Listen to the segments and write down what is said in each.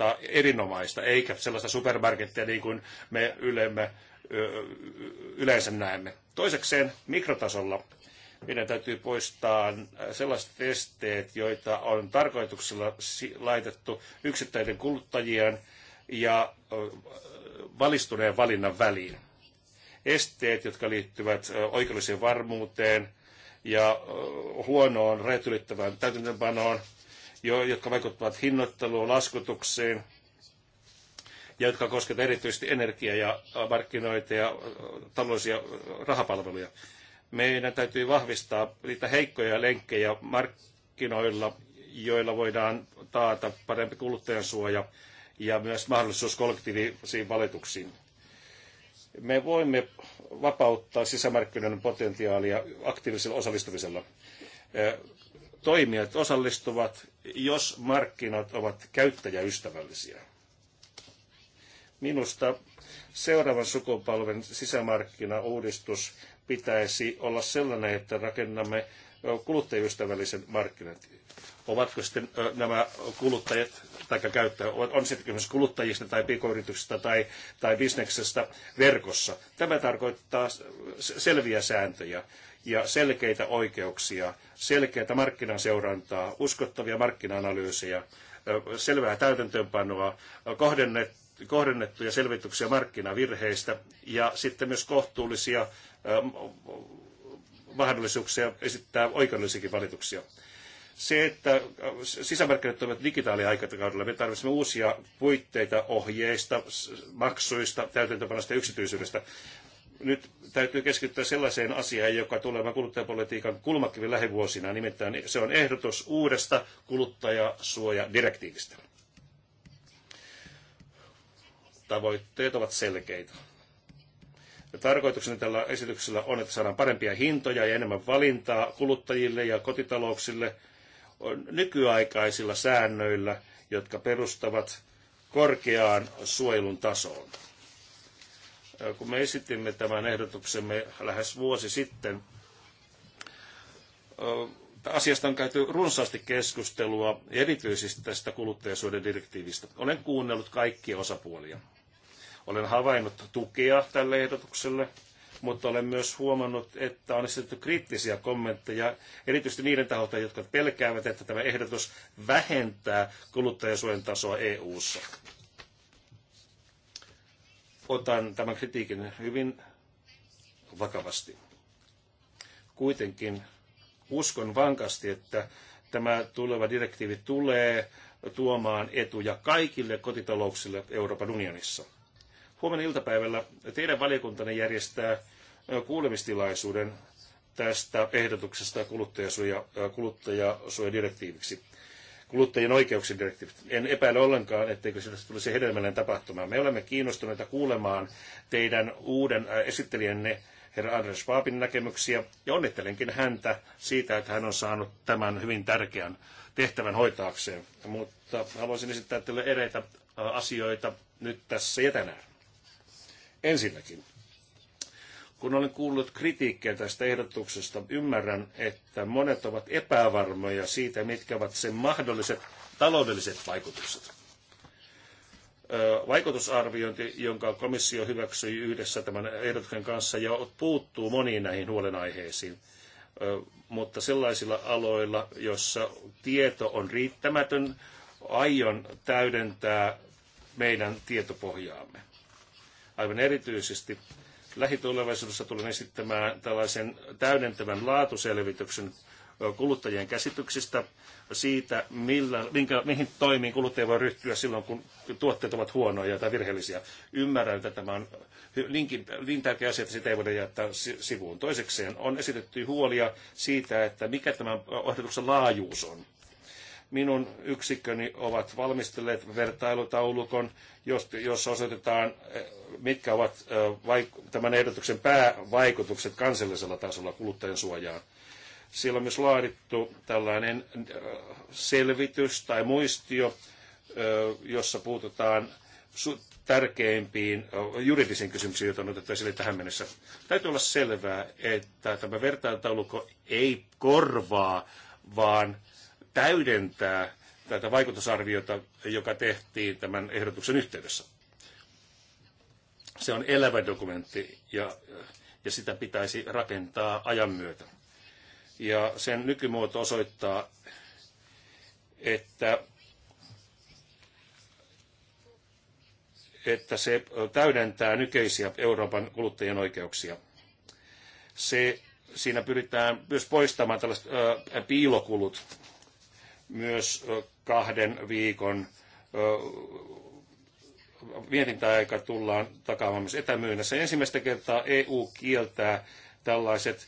tuottaa erinomaista, eikä sellaista supermarkettia niin kuin me ylemme, yleensä näemme. Toisekseen mikrotasolla meidän täytyy poistaa sellaiset esteet, joita on tarkoituksella laitettu yksittäisten kuluttajien ja valistuneen valinnan väliin. Esteet, jotka liittyvät oikeudelliseen varmuuteen ja huonoon, ylittävään täytäntöönpanoon, jotka vaikuttavat hinnoitteluun, laskutukseen ja jotka koskevat erityisesti energiaa ja markkinoita ja äh, taloudellisia äh, rahapalveluja. Meidän täytyy vahvistaa niitä heikkoja lenkkejä markkinoilla, joilla voidaan taata parempi kuluttajansuoja ja myös mahdollisuus kollektiivisiin valituksiin me voimme vapauttaa sisämarkkinoiden potentiaalia aktiivisella osallistumisella. Äh, toimijat osallistuvat, jos markkinat ovat käyttäjäystävällisiä. Minusta seuraavan sukupolven sisämarkkinauudistus pitäisi olla sellainen, että rakennamme kuluttajaystävällisen markkinat. Ovatko sitten nämä kuluttajat tai käyttäjät, on sitten kysymys kuluttajista tai pk-yrityksistä tai, tai bisneksestä verkossa. Tämä tarkoittaa selviä sääntöjä ja selkeitä oikeuksia, selkeätä markkinaseurantaa, uskottavia markkina-analyysejä, selvää täytäntöönpanoa, kohdennettua kohdennettuja selvityksiä markkinavirheistä ja sitten myös kohtuullisia mahdollisuuksia esittää oikeudellisiakin valituksia. Se, että sisämarkkinat toimivat digitaaliaikakaudella, me tarvitsemme uusia puitteita ohjeista, maksuista, täytäntöpanosta ja yksityisyydestä nyt täytyy keskittyä sellaiseen asiaan, joka tulee olemaan kuluttajapolitiikan kulmakivi lähivuosina. Nimittäin se on ehdotus uudesta kuluttajasuojadirektiivistä. Tavoitteet ovat selkeitä. Ja tarkoituksena tällä esityksellä on, että saadaan parempia hintoja ja enemmän valintaa kuluttajille ja kotitalouksille nykyaikaisilla säännöillä, jotka perustavat korkeaan suojelun tasoon. Äh, kun me esitimme tämän ehdotuksemme lähes vuosi sitten, äh, asiasta on käyty runsaasti keskustelua, erityisesti tästä kuluttajasuuden direktiivistä. Olen kuunnellut kaikkia osapuolia. Olen havainnut tukea tälle ehdotukselle, mutta olen myös huomannut, että on esitetty kriittisiä kommentteja, erityisesti niiden taholta, jotka pelkäävät, että tämä ehdotus vähentää kuluttajasuojan tasoa EU-ssa otan tämän kritiikin hyvin vakavasti. Kuitenkin uskon vankasti, että tämä tuleva direktiivi tulee tuomaan etuja kaikille kotitalouksille Euroopan unionissa. Huomenna iltapäivällä teidän valiokuntanne järjestää kuulemistilaisuuden tästä ehdotuksesta kuluttajasuoja, kuluttajasuojadirektiiviksi kuluttajien oikeuksien direktiivistä. En epäile ollenkaan, etteikö sinusta tulisi hedelmällinen tapahtuma. Me olemme kiinnostuneita kuulemaan teidän uuden äh, esittelijänne herra Anders Schwabin näkemyksiä ja onnittelenkin häntä siitä, että hän on saanut tämän hyvin tärkeän tehtävän hoitaakseen. Mutta haluaisin esittää teille eräitä äh, asioita nyt tässä ja tänään. Ensinnäkin kun olen kuullut kritiikkiä tästä ehdotuksesta, ymmärrän, että monet ovat epävarmoja siitä, mitkä ovat sen mahdolliset taloudelliset vaikutukset. Vaikutusarviointi, jonka komissio hyväksyi yhdessä tämän ehdotuksen kanssa, ja puuttuu moniin näihin huolenaiheisiin mutta sellaisilla aloilla, jossa tieto on riittämätön, aion täydentää meidän tietopohjaamme. Aivan erityisesti Lähitulevaisuudessa tulen esittämään tällaisen täydentävän laatuselvityksen kuluttajien käsityksistä siitä, millä, minkä, mihin toimiin kuluttaja voi ryhtyä silloin, kun tuotteet ovat huonoja tai virheellisiä. Ymmärrän, että tämä on linkin, niin tärkeä asia, että sitä ei voida jättää sivuun. Toisekseen on esitetty huolia siitä, että mikä tämän ohjelmuksen laajuus on minun yksikköni ovat valmistelleet vertailutaulukon, jossa osoitetaan, eh, mitkä ovat eh, tämän ehdotuksen päävaikutukset kansallisella tasolla kuluttajan suojaan. Siellä on myös laadittu tällainen eh, selvitys tai muistio, jossa puututaan tärkeimpiin juridisiin kysymyksiin, joita on otettu esille tähän mennessä. Täytyy olla selvää, että tämä vertailutaulukko ei korvaa, vaan täydentää tätä vaikutusarviota, joka tehtiin tämän ehdotuksen yhteydessä. Se on elävä dokumentti ja, ja sitä pitäisi rakentaa ajan myötä. Ja sen nykymuoto osoittaa, että, että se täydentää nykyisiä Euroopan kuluttajien oikeuksia. Se, siinä pyritään myös poistamaan tällaiset ää, piilokulut myös kahden viikon mietintäaika tullaan takaamaan myös etämyynnässä. Ensimmäistä kertaa EU kieltää tällaiset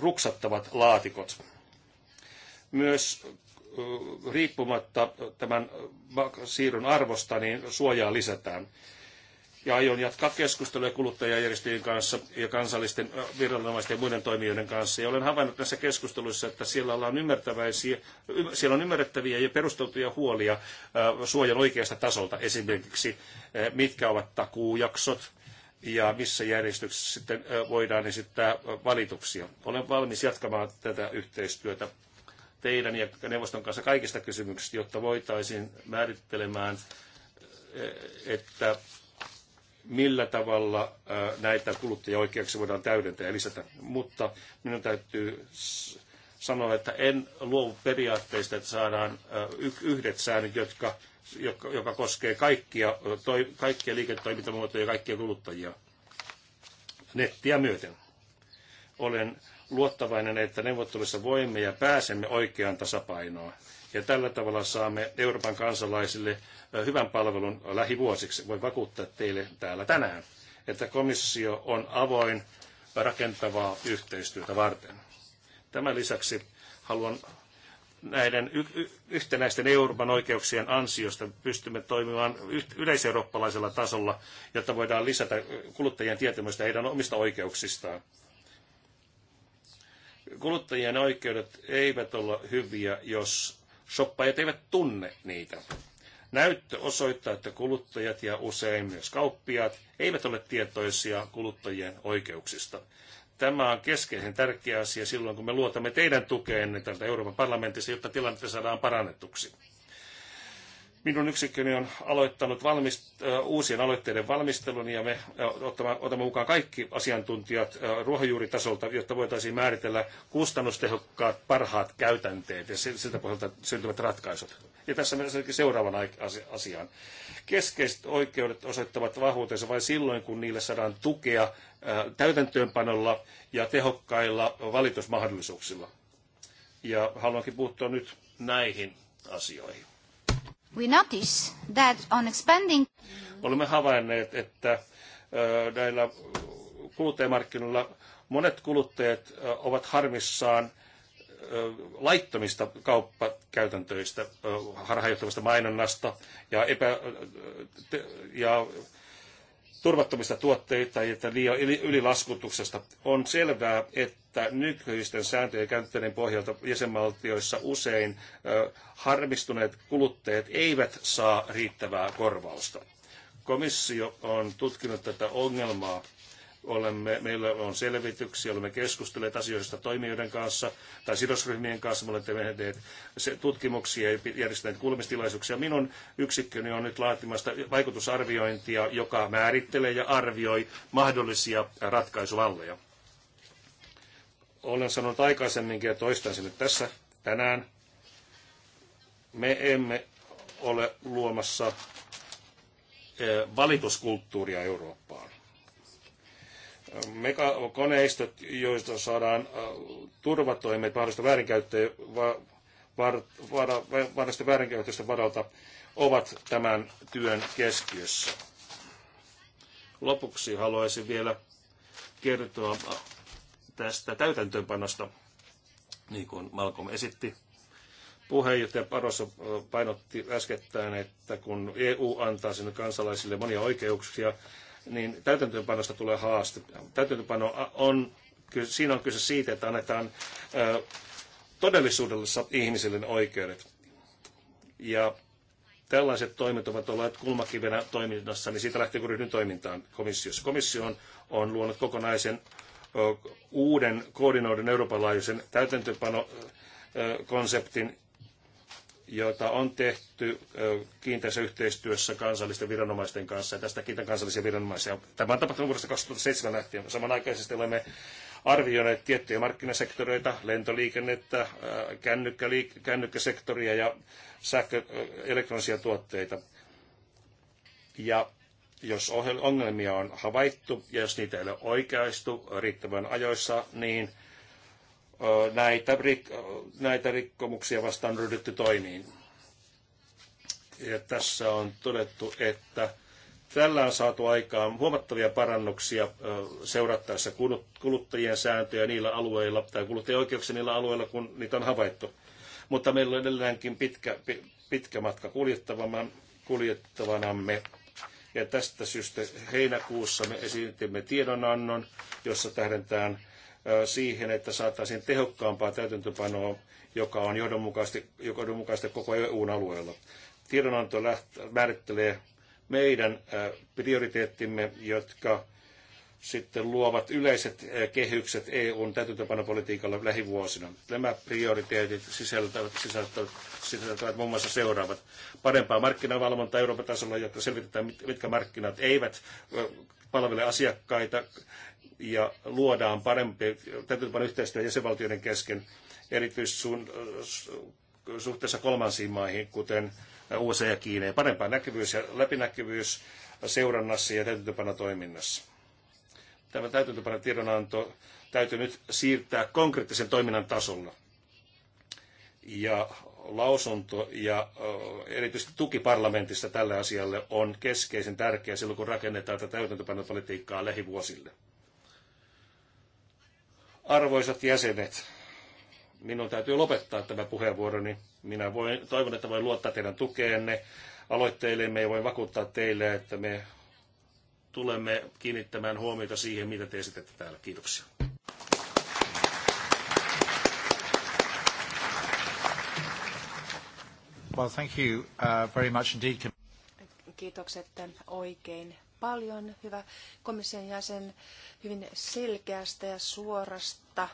ruksattavat laatikot. Myös riippumatta tämän siirron arvosta, niin suojaa lisätään ja aion jatkaa keskustelua kuluttajajärjestöjen kanssa ja kansallisten äh, viranomaisten ja muiden toimijoiden kanssa. Ja olen havainnut näissä keskusteluissa, että siellä, ollaan ymmärtäväisiä, siellä on ymmärrettäviä ja perusteltuja huolia äh, suojan oikeasta tasolta. Esimerkiksi äh, mitkä ovat takuujaksot ja missä järjestyksessä sitten voidaan esittää valituksia. Olen valmis jatkamaan tätä yhteistyötä teidän ja neuvoston kanssa kaikista kysymyksistä, jotta voitaisiin määrittelemään, että millä tavalla näitä kuluttajaoikeuksia voidaan täydentää ja lisätä. Mutta minun täytyy sanoa, että en luovu periaatteista, että saadaan yhdet säännöt, jotka, joka, koskee kaikkia, toi, kaikkia liiketoimintamuotoja ja kaikkia kuluttajia nettiä myöten. Olen luottavainen, että neuvottelussa voimme ja pääsemme oikeaan tasapainoon ja tällä tavalla saamme Euroopan kansalaisille hyvän palvelun lähivuosiksi. Voin vakuuttaa teille täällä tänään, että komissio on avoin rakentavaa yhteistyötä varten. Tämän lisäksi haluan näiden yhtenäisten Euroopan oikeuksien ansiosta pystymme toimimaan yleiseurooppalaisella tasolla, jotta voidaan lisätä kuluttajien tietämystä heidän omista oikeuksistaan. Kuluttajien oikeudet eivät ole hyviä, jos shoppaajat eivät tunne niitä. Näyttö osoittaa, että kuluttajat ja usein myös kauppiaat eivät ole tietoisia kuluttajien oikeuksista. Tämä on keskeisen tärkeä asia silloin, kun me luotamme teidän tukeenne tältä Euroopan parlamentissa, jotta tilannetta saadaan parannetuksi. Minun yksikköni on aloittanut valmist- uusien aloitteiden valmistelun ja me otamme, mukaan kaikki asiantuntijat ruohonjuuritasolta, jotta voitaisiin määritellä kustannustehokkaat parhaat käytänteet ja siltä pohjalta syntyvät ratkaisut. Ja tässä mennään seuraavan asiaan. Keskeiset oikeudet osoittavat vahvuutensa vain silloin, kun niille saadaan tukea täytäntöönpanolla ja tehokkailla valitusmahdollisuuksilla. Ja haluankin puuttua nyt näihin asioihin. We notice that on expanding... Olemme havainneet, että näillä kuluttajamarkkinoilla monet kuluttajat ovat harmissaan laittomista kauppakäytäntöistä, harhaanjohtavasta mainonnasta ja, epä, ja turvattomista tuotteita ja liian ylilaskutuksesta. On selvää, että nykyisten sääntöjen käyttöiden pohjalta jäsenvaltioissa usein harmistuneet kuluttajat eivät saa riittävää korvausta. Komissio on tutkinut tätä ongelmaa Olemme, meillä on selvityksiä, olemme keskustelleet asioista toimijoiden kanssa tai sidosryhmien kanssa. Me olemme tehneet tutkimuksia ja järjestäneet kuulemistilaisuuksia. Minun yksikköni on nyt laatimasta vaikutusarviointia, joka määrittelee ja arvioi mahdollisia ratkaisuvalleja. Olen sanonut aikaisemminkin ja toistan sen nyt tässä tänään. Me emme ole luomassa eh, valituskulttuuria Eurooppaan koneistot, joista saadaan äh, turvatoimet mahdollista väärinkäyttöä, vaarallisten väärinkäytösten varalta ovat tämän työn keskiössä. Lopuksi haluaisin vielä kertoa äh, tästä täytäntöönpanosta, niin kuin Malcolm esitti. Puheenjohtaja Parossa äh, painotti äskettäin, että kun EU antaa sinne kansalaisille monia oikeuksia, niin täytäntöönpanosta tulee haaste. Täytäntöönpano on, siinä on kyse siitä, että annetaan todellisuudessa ihmisille oikeudet. Ja tällaiset toimet ovat olleet kulmakivenä toiminnassa, niin siitä lähtee, kun ryhdyn toimintaan komissiossa. Komissio on, on luonut kokonaisen uuden koordinoidun Euroopan laajuisen täytäntöönpano konseptin, jota on tehty kiinteässä yhteistyössä kansallisten viranomaisten kanssa, ja tästä kiitän kansallisia viranomaisia. Tämä on tapahtunut vuodesta 2007 lähtien. Samanaikaisesti olemme arvioineet tiettyjä markkinasektoreita, lentoliikennettä, kännykkäliik- kännykkäsektoria ja sähkö- elektronisia tuotteita. Ja jos ongelmia on havaittu ja jos niitä ei ole oikeaistu riittävän ajoissa, niin – näitä, rik, näitä rikkomuksia vastaan ryhdytty toimiin. Ja tässä on todettu, että tällä on saatu aikaan huomattavia parannuksia seurattaessa kuluttajien sääntöjä niillä alueilla tai kuluttajien oikeuksia niillä alueilla, kun niitä on havaittu. Mutta meillä on edelleenkin pitkä, pitkä matka kuljettavanamme. Ja tästä syystä heinäkuussa me esitimme tiedonannon, jossa tähdentään siihen, että saataisiin tehokkaampaa täytäntöpanoa, joka on johdonmukaista, joka on johdonmukaista koko EUn alueella. Tiedonanto läht- määrittelee meidän prioriteettimme, jotka sitten luovat yleiset kehykset EUn täytäntöpanopolitiikalla lähivuosina. Nämä prioriteetit sisältävät, sisältävät, sisältävät muun muassa seuraavat. Parempaa markkinavalvontaa Euroopan tasolla, jotta selvitetään, mitkä markkinat eivät palvele asiakkaita ja luodaan parempi, täytäntöönpanon yhteistyö jäsenvaltioiden kesken, erityisesti äh, suhteessa kolmansiin maihin, kuten USA ja Kiina, ja parempaa näkyvyys ja läpinäkyvyys seurannassa ja toiminnassa. Tämä täytäntöönpanon tiedonanto täytyy nyt siirtää konkreettisen toiminnan tasolla. Ja lausunto ja äh, erityisesti tuki parlamentista tälle asialle on keskeisen tärkeä silloin, kun rakennetaan tätä täytäntöpanopolitiikkaa lähivuosille. Arvoisat jäsenet, minun täytyy lopettaa tämä puheenvuoroni. Minä voin, toivon, että voin luottaa teidän tukeenne aloitteillemme ja voin vakuuttaa teille, että me tulemme kiinnittämään huomiota siihen, mitä te esitätte täällä. Kiitoksia. Well, thank you uh, very much indeed. Kiitokset oikein paljon, hyvä komission jäsen, hyvin selkeästä ja suorasta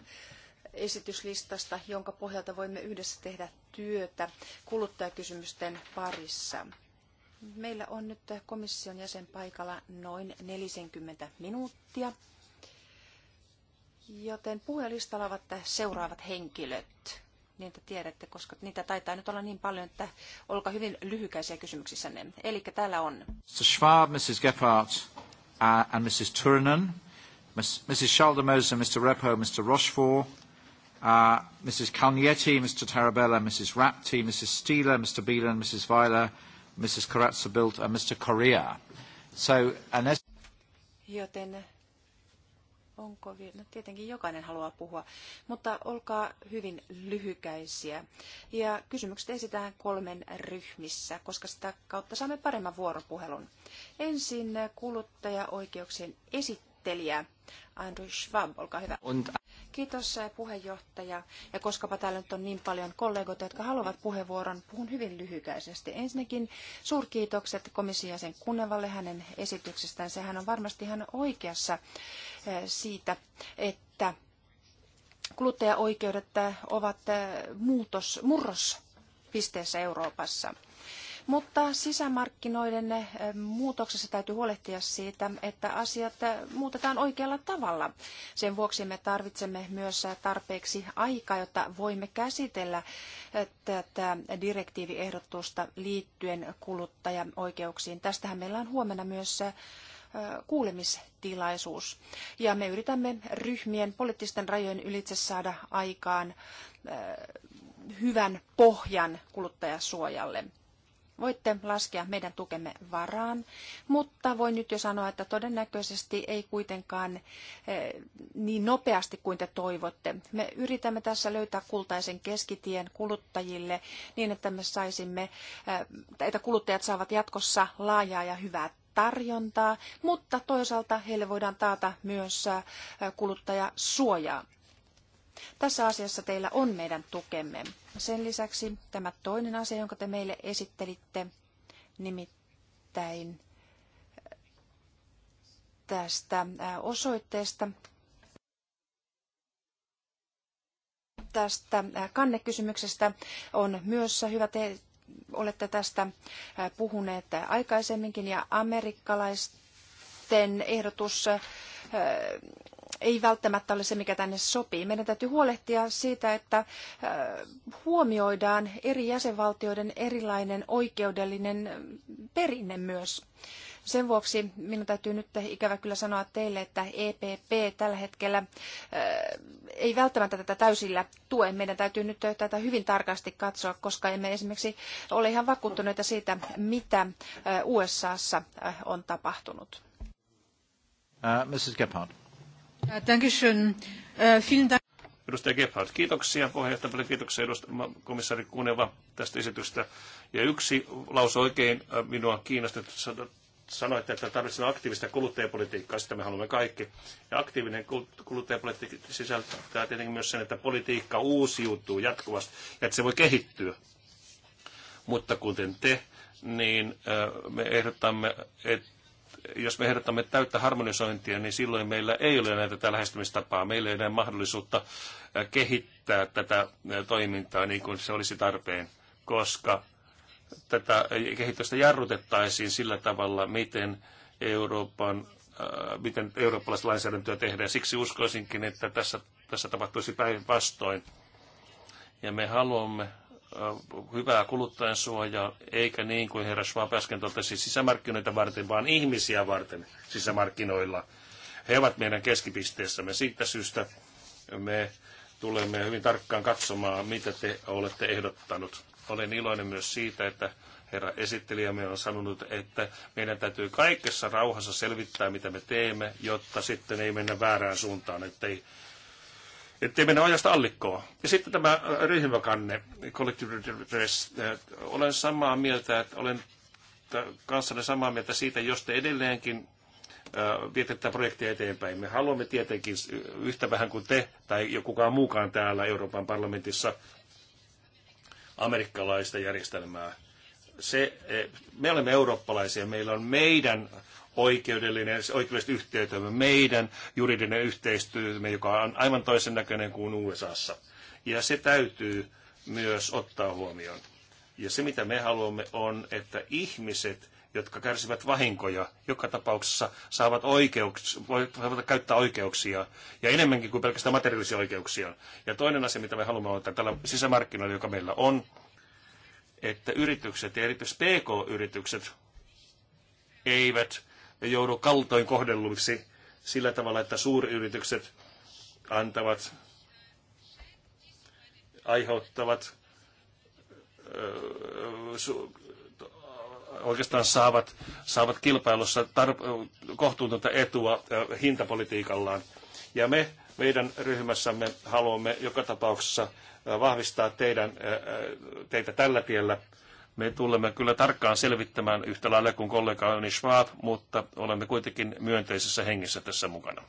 esityslistasta, jonka pohjalta voimme yhdessä tehdä työtä kuluttajakysymysten parissa. Meillä on nyt komission jäsen paikalla noin 40 minuuttia, joten puhujalistalla ovat seuraavat henkilöt niin, että tiedätte, koska niitä taitaa nyt olla niin paljon, että olkaa hyvin lyhykäisiä kysymyksissänne. Eli täällä on. Mr. Schwab, Mrs. Gephardt uh, and Mrs. Turinen, Mrs. Schaldemose, Mr. Repo, Mr. Rochefort, uh, Mrs. Calnietti, Mr. Tarabella, Mrs. Rapti, Mrs. Steeler, Mr. Beelan, Mrs. Weiler, Mrs. Karatsa-Bilt and Mr. Correa. So, unless... Joten onko vielä, no tietenkin jokainen haluaa puhua, mutta olkaa hyvin lyhykäisiä. Ja kysymykset esitään kolmen ryhmissä, koska sitä kautta saamme paremman vuoropuhelun. Ensin kuluttajaoikeuksien esittelijä Andrew Schwab, olkaa hyvä. Kiitos eh, puheenjohtaja. Ja koskapa täällä nyt on niin paljon kollegoita, jotka haluavat puheenvuoron, puhun hyvin lyhykäisesti. Ensinnäkin suurkiitokset komission jäsen Kunevalle hänen esityksestään. Sehän on varmasti ihan oikeassa eh, siitä, että kuluttajaoikeudet eh, ovat muutos, murros pisteessä Euroopassa. Mutta sisämarkkinoiden eh, muutoksessa täytyy huolehtia siitä, että asiat eh, muutetaan oikealla tavalla. Sen vuoksi me tarvitsemme myös eh, tarpeeksi aikaa, jotta voimme käsitellä tätä direktiiviehdotusta liittyen kuluttajaoikeuksiin. Tästähän meillä on huomenna myös kuulemistilaisuus. Ja me yritämme ryhmien poliittisten rajojen ylitse saada aikaan hyvän pohjan kuluttajasuojalle. Voitte laskea meidän tukemme varaan, mutta voin nyt jo sanoa, että todennäköisesti ei kuitenkaan eh, niin nopeasti kuin te toivotte. Me yritämme tässä löytää kultaisen keskitien kuluttajille niin, että me saisimme, eh, että kuluttajat saavat jatkossa laajaa ja hyvää tarjontaa, mutta toisaalta heille voidaan taata myös eh, kuluttajasuojaa. Tässä asiassa teillä on meidän tukemme. Sen lisäksi tämä toinen asia, jonka te meille esittelitte, nimittäin äh, tästä äh, osoitteesta, tästä äh, kannekysymyksestä on myös hyvä te olette tästä puhuneet aikaisemminkin ja amerikkalaisten ehdotus ei välttämättä ole se, mikä tänne sopii. Meidän täytyy huolehtia siitä, että äh, huomioidaan eri jäsenvaltioiden erilainen oikeudellinen äh, perinne myös. Sen vuoksi minun täytyy nyt ikävä kyllä sanoa teille, että EPP tällä hetkellä äh, ei välttämättä tätä täysillä tue. Meidän täytyy nyt tätä hyvin tarkasti katsoa, koska emme esimerkiksi ole ihan vakuuttuneita siitä, mitä USAssa on tapahtunut. Uh, Mrs. Gephardt. Dankeschön. Äh, Edustaja Gebhardt, kiitoksia. Puheenjohtaja, paljon kiitoksia komissaari Kuneva tästä esitystä. Ja yksi lause oikein äh, minua kiinnosti, sanoitte, että tarvitsemme aktiivista kuluttajapolitiikkaa, sitä me haluamme kaikki. Ja aktiivinen kuluttajapolitiikka sisältää tietenkin myös sen, että politiikka uusiutuu jatkuvasti ja että se voi kehittyä. Mutta kuten te, niin äh, me ehdotamme, että jos me ehdotamme täyttä harmonisointia, niin silloin meillä ei ole näitä tätä lähestymistapaa. Meillä ei ole mahdollisuutta kehittää tätä toimintaa niin kuin se olisi tarpeen, koska tätä kehitystä jarrutettaisiin sillä tavalla, miten Euroopan miten eurooppalaista lainsäädäntöä tehdään. Siksi uskoisinkin, että tässä, tässä tapahtuisi päinvastoin. Ja me haluamme hyvää kuluttajansuojaa, eikä niin kuin herra Schwab äsken totesi, sisämarkkinoita varten, vaan ihmisiä varten sisämarkkinoilla. He ovat meidän keskipisteessämme. Siitä syystä me tulemme hyvin tarkkaan katsomaan, mitä te olette ehdottanut. Olen iloinen myös siitä, että herra esittelijämme on sanonut, että meidän täytyy kaikessa rauhassa selvittää, mitä me teemme, jotta sitten ei mennä väärään suuntaan, ettei ettei mennä ajasta allikkoa. Ja sitten tämä ryhmäkanne, collective redress. Äh, olen samaa mieltä, että olen kanssanne samaa mieltä siitä, jos te edelleenkin äh, vietetään projektia eteenpäin. Me haluamme tietenkin yhtä vähän kuin te tai kukaan muukaan täällä Euroopan parlamentissa amerikkalaista järjestelmää. Se, eh, me olemme eurooppalaisia, meillä on meidän oikeudellinen, oikeudelliset yhteytemme, meidän juridinen yhteistyömme, joka on aivan toisen näköinen kuin USAssa. Ja se täytyy myös ottaa huomioon. Ja se, mitä me haluamme, on, että ihmiset, jotka kärsivät vahinkoja, joka tapauksessa saavat, oikeuks, saavat käyttää oikeuksia, ja enemmänkin kuin pelkästään materiaalisia oikeuksia. Ja toinen asia, mitä me haluamme ottaa tällä sisämarkkinoilla, joka meillä on, että yritykset ja erityisesti PK-yritykset eivät joudu kaltoin kohdelluiksi sillä tavalla, että suuryritykset antavat, aiheuttavat, oikeastaan saavat, saavat kilpailussa kohtuutonta etua hintapolitiikallaan. Ja me meidän ryhmässämme haluamme joka tapauksessa vahvistaa teidän, teitä tällä tiellä – me tulemme kyllä tarkkaan selvittämään yhtä lailla kuin kollegaani Schwab, mutta olemme kuitenkin myönteisessä hengessä tässä mukana.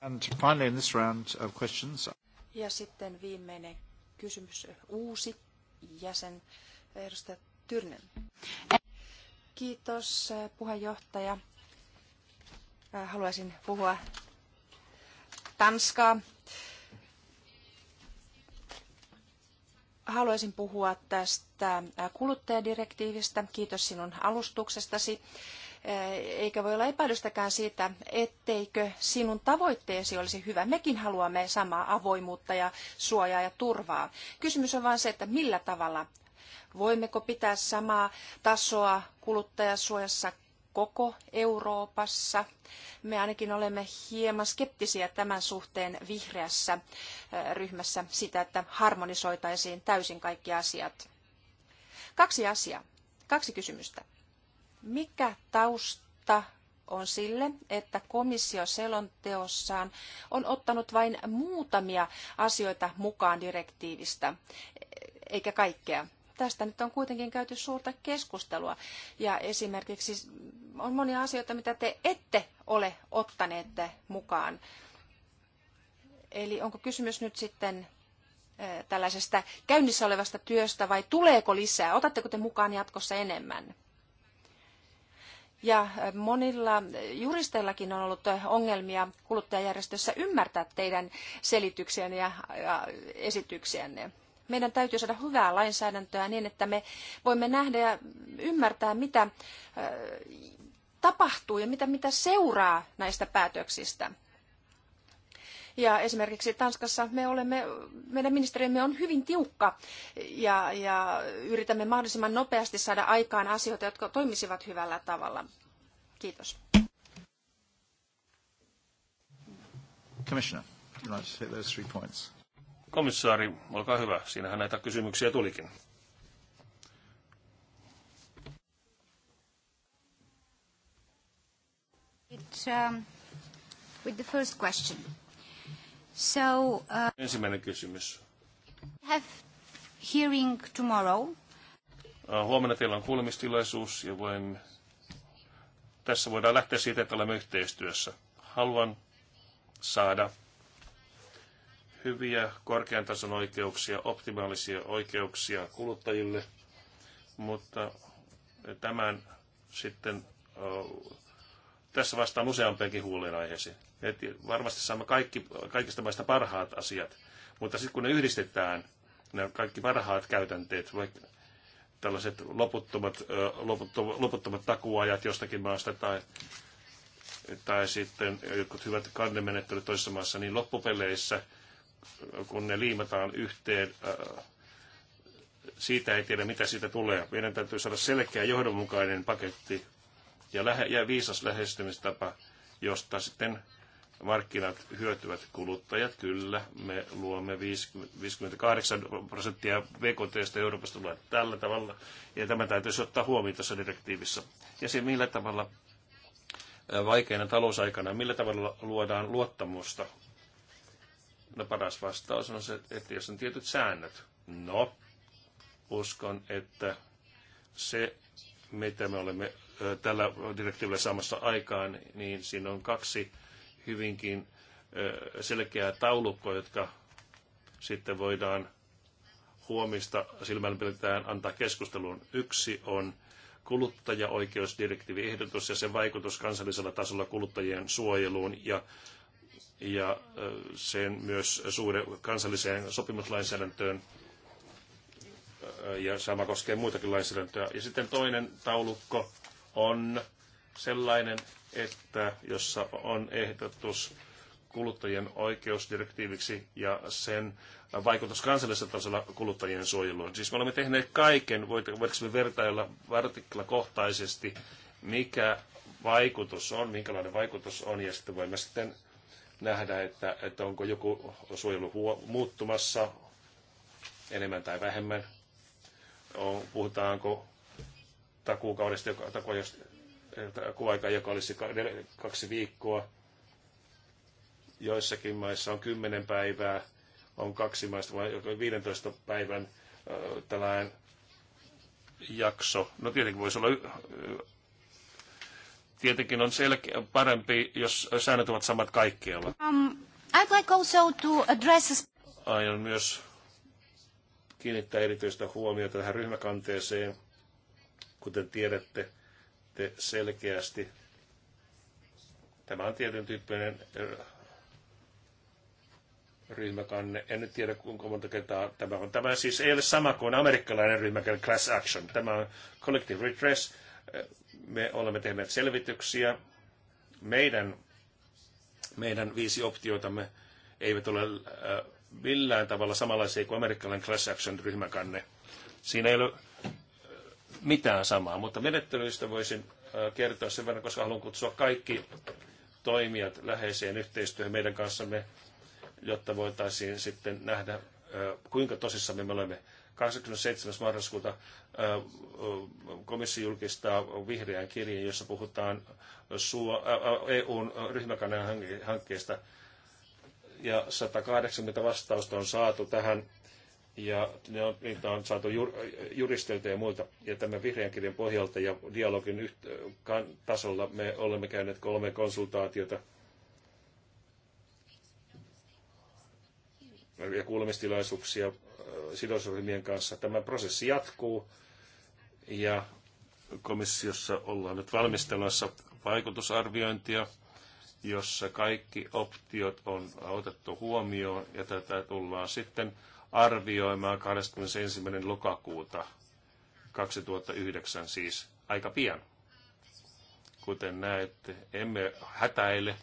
And finally in this round of questions. Ja sitten viimeinen kysymys, uusi jäsen, edustaja Tyrnen. Kiitos puheenjohtaja. Äh, haluaisin puhua Tanskaa haluaisin puhua tästä kuluttajadirektiivistä. Kiitos sinun alustuksestasi. Eikä voi olla epäilystäkään siitä, etteikö sinun tavoitteesi olisi hyvä. Mekin haluamme samaa avoimuutta ja suojaa ja turvaa. Kysymys on vain se, että millä tavalla voimmeko pitää samaa tasoa kuluttajasuojassa koko Euroopassa. Me ainakin olemme hieman skeptisiä tämän suhteen vihreässä ryhmässä sitä, että harmonisoitaisiin täysin kaikki asiat. Kaksi asiaa, kaksi kysymystä. Mikä tausta on sille, että komissio selonteossaan on ottanut vain muutamia asioita mukaan direktiivistä, eikä kaikkea. Tästä nyt on kuitenkin käyty suurta keskustelua ja esimerkiksi on monia asioita, mitä te ette ole ottaneet mukaan. Eli onko kysymys nyt sitten tällaisesta käynnissä olevasta työstä vai tuleeko lisää? Otatteko te mukaan jatkossa enemmän? Ja monilla juristeillakin on ollut ongelmia kuluttajajärjestössä ymmärtää teidän selityksiänne ja, ja esityksiänne. Meidän täytyy saada hyvää lainsäädäntöä niin, että me voimme nähdä ja ymmärtää, mitä tapahtuu ja mitä, mitä seuraa näistä päätöksistä. Ja esimerkiksi Tanskassa me olemme, meidän ministeriömme on hyvin tiukka ja, ja yritämme mahdollisimman nopeasti saada aikaan asioita, jotka toimisivat hyvällä tavalla. Kiitos. Komissaari, olkaa hyvä. Siinähän näitä kysymyksiä tulikin. Um, with the first question. So, uh, Ensimmäinen kysymys. Have hearing tomorrow. Uh, huomenna teillä on kuulemistilaisuus ja voin, tässä voidaan lähteä siitä, että olemme yhteistyössä. Haluan saada hyviä korkean tason oikeuksia, optimaalisia oikeuksia kuluttajille, mutta tämän sitten uh, tässä vastaan useampiakin huolenaiheisiin. Varmasti saamme kaikki, kaikista maista parhaat asiat, mutta sitten kun ne yhdistetään, ne kaikki parhaat käytänteet, vaikka tällaiset loputtomat, loputtomat, loputtomat takuajat jostakin maasta tai, tai sitten jotkut hyvät kannemenettelyt toisessa maassa, niin loppupeleissä, kun ne liimataan yhteen, siitä ei tiedä, mitä siitä tulee. Meidän täytyy saada selkeä johdonmukainen paketti ja, lähe, ja viisas lähestymistapa, josta sitten markkinat hyötyvät kuluttajat. Kyllä, me luomme 58 prosenttia VKT Euroopasta tulee tällä tavalla, ja tämä täytyisi ottaa huomioon tässä direktiivissä. Ja se, millä tavalla vaikeina talousaikana, millä tavalla luodaan luottamusta? No paras vastaus on se, että jos on tietyt säännöt, no, uskon, että se, mitä me olemme tällä direktiivillä saamassa aikaan, niin siinä on kaksi hyvinkin selkeää taulukkoa, jotka sitten voidaan huomista silmällä antaa keskusteluun. Yksi on kuluttajaoikeusdirektiiviehdotus ja sen vaikutus kansallisella tasolla kuluttajien suojeluun ja, ja sen myös suhde kansalliseen sopimuslainsäädäntöön ja sama koskee muitakin lainsäädäntöä. Ja sitten toinen taulukko on sellainen, että jossa on ehdotus kuluttajien oikeusdirektiiviksi ja sen vaikutus kansallisella tasolla kuluttajien suojeluun. Siis me olemme tehneet kaiken, voidaanko me vertailla artiklakohtaisesti, mikä vaikutus on, minkälainen vaikutus on, ja sitten voimme sitten nähdä, että, että onko joku suojelu muuttumassa enemmän tai vähemmän, on, puhutaanko tai kuukaudesta, tai kuukaudesta, joka olisi kaksi viikkoa. Joissakin maissa on kymmenen päivää, on kaksi maista, vai 15 päivän tällainen jakso. No tietenkin voisi olla tietenkin on selkeä, parempi, jos säännöt ovat samat kaikkialla. Um, I'd like also to address... Aion myös kiinnittää erityistä huomiota tähän ryhmäkanteeseen – Kuten tiedätte, te selkeästi, tämä on tietyn tyyppinen eh, ryhmäkanne. En nyt tiedä, kuinka monta kertaa tämä on. Tämä siis ei ole sama kuin amerikkalainen ryhmäkanne class action. Tämä on collective redress. Eh, me olemme tehneet selvityksiä. Meidän, meidän viisi optioitamme eivät ole eh, millään tavalla samanlaisia kuin amerikkalainen class action ryhmäkanne. Siinä ei ole mitään samaa, mutta menettelyistä voisin äh, kertoa sen verran, koska haluan kutsua kaikki toimijat läheiseen yhteistyöhön meidän kanssamme, jotta voitaisiin sitten nähdä, äh, kuinka tosissamme me olemme. 27. marraskuuta äh, komissio julkistaa vihreän kirjan, jossa puhutaan EUn ryhmäkanan hankkeesta. Ja 180 vastausta on saatu tähän ja ne on, niitä on saatu jur, juristeilta ja muilta. Ja tämän vihreän kirjan pohjalta ja dialogin yht, kan, tasolla me olemme käyneet kolme konsultaatiota ja kuulemistilaisuuksia äh, sidosryhmien kanssa. Tämä prosessi jatkuu ja komissiossa ollaan nyt valmistelemassa vaikutusarviointia, jossa kaikki optiot on otettu huomioon ja tätä tullaan sitten arvioimaan 21. lokakuuta 2009 siis aika pian. Kuten näette, emme hätäile,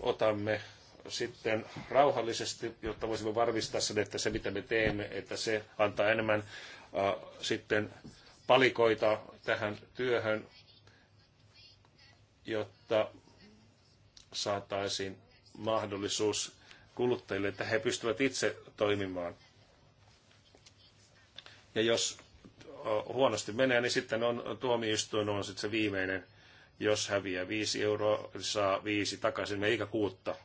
otamme sitten rauhallisesti, jotta voisimme varmistaa sen, että se mitä me teemme, että se antaa enemmän äh, sitten palikoita tähän työhön, jotta saataisiin mahdollisuus kuluttajille, että he pystyvät itse toimimaan. Ja jos huonosti menee, niin sitten on tuomioistuin on sitten se viimeinen. Jos häviää viisi euroa, saa viisi takaisin, no eikä kuutta.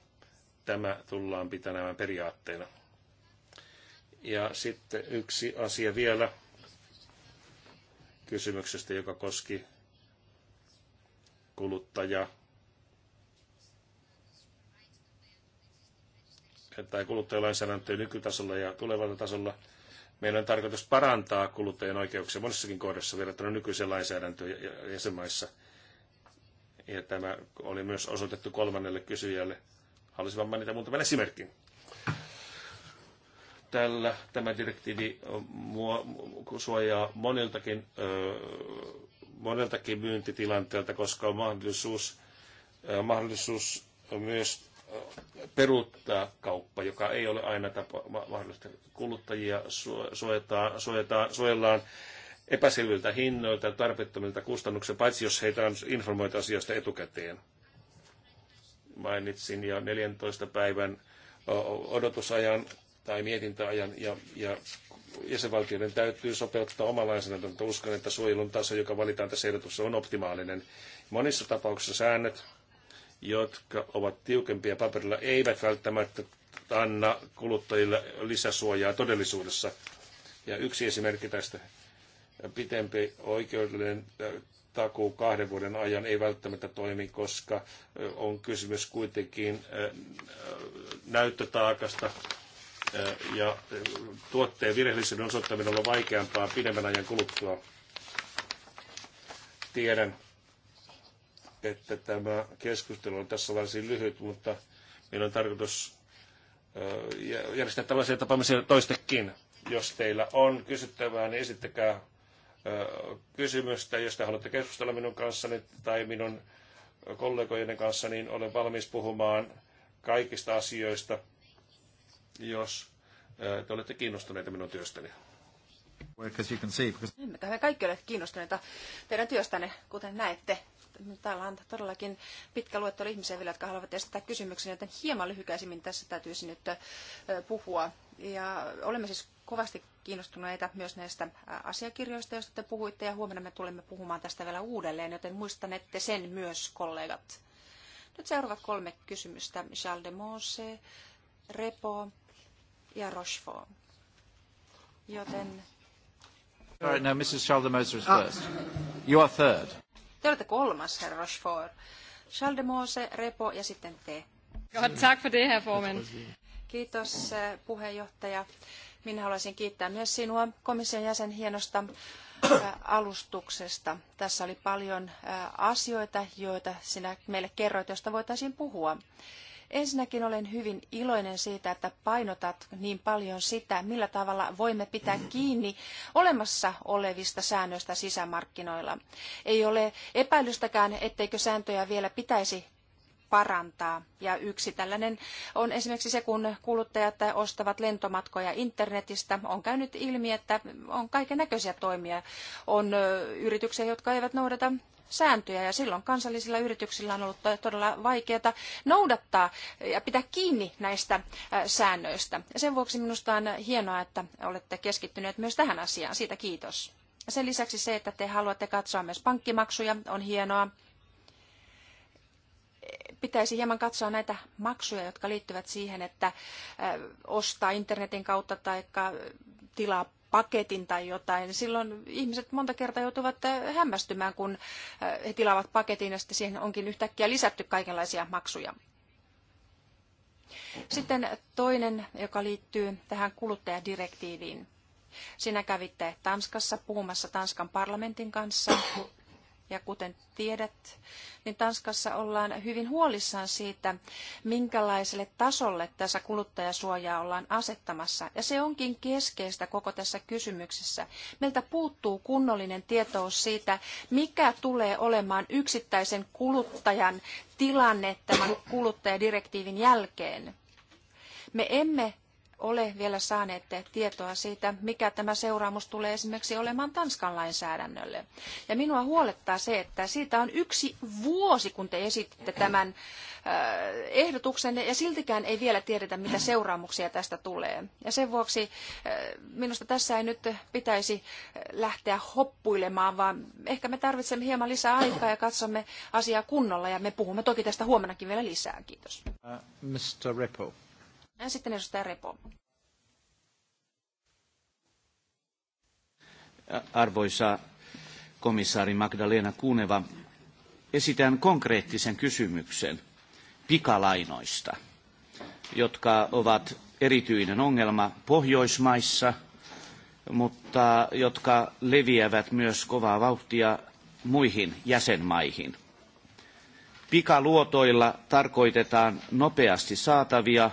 Tämä tullaan pitämään periaatteena. Ja sitten yksi asia vielä kysymyksestä, joka koski kuluttajaa tai kuluttajalainsäädäntöä nykytasolla ja tulevalla tasolla. Meillä on tarkoitus parantaa kuluttajien oikeuksia monessakin kohdassa verrattuna nykyiseen lainsäädäntöön jäsenmaissa. Ja tämä oli myös osoitettu kolmannelle kysyjälle. Haluaisin vain mainita muutaman esimerkin. Tällä tämä direktiivi suojaa moniltakin, moniltakin myyntitilanteelta, koska on mahdollisuus, mahdollisuus myös peruuttaa kauppa, joka ei ole aina tapa, mahdollista. Kuluttajia suojataan, suojataan, suojellaan epäselviltä hinnoilta ja tarpeettomilta kustannuksilta, paitsi jos heitä on informoitu asiasta etukäteen. Mainitsin jo 14 päivän odotusajan tai mietintäajan ja, ja jäsenvaltioiden täytyy sopeuttaa oma lainsäädäntönsä. Uskon, että suojelun taso, joka valitaan tässä ehdotuksessa, on optimaalinen. Monissa tapauksissa säännöt jotka ovat tiukempia paperilla, eivät välttämättä anna kuluttajille lisäsuojaa todellisuudessa. Ja yksi esimerkki tästä pitempi oikeudellinen takuu kahden vuoden ajan ei välttämättä toimi, koska on kysymys kuitenkin näyttötaakasta ja tuotteen virheellisyyden osoittaminen on vaikeampaa pidemmän ajan kuluttua. Tiedän, että tämä keskustelu on tässä varsin lyhyt, mutta meillä on tarkoitus järjestää tällaisia tapaamisia toistekin. Jos teillä on kysyttävää, niin esittäkää kysymystä, jos te haluatte keskustella minun kanssani tai minun kollegojeni kanssa, niin olen valmis puhumaan kaikista asioista, jos te olette kiinnostuneita minun työstäni. Emmekä me kaikki ole kiinnostuneita teidän työstänne, kuten näette täällä on todellakin pitkä luettelo ihmisiä vielä, jotka haluavat esittää kysymyksen, joten hieman lyhykäisemmin tässä täytyisi nyt puhua. Ja olemme siis kovasti kiinnostuneita myös näistä asiakirjoista, joista te puhuitte, ja huomenna me tulemme puhumaan tästä vielä uudelleen, joten muistanette sen myös, kollegat. Nyt seuraavat kolme kysymystä. Charles de Monse, Repo ja Rochefort. Joten... All right, now Mrs. Charles de Moser is ah. first. You are third. Te olette kolmas, herra Rochefort. Charles de Mose, Repo ja sitten te. God, tack för det, herr Formen. Kiitos eh, puheenjohtaja. Minä haluaisin kiittää myös sinua komission jäsen hienosta eh, alustuksesta. Tässä oli paljon eh, asioita, joita sinä meille kerroit, joista voitaisiin puhua. Ensinnäkin olen hyvin iloinen siitä, että painotat niin paljon sitä, millä tavalla voimme pitää kiinni olemassa olevista säännöistä sisämarkkinoilla. Ei ole epäilystäkään, etteikö sääntöjä vielä pitäisi parantaa. Ja yksi tällainen on esimerkiksi se, kun kuluttajat ostavat lentomatkoja internetistä. On käynyt ilmi, että on kaiken näköisiä toimia. On yrityksiä, jotka eivät noudata sääntöjä ja silloin kansallisilla yrityksillä on ollut todella vaikeaa noudattaa ja pitää kiinni näistä äh, säännöistä. sen vuoksi minusta on hienoa, että olette keskittyneet myös tähän asiaan. Siitä kiitos. Sen lisäksi se, että te haluatte katsoa myös pankkimaksuja, on hienoa. Pitäisi hieman katsoa näitä maksuja, jotka liittyvät siihen, että äh, ostaa internetin kautta tai tilaa paketin tai jotain. Niin silloin ihmiset monta kertaa joutuvat äh, hämmästymään, kun äh, he tilaavat paketin ja sitten siihen onkin yhtäkkiä lisätty kaikenlaisia maksuja. Sitten toinen, joka liittyy tähän kuluttajadirektiiviin. Sinä kävitte Tanskassa puhumassa Tanskan parlamentin kanssa ja kuten tiedät, niin Tanskassa ollaan hyvin huolissaan siitä, minkälaiselle tasolle tässä kuluttajasuojaa ollaan asettamassa. Ja se onkin keskeistä koko tässä kysymyksessä. Meiltä puuttuu kunnollinen tietous siitä, mikä tulee olemaan yksittäisen kuluttajan tilanne tämän kuluttajadirektiivin jälkeen. Me emme ole vielä saaneet tietoa siitä, mikä tämä seuraamus tulee esimerkiksi olemaan Tanskan lainsäädännölle. Ja minua huolettaa se, että siitä on yksi vuosi, kun te esititte tämän äh, ehdotuksenne ja siltikään ei vielä tiedetä, mitä seuraamuksia tästä tulee. Ja sen vuoksi äh, minusta tässä ei nyt pitäisi äh, lähteä hoppuilemaan, vaan ehkä me tarvitsemme hieman lisää aikaa ja katsomme asiaa kunnolla ja me puhumme toki tästä huomenakin vielä lisää. Kiitos. Uh, Mr sitten edustaja Repo. Arvoisa komissaari Magdalena Kuneva, esitän konkreettisen kysymyksen pikalainoista, jotka ovat erityinen ongelma Pohjoismaissa, mutta jotka leviävät myös kovaa vauhtia muihin jäsenmaihin. Pikaluotoilla tarkoitetaan nopeasti saatavia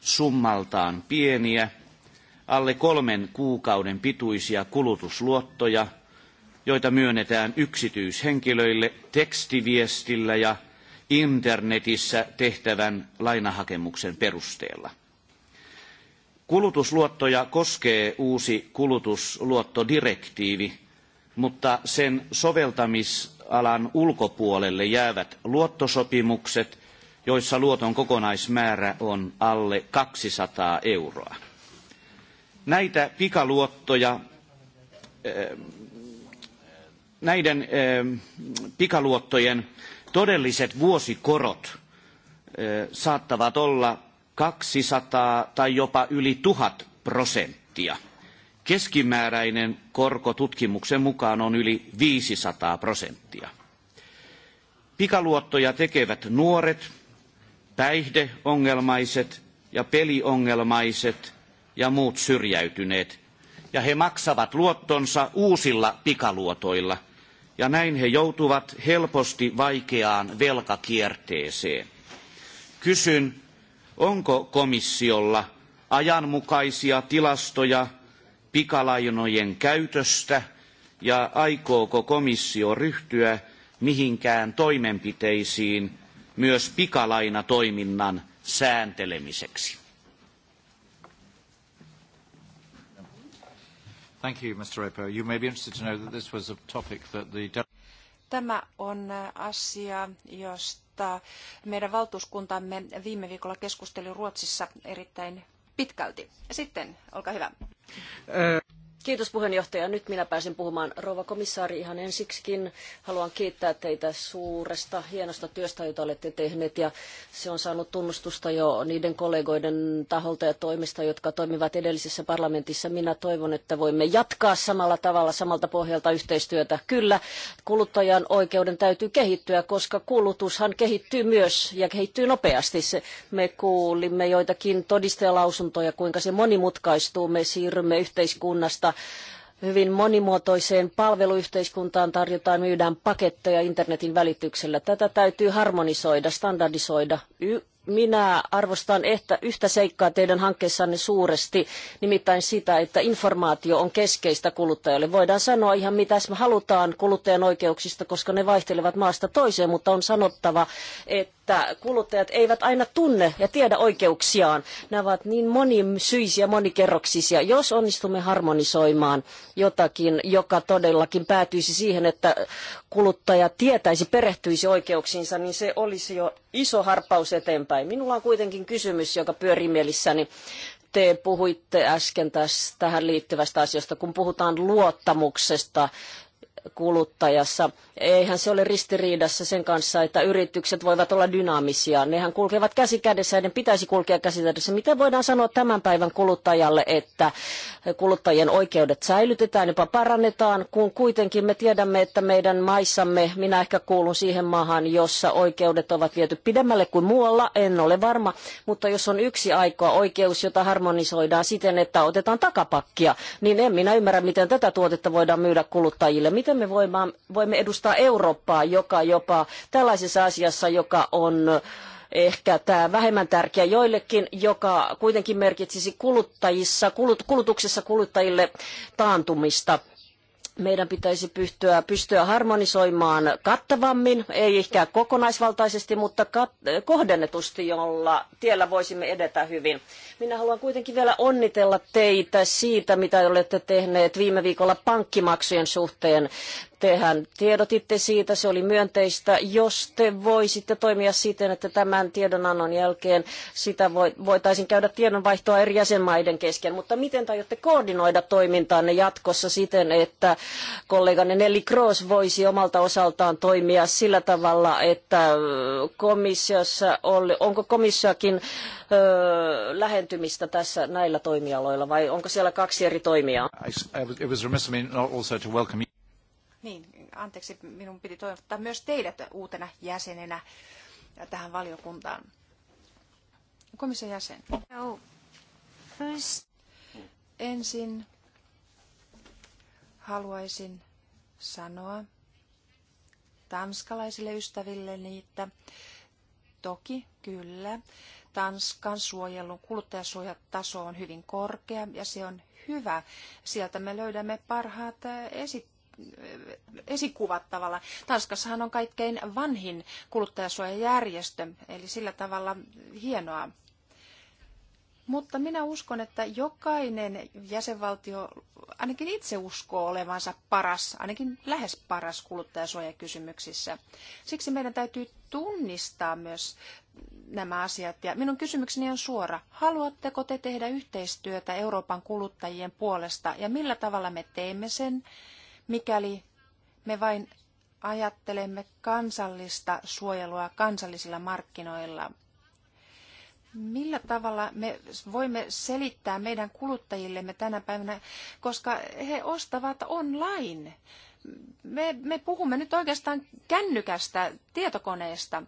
summaltaan pieniä, alle kolmen kuukauden pituisia kulutusluottoja, joita myönnetään yksityishenkilöille tekstiviestillä ja internetissä tehtävän lainahakemuksen perusteella. Kulutusluottoja koskee uusi kulutusluottodirektiivi, mutta sen soveltamisalan ulkopuolelle jäävät luottosopimukset joissa luoton kokonaismäärä on alle 200 euroa. Näitä pikaluottoja, eh, näiden eh, pikaluottojen todelliset vuosikorot eh, saattavat olla 200 tai jopa yli 1000 prosenttia. Keskimääräinen korko tutkimuksen mukaan on yli 500 prosenttia. Pikaluottoja tekevät nuoret, päihdeongelmaiset ja peliongelmaiset ja muut syrjäytyneet. Ja he maksavat luottonsa uusilla pikaluotoilla. Ja näin he joutuvat helposti vaikeaan velkakierteeseen. Kysyn, onko komissiolla ajanmukaisia tilastoja pikalainojen käytöstä ja aikooko komissio ryhtyä mihinkään toimenpiteisiin myös pikalainatoiminnan sääntelemiseksi. Tämä on asia, josta meidän valtuuskuntamme viime viikolla keskusteli Ruotsissa erittäin pitkälti. Sitten, olkaa hyvä. Kiitos puheenjohtaja. Nyt minä pääsen puhumaan. Rouva komissaari, ihan ensiksikin haluan kiittää teitä suuresta, hienosta työstä, jota olette tehneet. Ja se on saanut tunnustusta jo niiden kollegoiden taholta ja toimista, jotka toimivat edellisessä parlamentissa. Minä toivon, että voimme jatkaa samalla tavalla, samalta pohjalta yhteistyötä. Kyllä, kuluttajan oikeuden täytyy kehittyä, koska kulutushan kehittyy myös ja kehittyy nopeasti. Se, me kuulimme joitakin todistajalausuntoja, kuinka se monimutkaistuu. Me siirrymme yhteiskunnasta hyvin monimuotoiseen palveluyhteiskuntaan tarjotaan, myydään paketteja internetin välityksellä. Tätä täytyy harmonisoida, standardisoida, minä arvostan että yhtä seikkaa teidän hankkeessanne suuresti, nimittäin sitä, että informaatio on keskeistä kuluttajalle. Voidaan sanoa ihan mitä me halutaan kuluttajan oikeuksista, koska ne vaihtelevat maasta toiseen, mutta on sanottava, että kuluttajat eivät aina tunne ja tiedä oikeuksiaan. Nämä ovat niin monisyisiä, monikerroksisia. Jos onnistumme harmonisoimaan jotakin, joka todellakin päätyisi siihen, että kuluttaja tietäisi, perehtyisi oikeuksiinsa, niin se olisi jo iso harppaus eteenpäin eteenpäin. Minulla on kuitenkin kysymys, joka pyörii mielissäni te puhuitte äsken tässä tähän liittyvästä asiasta, kun puhutaan luottamuksesta kuluttajassa. Eihän se ole ristiriidassa sen kanssa, että yritykset voivat olla dynaamisia. Nehän kulkevat käsi kädessä ja ne pitäisi kulkea käsi kädessä. Miten voidaan sanoa tämän päivän kuluttajalle, että kuluttajien oikeudet säilytetään, jopa parannetaan, kun kuitenkin me tiedämme, että meidän maissamme, minä ehkä kuulun siihen maahan, jossa oikeudet ovat viety pidemmälle kuin muualla, en ole varma, mutta jos on yksi aikoa oikeus, jota harmonisoidaan siten, että otetaan takapakkia, niin en minä ymmärrä, miten tätä tuotetta voidaan myydä kuluttajille. Miten me voimme edustaa Eurooppaa, joka jopa tällaisessa asiassa, joka on ehkä tämä vähemmän tärkeä joillekin, joka kuitenkin merkitsisi kuluttajissa, kulutuksessa kuluttajille taantumista meidän pitäisi pystyä, pystyä harmonisoimaan kattavammin, ei ehkä kokonaisvaltaisesti, mutta kat- kohdennetusti, jolla tiellä voisimme edetä hyvin. Minä haluan kuitenkin vielä onnitella teitä siitä, mitä olette tehneet viime viikolla pankkimaksujen suhteen. Tehän tiedotitte siitä, se oli myönteistä. Jos te voisitte toimia siten, että tämän tiedonannon jälkeen sitä voitaisiin käydä tiedonvaihtoa eri jäsenmaiden kesken, mutta miten te aiotte koordinoida toimintaanne jatkossa siten, että kolleganne Nelly Cross voisi omalta osaltaan toimia sillä tavalla, että komissiossa oli, onko komissiakin ö, lähentymistä tässä näillä toimialoilla vai onko siellä kaksi eri toimijaa? I, I was, niin, anteeksi, minun piti toivottaa myös teidät uutena jäsenenä tähän valiokuntaan. Komission jäsen. Ensin haluaisin sanoa tanskalaisille ystävilleni, että toki kyllä, Tanskan suojelun kuluttajasuojataso on hyvin korkea ja se on hyvä. Sieltä me löydämme parhaat esittelyt esikuvat tavalla. Tanskassahan on kaikkein vanhin kuluttajasuojajärjestö, eli sillä tavalla hienoa. Mutta minä uskon, että jokainen jäsenvaltio ainakin itse uskoo olevansa paras, ainakin lähes paras kuluttajasuojakysymyksissä. Siksi meidän täytyy tunnistaa myös nämä asiat. Ja minun kysymykseni on suora. Haluatteko te tehdä yhteistyötä Euroopan kuluttajien puolesta ja millä tavalla me teemme sen? mikäli me vain ajattelemme kansallista suojelua kansallisilla markkinoilla. Millä tavalla me voimme selittää meidän kuluttajillemme tänä päivänä, koska he ostavat online. Me, me puhumme nyt oikeastaan kännykästä, tietokoneesta.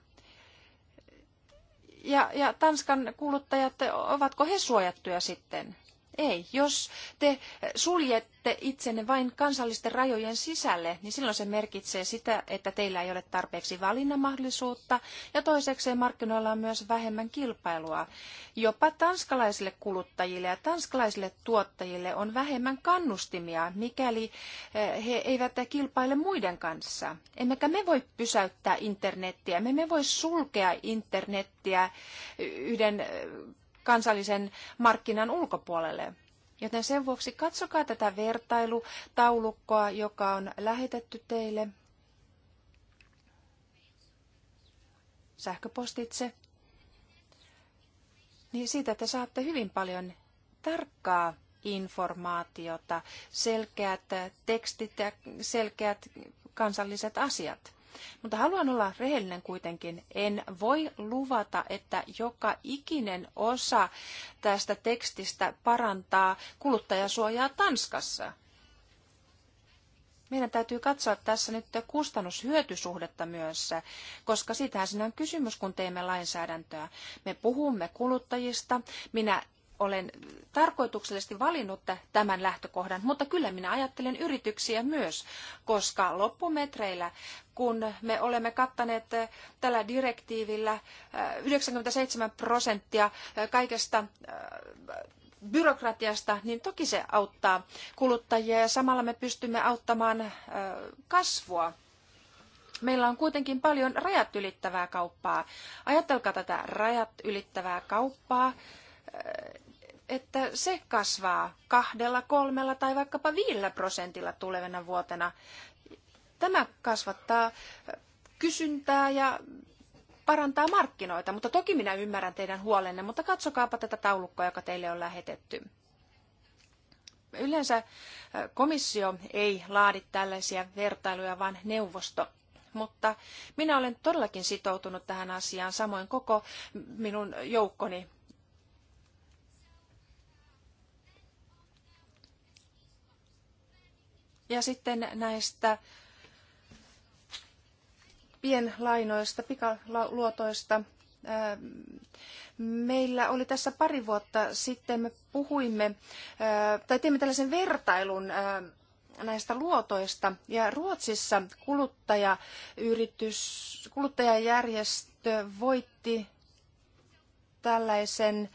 Ja, ja Tanskan kuluttajat, ovatko he suojattuja sitten? Ei, jos te suljette itsenne vain kansallisten rajojen sisälle, niin silloin se merkitsee sitä, että teillä ei ole tarpeeksi valinnanmahdollisuutta ja toisekseen markkinoilla on myös vähemmän kilpailua. Jopa tanskalaisille kuluttajille ja tanskalaisille tuottajille on vähemmän kannustimia, mikäli eh, he eivät kilpaile muiden kanssa. Emmekä me voi pysäyttää internettiä, me emme voi sulkea internettiä yhden eh, kansallisen markkinan ulkopuolelle. Joten sen vuoksi katsokaa tätä vertailutaulukkoa, joka on lähetetty teille sähköpostitse. Niin siitä te saatte hyvin paljon tarkkaa informaatiota, selkeät tekstit ja selkeät kansalliset asiat. Mutta haluan olla rehellinen kuitenkin. En voi luvata, että joka ikinen osa tästä tekstistä parantaa kuluttajasuojaa Tanskassa. Meidän täytyy katsoa tässä nyt kustannushyötysuhdetta myös, koska sitähän siinä on kysymys, kun teemme lainsäädäntöä. Me puhumme kuluttajista. Minä olen tarkoituksellisesti valinnut tämän lähtökohdan, mutta kyllä minä ajattelen yrityksiä myös, koska loppumetreillä, kun me olemme kattaneet tällä direktiivillä 97 prosenttia kaikesta byrokratiasta, niin toki se auttaa kuluttajia ja samalla me pystymme auttamaan kasvua Meillä on kuitenkin paljon rajat ylittävää kauppaa. Ajatelkaa tätä rajat ylittävää kauppaa että se kasvaa kahdella, kolmella tai vaikkapa viidellä prosentilla tulevana vuotena. Tämä kasvattaa kysyntää ja parantaa markkinoita, mutta toki minä ymmärrän teidän huolenne, mutta katsokaapa tätä taulukkoa, joka teille on lähetetty. Yleensä komissio ei laadi tällaisia vertailuja, vaan neuvosto. Mutta minä olen todellakin sitoutunut tähän asiaan, samoin koko minun joukkoni Ja sitten näistä pienlainoista, pikaluotoista. Meillä oli tässä pari vuotta sitten, me puhuimme, tai teimme tällaisen vertailun näistä luotoista. Ja Ruotsissa kuluttajayritys, kuluttajajärjestö voitti tällaisen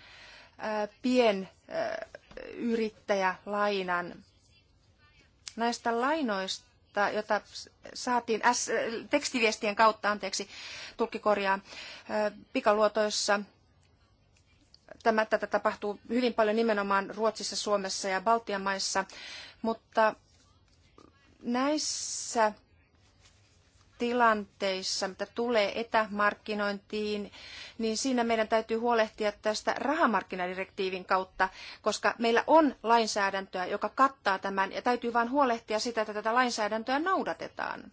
pienyrittäjälainan. Näistä lainoista, jota saatiin äs, tekstiviestien kautta, anteeksi, tulkikorjaa, pikaluotoissa tämä, tätä tapahtuu hyvin paljon nimenomaan Ruotsissa, Suomessa ja Baltian maissa, mutta näissä tilanteissa, mitä tulee etämarkkinointiin, niin siinä meidän täytyy huolehtia tästä rahamarkkinadirektiivin kautta, koska meillä on lainsäädäntöä, joka kattaa tämän, ja täytyy vain huolehtia sitä, että tätä lainsäädäntöä noudatetaan.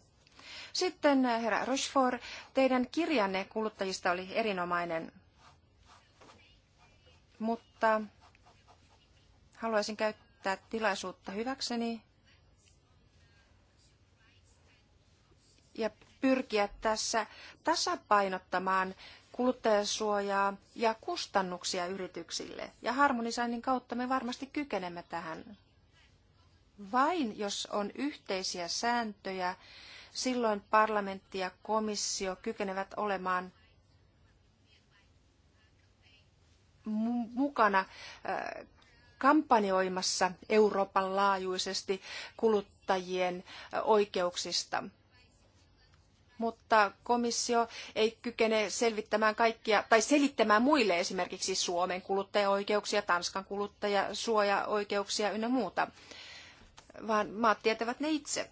Sitten eh, herra Rochefort, teidän kirjanne kuluttajista oli erinomainen, mutta haluaisin käyttää tilaisuutta hyväkseni ja pyrkiä tässä tasapainottamaan kuluttajasuojaa ja kustannuksia yrityksille. Ja harmonisoinnin kautta me varmasti kykenemme tähän. Vain jos on yhteisiä sääntöjä, silloin parlamentti ja komissio kykenevät olemaan mukana äh, kampanjoimassa Euroopan laajuisesti kuluttajien äh, oikeuksista mutta komissio ei kykene selvittämään kaikkia tai selittämään muille esimerkiksi Suomen kuluttajaoikeuksia, Tanskan kuluttajasuojaoikeuksia ynnä muuta, vaan maat tietävät ne itse.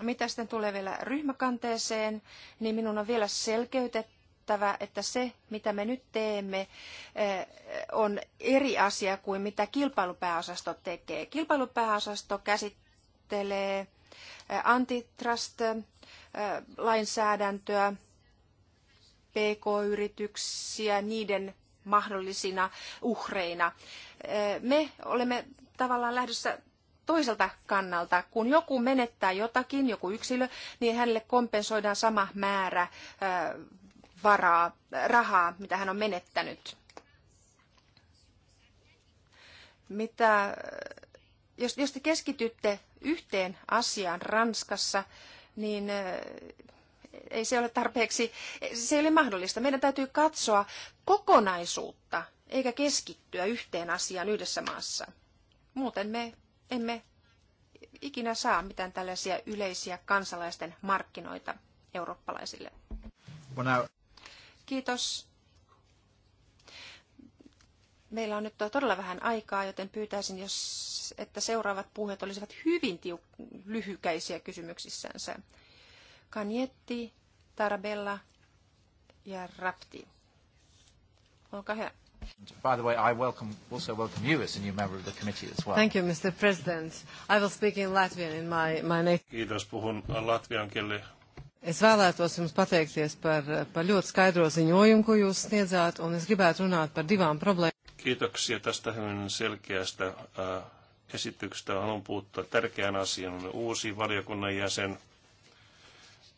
Mitä sitten tulee vielä ryhmäkanteeseen, niin minun on vielä selkeytettävä, että se, mitä me nyt teemme, eh, on eri asia kuin mitä kilpailupääosasto tekee. Kilpailupääosasto käsittelee antitrust-lainsäädäntöä, PK-yrityksiä niiden mahdollisina uhreina. Me olemme tavallaan lähdössä toiselta kannalta. Kun joku menettää jotakin, joku yksilö, niin hänelle kompensoidaan sama määrä varaa, rahaa, mitä hän on menettänyt. Mitä, jos, jos te keskitytte yhteen asiaan Ranskassa, niin ei se ole tarpeeksi, se ei ole mahdollista. Meidän täytyy katsoa kokonaisuutta, eikä keskittyä yhteen asiaan yhdessä maassa. Muuten me emme ikinä saa mitään tällaisia yleisiä kansalaisten markkinoita eurooppalaisille. Kiitos meillä on nyt todella vähän aikaa, joten pyytäisin, jos, että seuraavat puhujat olisivat hyvin tiuk- lyhykäisiä kysymyksissänsä. Kanietti, Tarabella ja Rapti. Olkaa hyvä. By the way, I welcome, also welcome you as a new member of the committee as well. Thank you, Mr. President. I will speak in Latvian in my, my native... Kiitos, puhun latvian kieli. Es vēlētos jums pateikties par, par ļoti skaidro ziņojumu, ko jūs sniedzāt, un es gribētu runāt par divām problēmām. Kiitoksia tästä hyvin selkeästä äh, esityksestä. Haluan puuttua tärkeään asiaan. Olen uusi valiokunnan jäsen.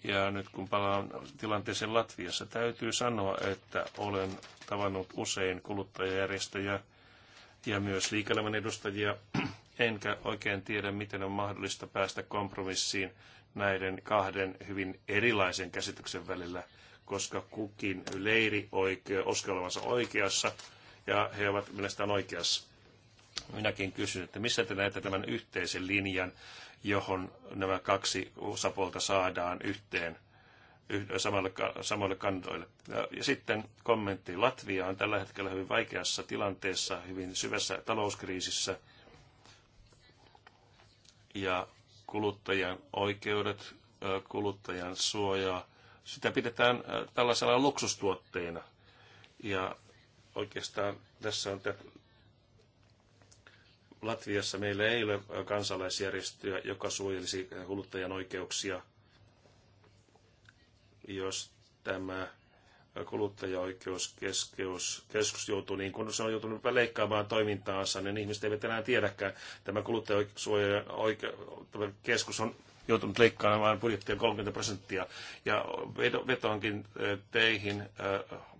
Ja nyt kun palaan tilanteeseen Latviassa, täytyy sanoa, että olen tavannut usein kuluttajajärjestöjä ja myös liikelevän edustajia, enkä oikein tiedä, miten on mahdollista päästä kompromissiin näiden kahden hyvin erilaisen käsityksen välillä, koska kukin leiri oikea, oskelevansa oikeassa – ja he ovat mielestäni oikeassa. Minäkin kysyn, että missä te näette tämän yhteisen linjan, johon nämä kaksi osapuolta saadaan yhteen samalle, samalle kantoille. Ja sitten kommentti. Latvia on tällä hetkellä hyvin vaikeassa tilanteessa, hyvin syvässä talouskriisissä. Ja kuluttajan oikeudet, kuluttajan suojaa, sitä pidetään tällaisella luksustuotteena. Ja Oikeastaan tässä on että Latviassa meillä ei ole kansalaisjärjestöä, joka suojelisi kuluttajan oikeuksia, jos tämä kuluttajaoikeuskeskus joutuu, niin kun se on joutunut leikkaamaan toimintaansa, niin ihmiset eivät enää tiedäkään. Tämä kuluttajakeskus on joutunut leikkaamaan budjettia 30 prosenttia. Ja vetoankin eh, teihin eh,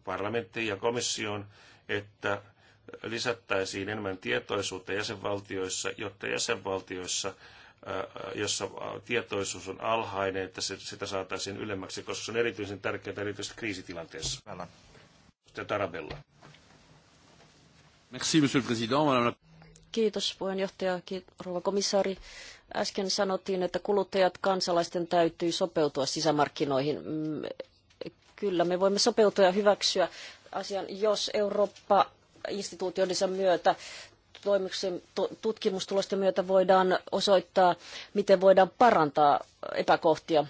parlamenttiin ja komissioon, että lisättäisiin enemmän tietoisuutta jäsenvaltioissa, jotta jäsenvaltioissa, jossa tietoisuus on alhainen, että sitä saataisiin ylemmäksi, koska se on erityisen tärkeää erityisesti kriisitilanteessa. Tarabella. Merci, monsieur le président. Madame Kiitos puheenjohtaja, rouva komissaari. Äsken sanottiin, että kuluttajat kansalaisten täytyy sopeutua sisämarkkinoihin. Mm, Kyllä, me voimme sopeutua ja hyväksyä asian, jos Eurooppa instituutioidensa myötä tutkimustulosten myötä voidaan osoittaa, miten voidaan parantaa epäkohtia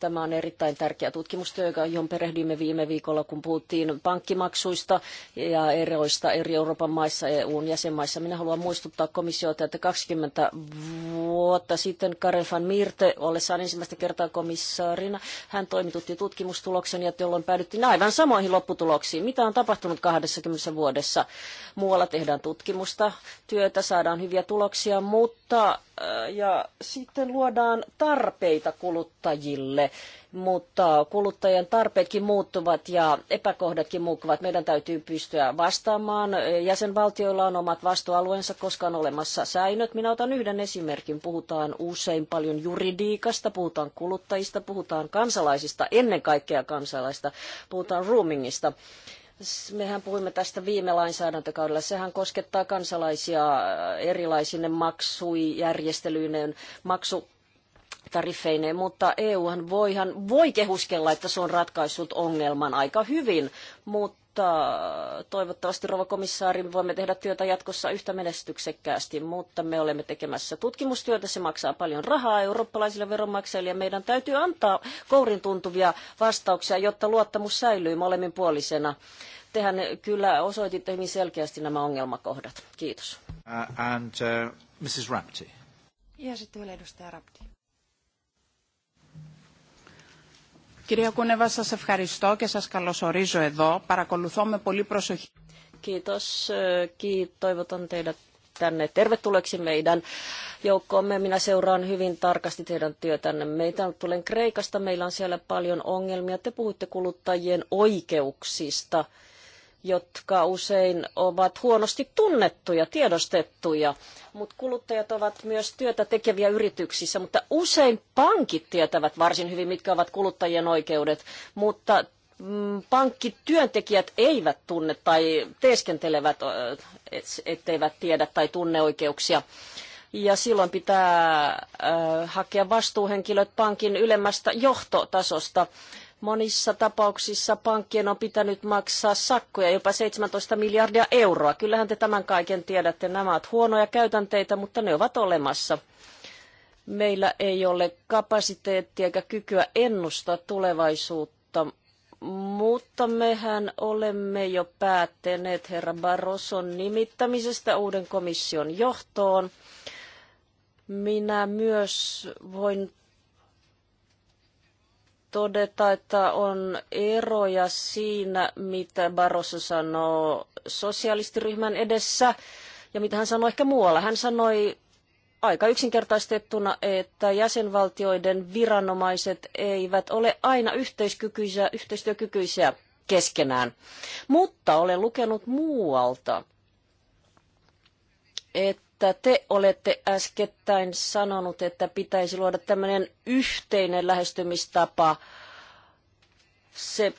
Tämä on erittäin tärkeä tutkimustyö, johon perehdymme viime viikolla, kun puhuttiin pankkimaksuista ja eroista eri Euroopan maissa ja EUn jäsenmaissa. Minä haluan muistuttaa komissiota, että 20 vuotta sitten Karel van Mirte, ollessaan ensimmäistä kertaa komissaarina, hän toimitutti tutkimustuloksen, ja jolloin päädyttiin aivan samoihin lopputuloksiin. Mitä on tapahtunut 20 vuodessa? Muualla tehdään tutkimusta, työtä, saadaan hyviä tuloksia, mutta ja sitten luodaan tarpeita kuluttajille, mutta kuluttajien tarpeetkin muuttuvat ja epäkohdatkin muuttuvat. Meidän täytyy pystyä vastaamaan. Jäsenvaltioilla on omat vastuualueensa, koska on olemassa säännöt. Minä otan yhden esimerkin. Puhutaan usein paljon juridiikasta, puhutaan kuluttajista, puhutaan kansalaisista, ennen kaikkea kansalaista, puhutaan roamingista. Mehän puhuimme tästä viime lainsäädäntökaudella. Sehän koskettaa kansalaisia äh, erilaisine maksujärjestelyineen, maksu tariffeineen, mutta EUhan voihan, voi kehuskella, että se on ratkaissut ongelman aika hyvin, mutta mutta toivottavasti rouva komissaari voimme tehdä työtä jatkossa yhtä menestyksekkäästi, mutta me olemme tekemässä tutkimustyötä, se maksaa paljon rahaa eurooppalaisille veronmaksajille ja meidän täytyy antaa kourin tuntuvia vastauksia, jotta luottamus säilyy molemminpuolisena. Tehän kyllä osoititte hyvin selkeästi nämä ongelmakohdat. Kiitos. Uh, and, uh, Mrs. Rapti. Ja sitten vielä edustaja Rapti. Κυρία Κούνεβα, σας ευχαριστώ και σας καλωσορίζω εδώ. Παρακολουθώ με πολύ προσοχή. Kiitos. Äh, toivotan teidät tänne tervetulleeksi meidän joukkoomme. Minä seuraan hyvin tarkasti teidän työtänne. Meitä tulen Kreikasta. Meillä on siellä paljon ongelmia. Te puhutte kuluttajien oikeuksista jotka usein ovat huonosti tunnettuja, tiedostettuja, mutta kuluttajat ovat myös työtä tekeviä yrityksissä, mutta usein pankit tietävät varsin hyvin, mitkä ovat kuluttajien oikeudet, mutta mm, pankkityöntekijät eivät tunne tai teeskentelevät, etteivät tiedä tai tunne oikeuksia. Ja silloin pitää hakea vastuuhenkilöt pankin ylemmästä johtotasosta Monissa tapauksissa pankkien on pitänyt maksaa sakkoja jopa 17 miljardia euroa. Kyllähän te tämän kaiken tiedätte. Nämä ovat huonoja käytänteitä, mutta ne ovat olemassa. Meillä ei ole kapasiteettia eikä kykyä ennustaa tulevaisuutta, mutta mehän olemme jo päättäneet herra Barroson nimittämisestä uuden komission johtoon. Minä myös voin todeta, että on eroja siinä, mitä Barroso sanoo sosialistiryhmän edessä ja mitä hän sanoi ehkä muualla. Hän sanoi aika yksinkertaistettuna, että jäsenvaltioiden viranomaiset eivät ole aina yhteiskykyisiä, yhteistyökykyisiä keskenään. Mutta olen lukenut muualta, että että te olette äskettäin sanonut, että pitäisi luoda tämmöinen yhteinen lähestymistapa. Se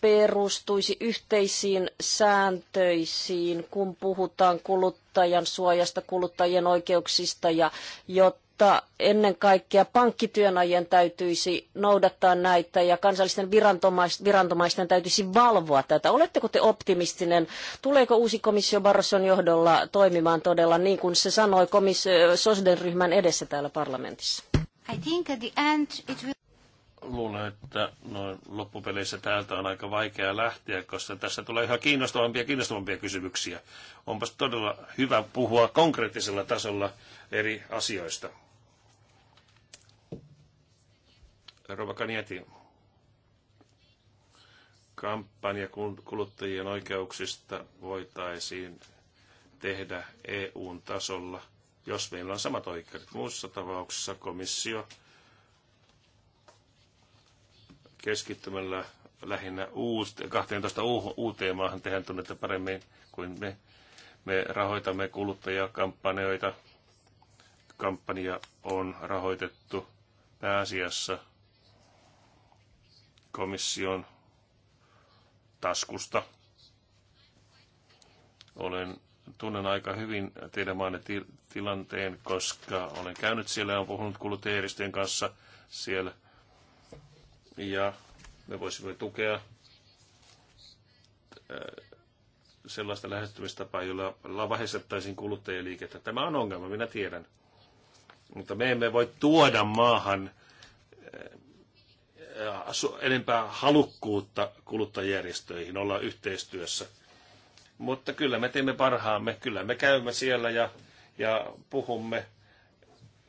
perustuisi yhteisiin sääntöisiin, kun puhutaan kuluttajan suojasta, kuluttajien oikeuksista ja, jotta mutta ennen kaikkea pankkityönajien täytyisi noudattaa näitä ja kansallisten viranomaisten täytyisi valvoa tätä. Oletteko te optimistinen? Tuleeko uusi komissio Barroson johdolla toimimaan todella niin kuin se sanoi komissio, SOSDEN-ryhmän edessä täällä parlamentissa? I think at the end it will... Luulen, että noin loppupeleissä täältä on aika vaikea lähteä, koska tässä tulee ihan kiinnostavampia ja kiinnostavampia kysymyksiä. Onpas todella hyvä puhua konkreettisella tasolla eri asioista. Rova Kanieti, kampanja kuluttajien oikeuksista voitaisiin tehdä EUn tasolla, jos meillä on samat oikeudet. Muussa tapauksessa komissio keskittymällä lähinnä uus, 12 uuteen maahan tehän tunnetta paremmin kuin me. Me rahoitamme kuluttajakampanjoita. Kampanja on rahoitettu pääasiassa – komission taskusta. Olen, tunnen aika hyvin teidän maanne til- tilanteen, koska olen käynyt siellä ja olen puhunut kuluttajärjestöjen kanssa siellä. Ja me voisimme tukea äh, sellaista lähestymistapaa, jolla vahvistettaisiin liikettä. Tämä on ongelma, minä tiedän. Mutta me emme voi tuoda maahan Äh, enempää halukkuutta kuluttajärjestöihin olla yhteistyössä. Mutta kyllä me teemme parhaamme, kyllä me käymme siellä ja, ja puhumme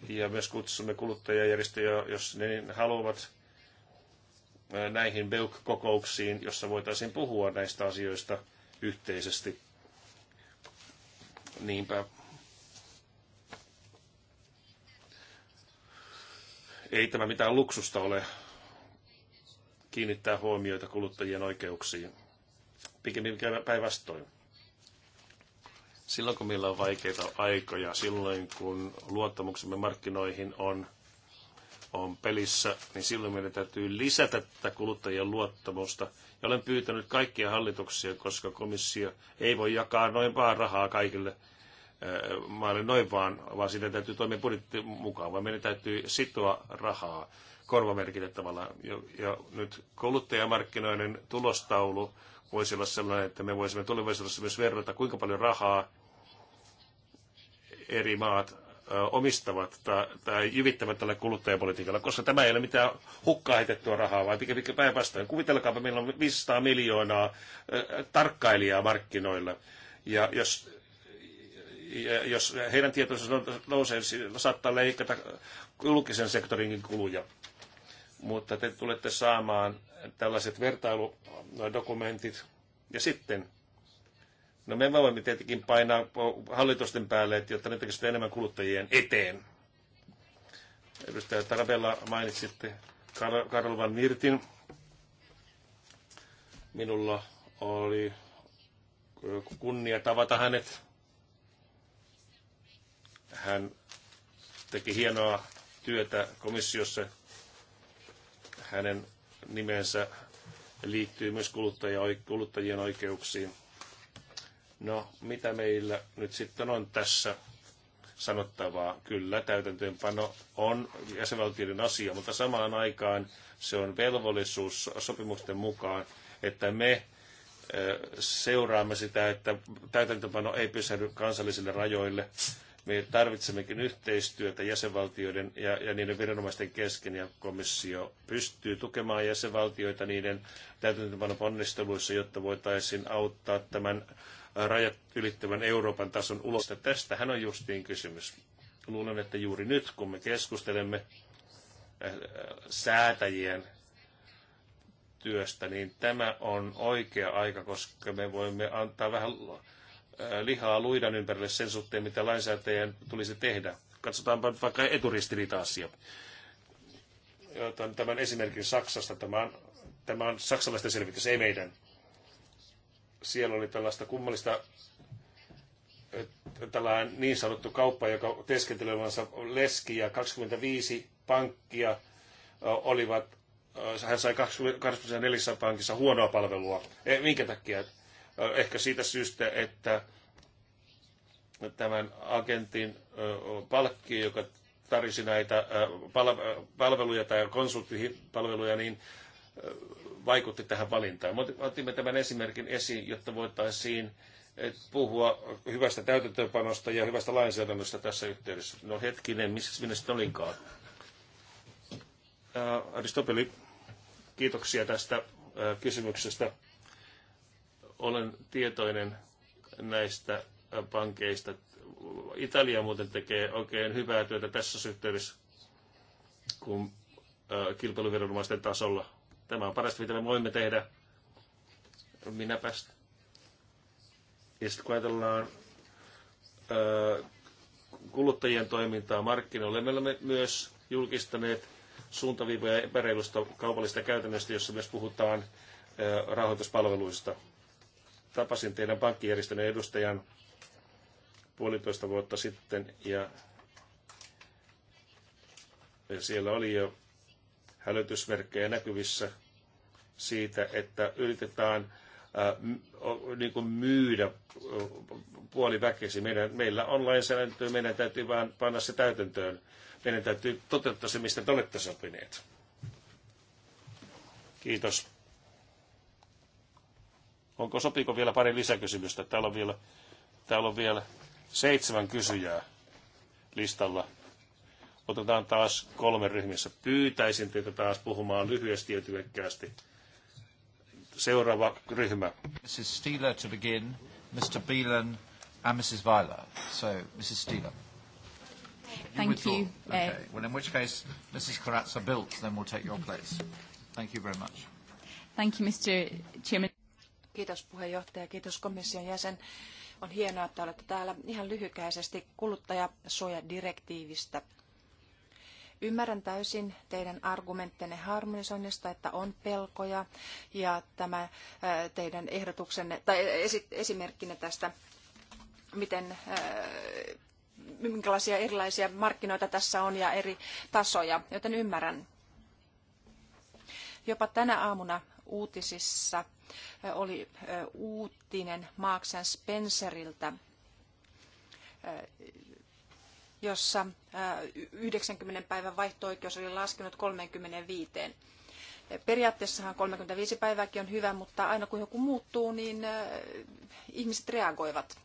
ja myös kutsumme kuluttajajärjestöjä, jos ne niin haluavat äh, näihin BEUK-kokouksiin, jossa voitaisiin puhua näistä asioista yhteisesti. Niinpä. Ei tämä mitään luksusta ole kiinnittää huomioita kuluttajien oikeuksiin. Pikemminkin päinvastoin. Silloin kun meillä on vaikeita aikoja, silloin kun luottamuksemme markkinoihin on, on pelissä, niin silloin meidän täytyy lisätä tätä kuluttajien luottamusta. Ja olen pyytänyt kaikkia hallituksia, koska komissio ei voi jakaa noin vaan rahaa kaikille maalle noin vaan, vaan siinä täytyy toimia budjetti mukaan, vaan meidän täytyy sitoa rahaa korvamerkitä tavallaan. Ja, ja nyt kuluttajamarkkinoiden tulostaulu voisi olla sellainen, että me voisimme tulevaisuudessa myös verrata, kuinka paljon rahaa eri maat omistavat tai, tai jyvittävät tällä kuluttajapolitiikalla, koska tämä ei ole mitään hukkaa heitettyä rahaa, vaan pikemminkin pikemmin päinvastoin. Kuvitelkaapa, meillä on 500 miljoonaa tarkkailijaa markkinoilla. Ja jos ja jos heidän tietoisuus nousee, niin saattaa leikata julkisen sektorinkin kuluja. Mutta te tulette saamaan tällaiset vertailudokumentit. Ja sitten, no me voimme tietenkin painaa hallitusten päälle, että jotta ne tekisivät enemmän kuluttajien eteen. Edustaja Tarabella mainitsitte Karl van Virtin. Minulla oli kunnia tavata hänet hän teki hienoa työtä komissiossa. Hänen nimensä liittyy myös kuluttajien oikeuksiin. No, mitä meillä nyt sitten on tässä sanottavaa? Kyllä, täytäntöönpano on jäsenvaltioiden asia, mutta samaan aikaan se on velvollisuus sopimusten mukaan, että me seuraamme sitä, että täytäntöpano ei pysähdy kansallisille rajoille, me tarvitsemmekin yhteistyötä jäsenvaltioiden ja, ja niiden viranomaisten kesken, ja komissio pystyy tukemaan jäsenvaltioita niiden täytäntöönpanon ponnisteluissa, jotta voitaisiin auttaa tämän rajat ylittävän Euroopan tason ulos. Tästähän on justiin kysymys. Luulen, että juuri nyt, kun me keskustelemme äh, äh, säätäjien työstä, niin tämä on oikea aika, koska me voimme antaa vähän lihaa luidan ympärille sen suhteen, mitä lainsäätäjän tulisi tehdä. Katsotaanpa vaikka eturistiriita-asia. Otan tämän esimerkin Saksasta. Tämä on, tämä on saksalaisten selvitys, ei meidän. Siellä oli tällaista kummallista tällainen niin sanottu kauppa, joka teeskentelevansa leski ja 25 pankkia olivat, hän sai 24 pankissa huonoa palvelua. Eh, minkä takia? ehkä siitä syystä, että tämän agentin palkki, joka tarisi näitä palveluja tai konsulttipalveluja, niin vaikutti tähän valintaan. otimme tämän esimerkin esiin, jotta voitaisiin puhua hyvästä täytäntöönpanosta ja hyvästä lainsäädännöstä tässä yhteydessä. No hetkinen, missä minä sitten olinkaan? Aristopeli, kiitoksia tästä kysymyksestä. Olen tietoinen näistä äh, pankeista. Italia muuten tekee oikein hyvää työtä tässä yhteydessä kuin äh, kilpailuviranomaisten tasolla. Tämä on parasta, mitä me voimme tehdä. päästä. Ja sitten kun ajatellaan äh, kuluttajien toimintaa markkinoille, me olemme myös julkistaneet suuntaviivoja epäreilusta kaupallista käytännöstä, jossa myös puhutaan rahoituspalveluista tapasin teidän pankkijärjestön edustajan puolitoista vuotta sitten ja siellä oli jo hälytysmerkkejä näkyvissä siitä, että yritetään äh, niin kuin myydä äh, puoliväkesi. Meidän, meillä on lainsäädäntö, meidän täytyy vain panna se täytäntöön. Meidän täytyy toteuttaa se, mistä te olette sopineet. Kiitos. Onko, sopiiko vielä pari lisäkysymystä? Täällä on vielä, täällä on vielä seitsemän kysyjää listalla. Otetaan taas kolme ryhmissä. Pyytäisin teitä taas puhumaan lyhyesti ja tyvekkäästi. Seuraava ryhmä. Mrs. Steeler to begin, Mr. Beelan and Mrs. Weiler. So, Mrs. Steeler. Thank you. you. Uh, okay. well, in which case, Mrs. Karatsa built, then we'll take your place. Thank you very much. Thank you, Mr. Chairman. Kiitos puheenjohtaja, kiitos komission jäsen. On hienoa, että olette täällä ihan lyhykäisesti kuluttajasuojadirektiivistä. Ymmärrän täysin teidän argumenttenne harmonisoinnista, että on pelkoja ja tämä teidän ehdotuksenne tai esimerkkinne tästä, miten minkälaisia erilaisia markkinoita tässä on ja eri tasoja, joten ymmärrän. Jopa tänä aamuna uutisissa oli uutinen Marks Spenceriltä, jossa 90 päivän vaihto-oikeus oli laskenut 35. Periaatteessahan 35 päivääkin on hyvä, mutta aina kun joku muuttuu, niin ihmiset reagoivat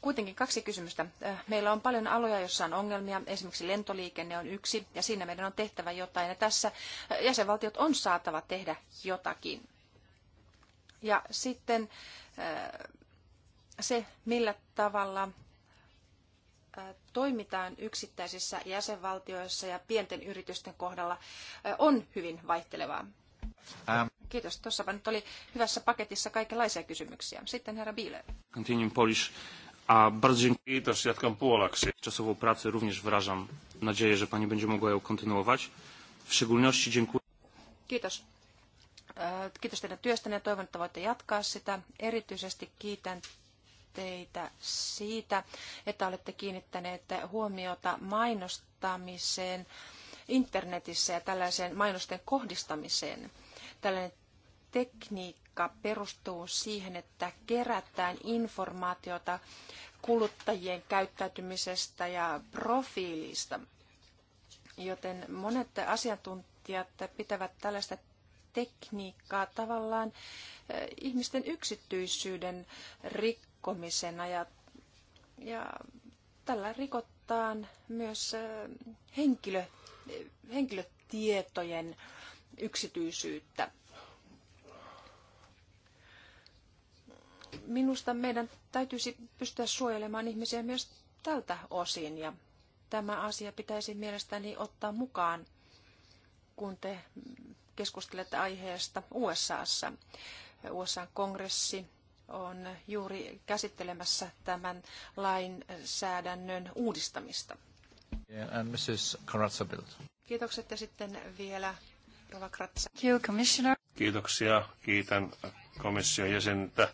kuitenkin kaksi kysymystä. Meillä on paljon aloja, joissa on ongelmia. Esimerkiksi lentoliikenne on yksi, ja siinä meidän on tehtävä jotain. Ja tässä jäsenvaltiot on saatava tehdä jotakin. Ja sitten se, millä tavalla toimitaan yksittäisissä jäsenvaltioissa ja pienten yritysten kohdalla, on hyvin vaihtelevaa. Ähm. Kiitos. Tuossapa nyt oli hyvässä paketissa kaikenlaisia kysymyksiä. Sitten herra Bieler. Continuing Polish. A bardzo dziękuję też Czasową pracę również wyrażam nadzieję, że Pani będzie mogła ją kontynuować. W szczególności dziękuję. Kiitos. E, kiitos teidän työstänne ja toivon, että voitte jatkaa sitä. Erityisesti kiitän teitä siitä, että olette kiinnittäneet huomiota mainostamiseen internetissä ja tällaiseen mainosten kohdistamiseen. Tällainen tekniikka politiikka perustuu siihen, että kerätään informaatiota kuluttajien käyttäytymisestä ja profiilista. Joten monet asiantuntijat pitävät tällaista tekniikkaa tavallaan eh, ihmisten yksityisyyden rikkomisena ja, ja tällä rikotaan myös eh, henkilö, eh, henkilötietojen yksityisyyttä. Minusta meidän täytyisi pystyä suojelemaan ihmisiä myös tältä osin ja tämä asia pitäisi mielestäni ottaa mukaan, kun te keskustelette aiheesta USAssa. USAn kongressi on juuri käsittelemässä tämän lainsäädännön uudistamista. Yeah, and Mrs. Kiitokset ja sitten vielä Rova Kratsa. Kiitoksia. Kiitän komission jäsentä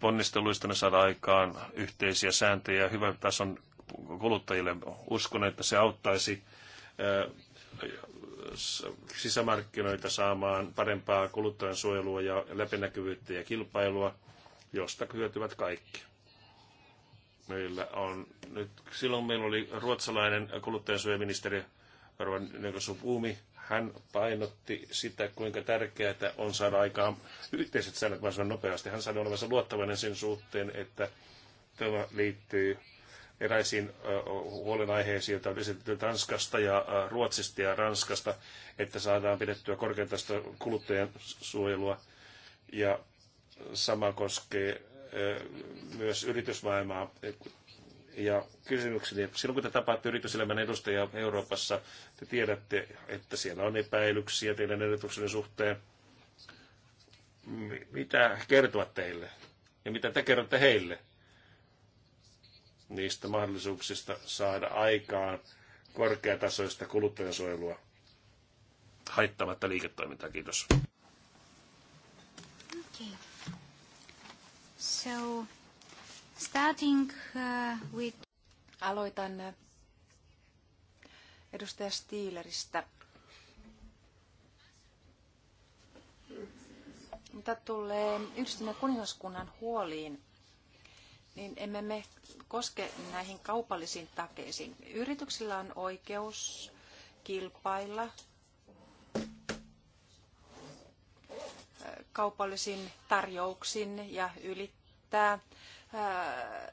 ponnisteluista saada aikaan yhteisiä sääntöjä hyvän tason kuluttajille. Uskon, että se auttaisi sisämarkkinoita saamaan parempaa kuluttajan suojelua ja läpinäkyvyyttä ja kilpailua, josta hyötyvät kaikki. Meillä on nyt, silloin meillä oli ruotsalainen kuluttajansuojaministeri Arvan Nekosupuumi, hän painotti sitä, kuinka tärkeää on saada aikaan yhteiset säännöt mahdollisimman nopeasti. Hän sanoi olevansa luottavainen sen suhteen, että tämä liittyy eräisiin huolenaiheisiin, joita on esitetty Tanskasta ja Ruotsista ja Ranskasta, että saadaan pidettyä korkeintaista kuluttajan suojelua. Ja sama koskee myös yritysmaailmaa ja kysymykseni, silloin kun te tapaatte yrityselämän edustajia Euroopassa, te tiedätte, että siellä on epäilyksiä teidän ehdotuksenne suhteen. Mitä kertovat teille ja mitä te kerrotte heille niistä mahdollisuuksista saada aikaan korkeatasoista kuluttajansuojelua haittamatta liiketoimintaa? Kiitos. Okay. So, Starting uh, with... Aloitan uh, edustaja Stiileristä. Mitä tulee yhdistyneen kuningaskunnan huoliin, niin emme me koske näihin kaupallisiin takeisiin. Yrityksillä on oikeus kilpailla uh, kaupallisiin tarjouksin ja ylittää Öö,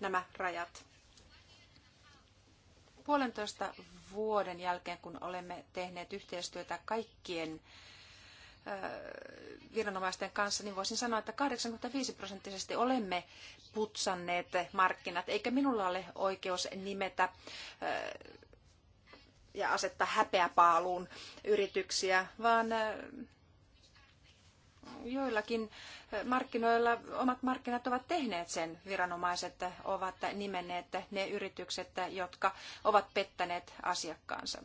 nämä rajat. Puolentoista vuoden jälkeen, kun olemme tehneet yhteistyötä kaikkien öö, viranomaisten kanssa, niin voisin sanoa, että 85 prosenttisesti olemme putsanneet markkinat, eikä minulla ole oikeus nimetä öö, ja asettaa häpeäpaaluun yrityksiä, vaan joillakin markkinoilla omat markkinat ovat tehneet sen. Viranomaiset ovat nimenneet ne yritykset, jotka ovat pettäneet asiakkaansa.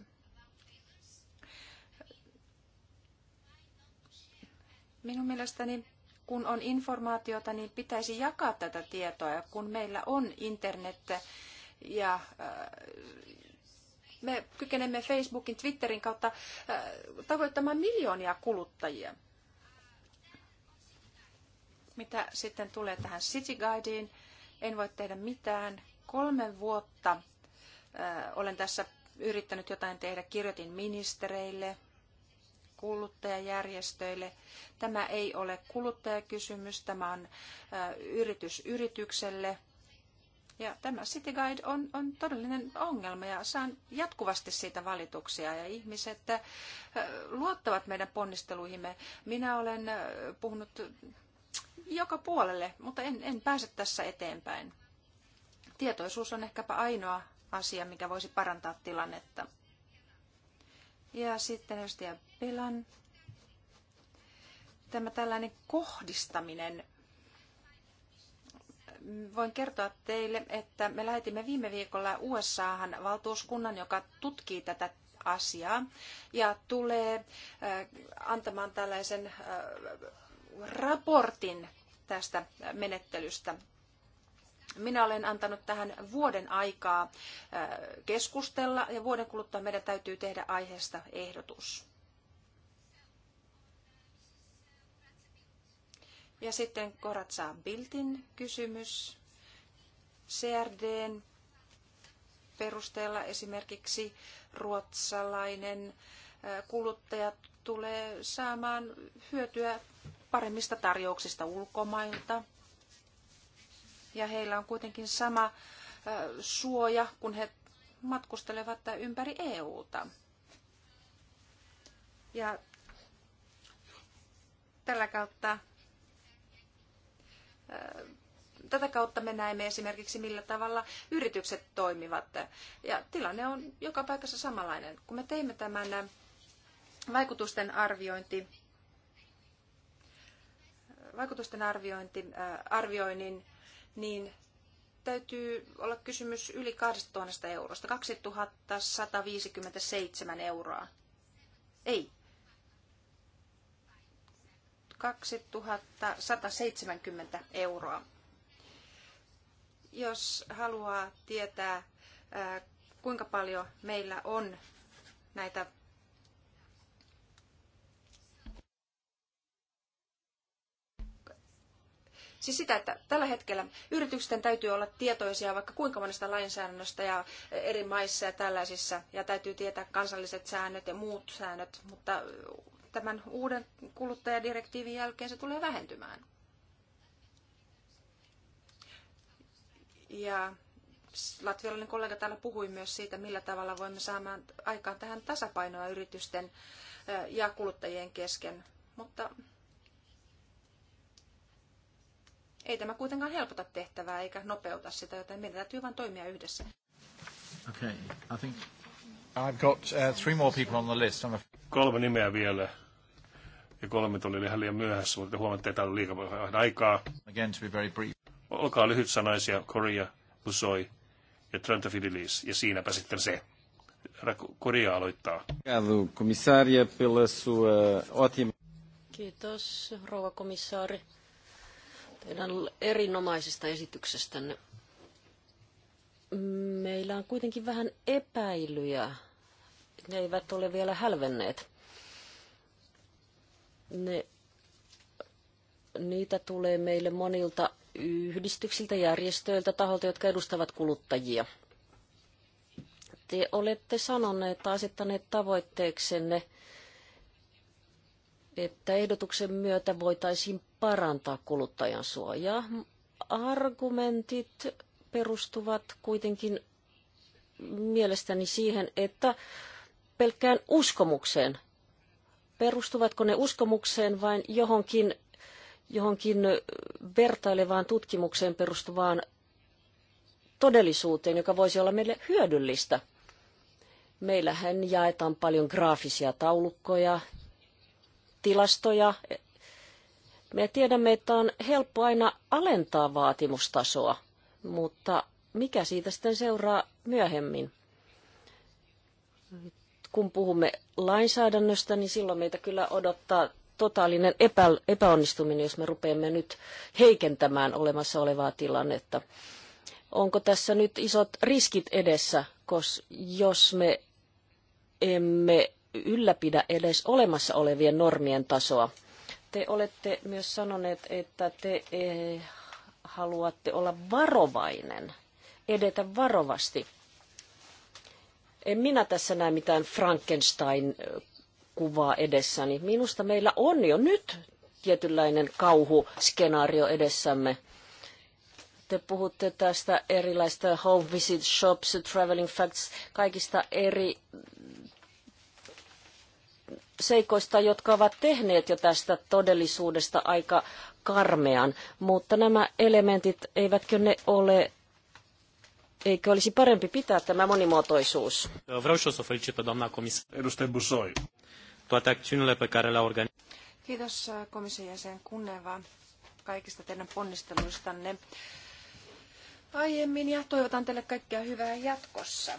Minun mielestäni kun on informaatiota, niin pitäisi jakaa tätä tietoa. Ja kun meillä on internet ja äh, me kykenemme Facebookin, Twitterin kautta äh, tavoittamaan miljoonia kuluttajia. Mitä sitten tulee tähän City Guideen, en voi tehdä mitään. Kolme vuotta äh, olen tässä yrittänyt jotain tehdä. Kirjoitin ministereille, kuluttajajärjestöille. Tämä ei ole kuluttajakysymys, tämä on äh, yritys yritykselle. Ja tämä City Guide on, on todellinen ongelma ja saan jatkuvasti siitä valituksia ja ihmiset luottavat meidän ponnisteluihimme. Minä olen puhunut joka puolelle, mutta en, en pääse tässä eteenpäin. Tietoisuus on ehkäpä ainoa asia, mikä voisi parantaa tilannetta. Ja sitten edustaja Pelan. Tämä tällainen kohdistaminen. Voin kertoa teille, että me lähetimme viime viikolla USAhan valtuuskunnan, joka tutkii tätä asiaa ja tulee äh, antamaan tällaisen äh, raportin tästä menettelystä. Minä olen antanut tähän vuoden aikaa äh, keskustella ja vuoden kuluttua meidän täytyy tehdä aiheesta ehdotus. Ja sitten Koratsaa Biltin kysymys. CRDn perusteella esimerkiksi ruotsalainen äh, kuluttaja tulee saamaan hyötyä paremmista tarjouksista ulkomailta. Ja heillä on kuitenkin sama suoja, kun he matkustelevat ympäri EUta. Ja tällä kautta, tätä kautta me näemme esimerkiksi, millä tavalla yritykset toimivat. Ja tilanne on joka paikassa samanlainen. Kun me teimme tämän vaikutusten arviointi vaikutusten arviointi, äh, arvioinnin, niin täytyy olla kysymys yli 2000 eurosta, 2157 euroa. Ei. 2170 euroa. Jos haluaa tietää, äh, kuinka paljon meillä on näitä Siis sitä, että tällä hetkellä yritysten täytyy olla tietoisia vaikka kuinka monesta lainsäädännöstä ja eri maissa ja tällaisissa, ja täytyy tietää kansalliset säännöt ja muut säännöt, mutta tämän uuden kuluttajadirektiivin jälkeen se tulee vähentymään. Ja latvialainen kollega täällä puhui myös siitä, millä tavalla voimme saamaan aikaan tähän tasapainoa yritysten ja kuluttajien kesken. Mutta Ei tämä kuitenkaan helpota tehtävää eikä nopeuta sitä, joten meidän täytyy vain toimia yhdessä. Okay, I think I've got uh, three more people on the list. I'm a... Kolme nimeä vielä. Ja kolme tuli ihan liian myöhässä, mutta huomatte, että täällä on liikaa vähän aikaa. Again, to be very brief. Olkaa lyhyt sanaisia, Korea, Busoi ja Trenta Fidelis, ja siinäpä sitten se. Korea aloittaa. Uh, Kiitos, rouva komissaari, teidän erinomaisesta esityksestänne. Meillä on kuitenkin vähän epäilyjä. Ne eivät ole vielä hälvenneet. Ne, niitä tulee meille monilta yhdistyksiltä, järjestöiltä, taholta, jotka edustavat kuluttajia. Te olette sanoneet tai asettaneet tavoitteeksenne, että ehdotuksen myötä voitaisiin parantaa kuluttajan suojaa. Argumentit perustuvat kuitenkin mielestäni siihen, että pelkkään uskomukseen. Perustuvatko ne uskomukseen vai johonkin, johonkin vertailevaan tutkimukseen perustuvaan todellisuuteen, joka voisi olla meille hyödyllistä? Meillähän jaetaan paljon graafisia taulukkoja, tilastoja me tiedämme, että on helppo aina alentaa vaatimustasoa, mutta mikä siitä sitten seuraa myöhemmin? Kun puhumme lainsäädännöstä, niin silloin meitä kyllä odottaa totaalinen epä, epäonnistuminen, jos me rupeamme nyt heikentämään olemassa olevaa tilannetta. Onko tässä nyt isot riskit edessä, koska jos me emme ylläpidä edes olemassa olevien normien tasoa? Te olette myös sanoneet, että te eh, haluatte olla varovainen, edetä varovasti. En minä tässä näe mitään Frankenstein-kuvaa edessäni. Minusta meillä on jo nyt tietynlainen kauhuskenaario edessämme te puhutte tästä erilaista home visit shops, traveling facts, kaikista eri seikoista, jotka ovat tehneet jo tästä todellisuudesta aika karmean, mutta nämä elementit, eivätkö ne ole Eikö olisi parempi pitää tämä monimuotoisuus? Vreau și o să felicit pe doamna comisar. Edustaja Busoi. Kiitos komission jäsen Kunneva kaikista teidän ponnisteluistanne aiemmin ja toivotan teille kaikkea hyvää jatkossa.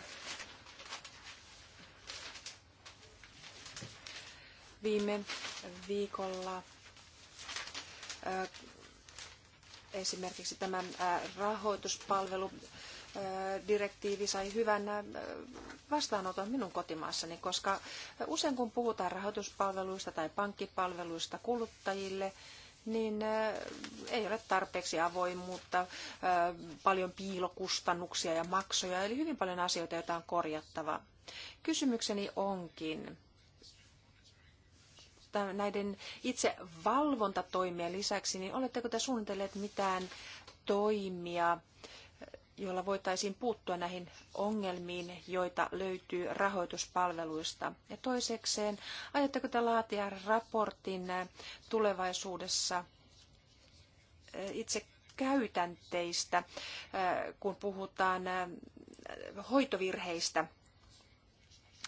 Viime viikolla esimerkiksi tämä rahoituspalveludirektiivi sai hyvän vastaanoton minun kotimaassani, koska usein kun puhutaan rahoituspalveluista tai pankkipalveluista kuluttajille, niin ei ole tarpeeksi avoimuutta, paljon piilokustannuksia ja maksuja, eli hyvin paljon asioita, joita on korjattava. Kysymykseni onkin, näiden itse valvontatoimien lisäksi, niin oletteko te suunnitelleet mitään toimia, joilla voitaisiin puuttua näihin ongelmiin, joita löytyy rahoituspalveluista? Ja toisekseen, aiotteko te laatia raportin tulevaisuudessa itse käytänteistä, kun puhutaan hoitovirheistä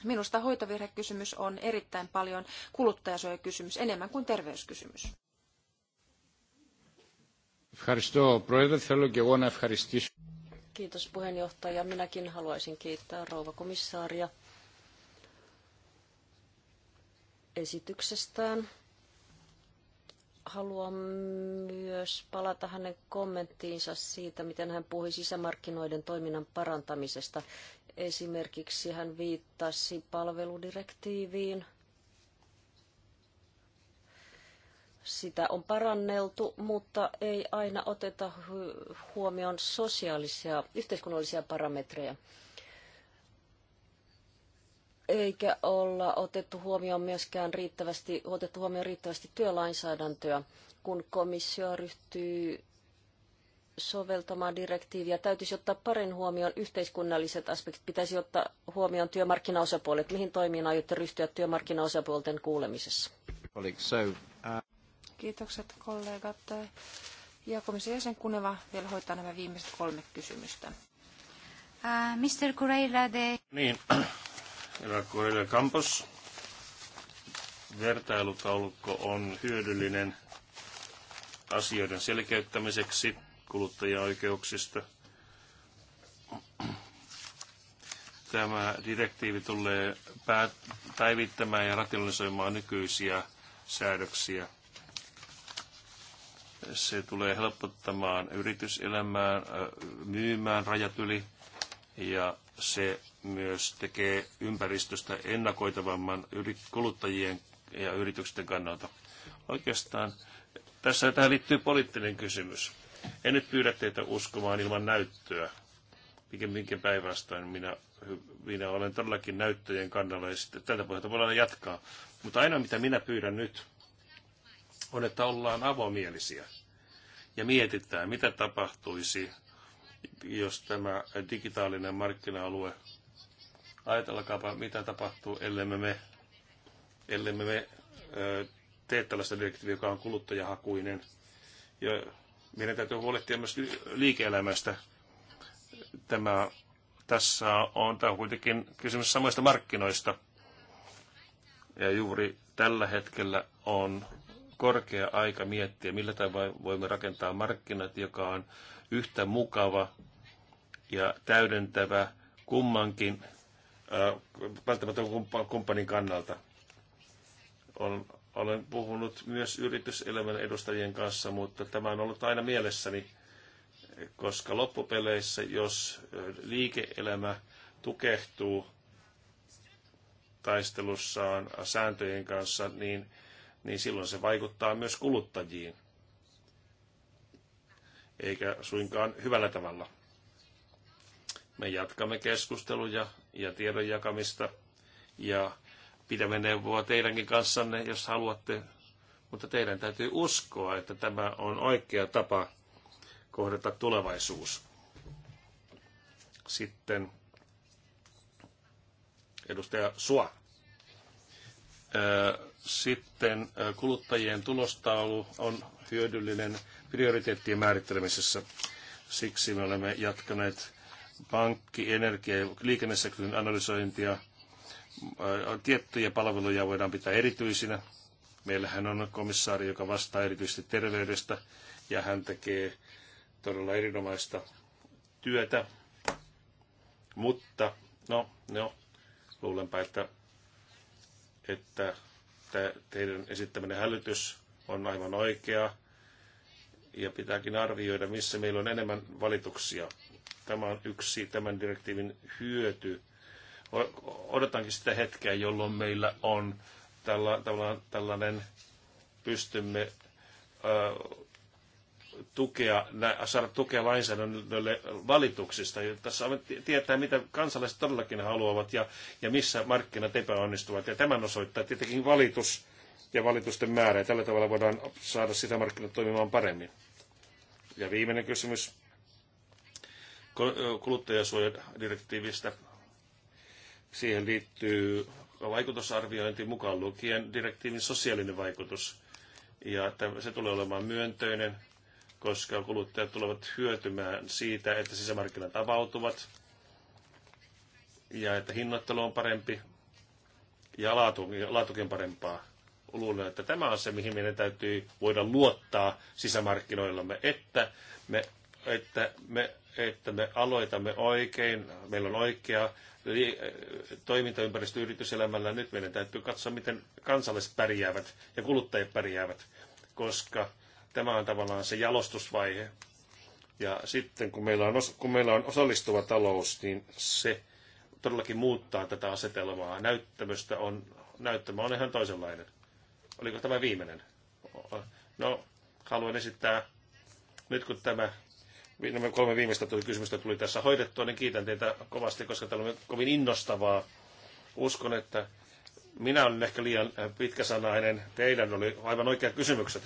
Minusta hoitovirhekysymys on erittäin paljon kuluttajasuojakysymys, enemmän kuin terveyskysymys. Kiitos puheenjohtaja. Minäkin haluaisin kiittää rouva komissaaria esityksestään. Haluan myös palata hänen kommenttiinsa siitä, miten hän puhui sisämarkkinoiden toiminnan parantamisesta Esimerkiksi hän viittasi palveludirektiiviin. Sitä on paranneltu, mutta ei aina oteta huomioon sosiaalisia, yhteiskunnallisia parametreja. Eikä olla otettu huomioon myöskään riittävästi, otettu huomioon riittävästi työlainsäädäntöä, kun komissio ryhtyy soveltamaan direktiiviä, täytyisi ottaa parin huomioon yhteiskunnalliset aspektit. Pitäisi ottaa huomioon työmarkkinaosapuolet. Mihin toimiin aiotte ryhtyä työmarkkinaosapuolten kuulemisessa? Uh, Kiitokset kollegat. Ja komission jäsen Kuneva vielä hoitaa nämä viimeiset kolme kysymystä. Uh, Mr. Kureila de... Niin, herra Kureila Campos. Vertailutaulukko on hyödyllinen asioiden selkeyttämiseksi kuluttajaoikeuksista. Tämä direktiivi tulee päivittämään ja rationalisoimaan nykyisiä säädöksiä. Se tulee helpottamaan yrityselämään, myymään rajat yli ja se myös tekee ympäristöstä ennakoitavamman kuluttajien ja yritysten kannalta. Oikeastaan tässä tähän liittyy poliittinen kysymys. En nyt pyydä teitä uskomaan ilman näyttöä. Pikemminkin päinvastoin minä, minä olen todellakin näyttöjen kannalla ja sitten tältä pohjalta voidaan jatkaa. Mutta ainoa mitä minä pyydän nyt on, että ollaan avomielisiä ja mietitään, mitä tapahtuisi, jos tämä digitaalinen markkina-alue, ajatellakaapa, mitä tapahtuu, ellemme me, ellemme me tee tällaista direktiiviä, joka on kuluttajahakuinen. Ja meidän täytyy huolehtia myös liike-elämästä. Tämä, tässä on, tämä on kuitenkin kysymys samoista markkinoista. Ja juuri tällä hetkellä on korkea aika miettiä, millä tavalla voimme rakentaa markkinat, joka on yhtä mukava ja täydentävä kummankin välttämättä kumppanin kannalta. On olen puhunut myös yrityselämän edustajien kanssa, mutta tämä on ollut aina mielessäni, koska loppupeleissä, jos liike-elämä tukehtuu taistelussaan sääntöjen kanssa, niin, niin silloin se vaikuttaa myös kuluttajiin, eikä suinkaan hyvällä tavalla. Me jatkamme keskusteluja ja tiedon jakamista ja pitämme neuvoa teidänkin kanssanne, jos haluatte, mutta teidän täytyy uskoa, että tämä on oikea tapa kohdata tulevaisuus. Sitten edustaja Sua. Sitten kuluttajien tulostaulu on hyödyllinen prioriteettien määrittelemisessä. Siksi me olemme jatkaneet pankki-, energia- ja liikennesektorin analysointia – tiettyjä palveluja voidaan pitää erityisinä. Meillähän on komissaari, joka vastaa erityisesti terveydestä ja hän tekee todella erinomaista työtä. Mutta, no, no luulenpa, että, että teidän esittäminen hälytys on aivan oikea ja pitääkin arvioida, missä meillä on enemmän valituksia. Tämä on yksi tämän direktiivin hyöty Odotankin sitä hetkeä, jolloin meillä on tällä, tällä, tällainen, pystymme ö, tukea, saada tukea lainsäädännölle valituksista. Tässä tietää, mitä kansalaiset todellakin haluavat ja, ja missä markkinat epäonnistuvat. Ja tämän osoittaa tietenkin valitus ja valitusten määrä. Ja tällä tavalla voidaan saada sitä markkinat toimimaan paremmin. Ja viimeinen kysymys kuluttajasuojadirektiivistä Siihen liittyy vaikutusarviointi mukaan lukien direktiivin sosiaalinen vaikutus. Ja että se tulee olemaan myönteinen, koska kuluttajat tulevat hyötymään siitä, että sisämarkkinat avautuvat ja että hinnoittelu on parempi ja laatu, laatukin parempaa. Luulen, että tämä on se, mihin meidän täytyy voida luottaa sisämarkkinoillamme, että me, että me että me aloitamme oikein, meillä on oikea toimintaympäristö yrityselämällä. Nyt meidän täytyy katsoa, miten kansalaiset pärjäävät ja kuluttajat pärjäävät, koska tämä on tavallaan se jalostusvaihe. Ja sitten kun meillä on, kun meillä on osallistuva talous, niin se todellakin muuttaa tätä asetelmaa. Näyttämöstä on, näyttämä on ihan toisenlainen. Oliko tämä viimeinen? No, haluan esittää, nyt kun tämä nämä kolme viimeistä tuli kysymystä tuli tässä hoidettua, niin kiitän teitä kovasti, koska tämä oli kovin innostavaa. Uskon, että minä olen ehkä liian äh, pitkäsanainen, teidän oli aivan oikeat kysymykset,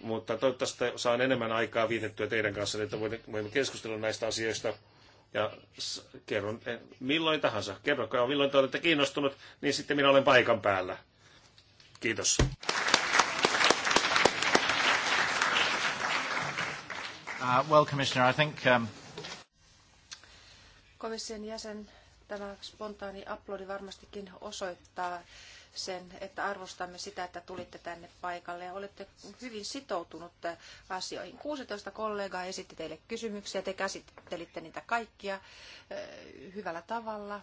mutta toivottavasti saan enemmän aikaa viitettyä teidän kanssa, niin että voimme keskustella näistä asioista. Ja kerron eh, milloin tahansa, kerrokaa milloin te olette kiinnostunut, niin sitten minä olen paikan päällä. Kiitos. Uh, well, Commissioner, I think... Um... Komission jäsen, tämä spontaani uploadi varmastikin osoittaa sen, että arvostamme sitä, että tulitte tänne paikalle ja olette hyvin sitoutunut asioihin. 16 kollegaa esitti teille kysymyksiä, te käsittelitte niitä kaikkia eh, hyvällä tavalla.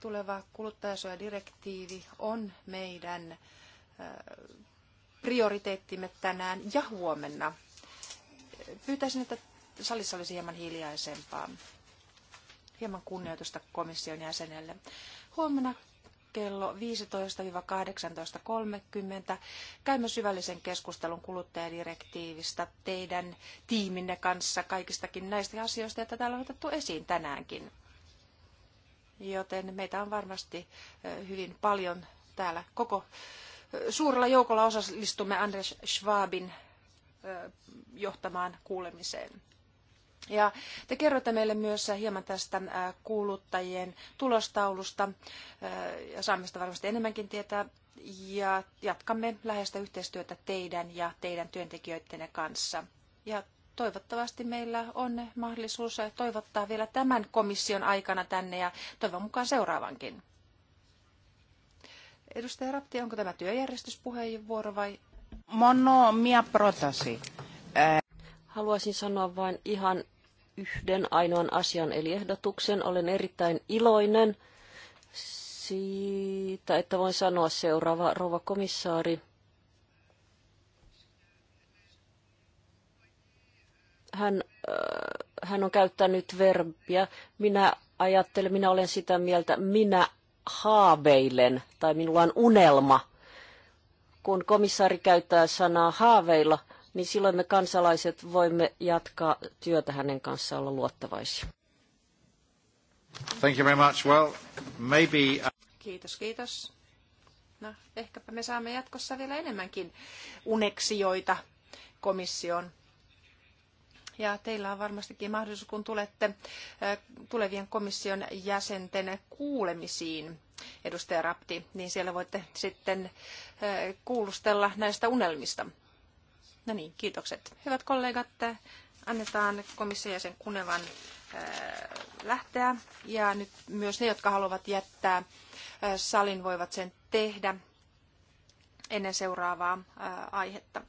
Tuleva kuluttajasuojadirektiivi on meidän eh, prioriteettimme tänään ja huomenna. Pyytäisin, että salissa olisi hieman hiljaisempaa. Hieman kunnioitusta komission jäsenelle. Huomenna kello 15-18.30 käymme syvällisen keskustelun kuluttajadirektiivistä teidän tiiminne kanssa kaikistakin näistä asioista, joita täällä on otettu esiin tänäänkin. Joten meitä on varmasti hyvin paljon täällä koko suurella joukolla osallistumme Andres Schwabin johtamaan kuulemiseen. Ja te kerrotte meille myös hieman tästä kuuluttajien tulostaulusta ja saamme sitä varmasti enemmänkin tietää. Ja jatkamme läheistä yhteistyötä teidän ja teidän työntekijöidenne kanssa. Ja toivottavasti meillä on mahdollisuus toivottaa vielä tämän komission aikana tänne ja toivon mukaan seuraavankin. Edustaja Rapti, onko tämä työjärjestyspuheenvuoro vai μόνο μία Haluaisin sanoa vain ihan yhden ainoan asian eli ehdotuksen. Olen erittäin iloinen siitä, että voin sanoa seuraava rouva komissaari. Hän, äh, hän on käyttänyt verbiä. Minä ajattelen, minä olen sitä mieltä, minä haaveilen tai minulla on unelma kun komissaari käyttää sanaa haaveilla, niin silloin me kansalaiset voimme jatkaa työtä hänen kanssaan olla luottavaisia. Thank you very much. Well, maybe... Uh, kiitos, kiitos. No, ehkäpä me saamme jatkossa vielä enemmänkin uneksijoita komissioon. Ja teillä on varmastikin mahdollisuus, kun tulette äh, tulevien komission jäsenten kuulemisiin edustaja Rapti, niin siellä voitte sitten kuulustella näistä unelmista. No niin, kiitokset. Hyvät kollegat, annetaan komission jäsen Kunevan lähteä. Ja nyt myös ne, jotka haluavat jättää salin, voivat sen tehdä ennen seuraavaa aihetta.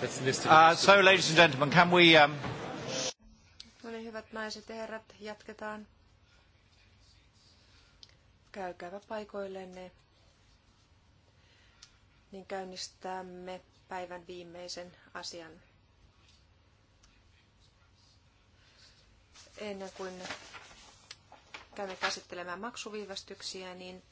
Uh, ladies and gentlemen, can we... Um, no niin, hyvät naiset ja herrat, jatketaan. Käykääpä paikoillenne. Niin käynnistämme päivän viimeisen asian. Ennen kuin käymme käsittelemään maksuviivästyksiä, niin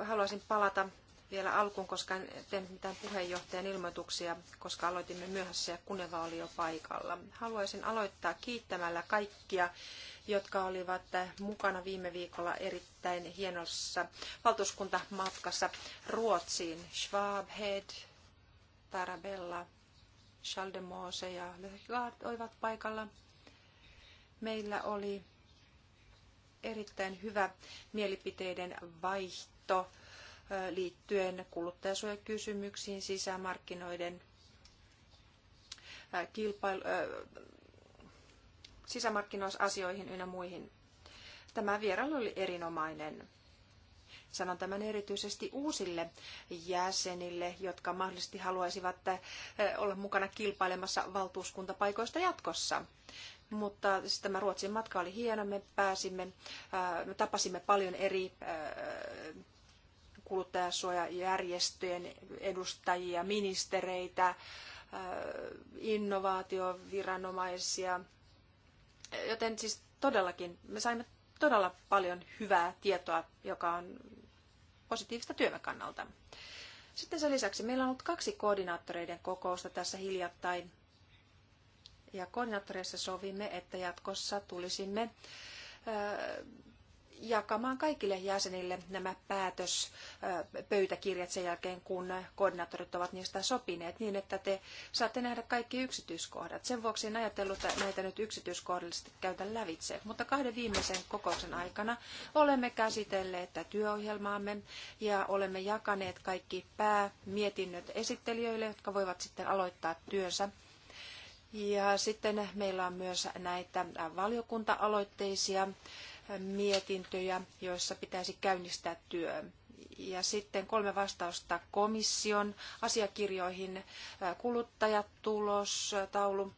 äh, haluaisin palata vielä alkuun, koska en tehnyt mitään puheenjohtajan ilmoituksia, koska aloitimme myöhässä ja Kuneva oli jo paikalla. Haluaisin aloittaa kiittämällä kaikkia, jotka olivat mukana viime viikolla erittäin hienossa valtuuskuntamatkassa Ruotsiin. Schwab, Head, Tarabella, Schaldemose ja Lehgaard olivat paikalla. Meillä oli erittäin hyvä mielipiteiden vaihto liittyen kuluttajasuojakysymyksiin, sisämarkkinoiden kilpailu, sisämarkkinoisasioihin ynnä muihin. Tämä vierailu oli erinomainen. Sanon tämän erityisesti uusille jäsenille, jotka mahdollisesti haluaisivat olla mukana kilpailemassa valtuuskuntapaikoista jatkossa. Mutta siis tämä Ruotsin matka oli hieno, me pääsimme, me tapasimme paljon eri kuluttajasuojajärjestöjen edustajia, ministereitä, äh, innovaatioviranomaisia. Joten siis todellakin me saimme todella paljon hyvää tietoa, joka on positiivista työmme kannalta. Sitten sen lisäksi meillä on ollut kaksi koordinaattoreiden kokousta tässä hiljattain. Ja koordinaattoreissa sovimme, että jatkossa tulisimme äh, jakamaan kaikille jäsenille nämä päätöspöytäkirjat sen jälkeen, kun koordinaattorit ovat niistä sopineet, niin että te saatte nähdä kaikki yksityiskohdat. Sen vuoksi en ajatellut että näitä nyt yksityiskohdallisesti käydä lävitse, mutta kahden viimeisen kokouksen aikana olemme käsitelleet työohjelmaamme ja olemme jakaneet kaikki päämietinnöt esittelijöille, jotka voivat sitten aloittaa työnsä ja sitten meillä on myös näitä valiokunta-aloitteisia mietintöjä, joissa pitäisi käynnistää työ. Ja sitten kolme vastausta komission asiakirjoihin, kuluttajatulos, taulu,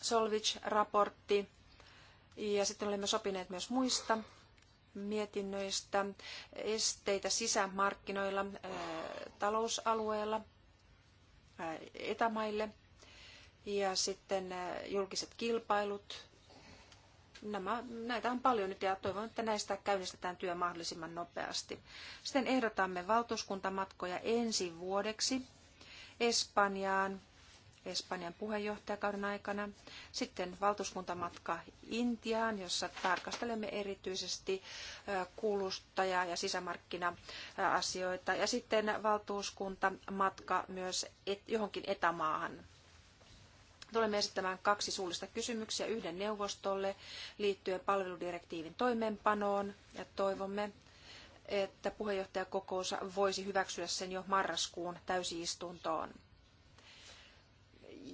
Solvich-raportti. Ja sitten olemme sopineet myös muista mietinnöistä, esteitä sisämarkkinoilla, talousalueella, etämaille ja sitten julkiset kilpailut, nämä, näitä on paljon nyt ja toivon, että näistä käynnistetään työ mahdollisimman nopeasti. Sitten ehdotamme valtuuskuntamatkoja ensi vuodeksi Espanjaan, Espanjan puheenjohtajakauden aikana. Sitten valtuuskuntamatka Intiaan, jossa tarkastelemme erityisesti kuluttaja- ja sisämarkkina-asioita. Ja sitten valtuuskuntamatka myös johonkin etämaahan. Tulemme esittämään kaksi suullista kysymyksiä yhden neuvostolle liittyen palveludirektiivin toimeenpanoon ja toivomme, että puheenjohtajakokous voisi hyväksyä sen jo marraskuun täysistuntoon.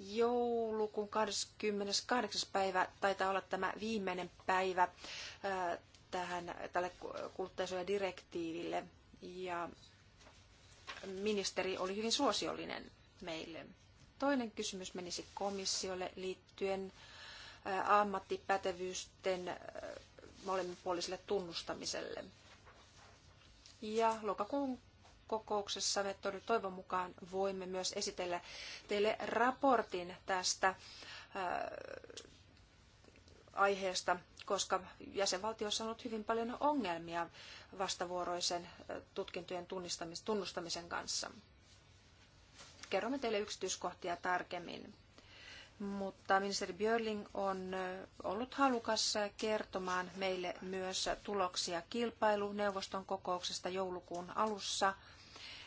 Joulukuun 28. päivä taitaa olla tämä viimeinen päivä tähän, tälle kuluttajasuojadirektiiville ja ministeri oli hyvin suosiollinen meille. Toinen kysymys menisi komissiolle liittyen äh, ammattipätevyysten äh, molemminpuoliselle tunnustamiselle. Ja lokakuun kokouksessa me toivon mukaan voimme myös esitellä teille raportin tästä äh, aiheesta, koska jäsenvaltioissa on ollut hyvin paljon ongelmia vastavuoroisen tutkintojen tunnustamisen kanssa kerromme teille yksityiskohtia tarkemmin. Mutta ministeri Björling on ollut halukas kertomaan meille myös tuloksia kilpailuneuvoston kokouksesta joulukuun alussa.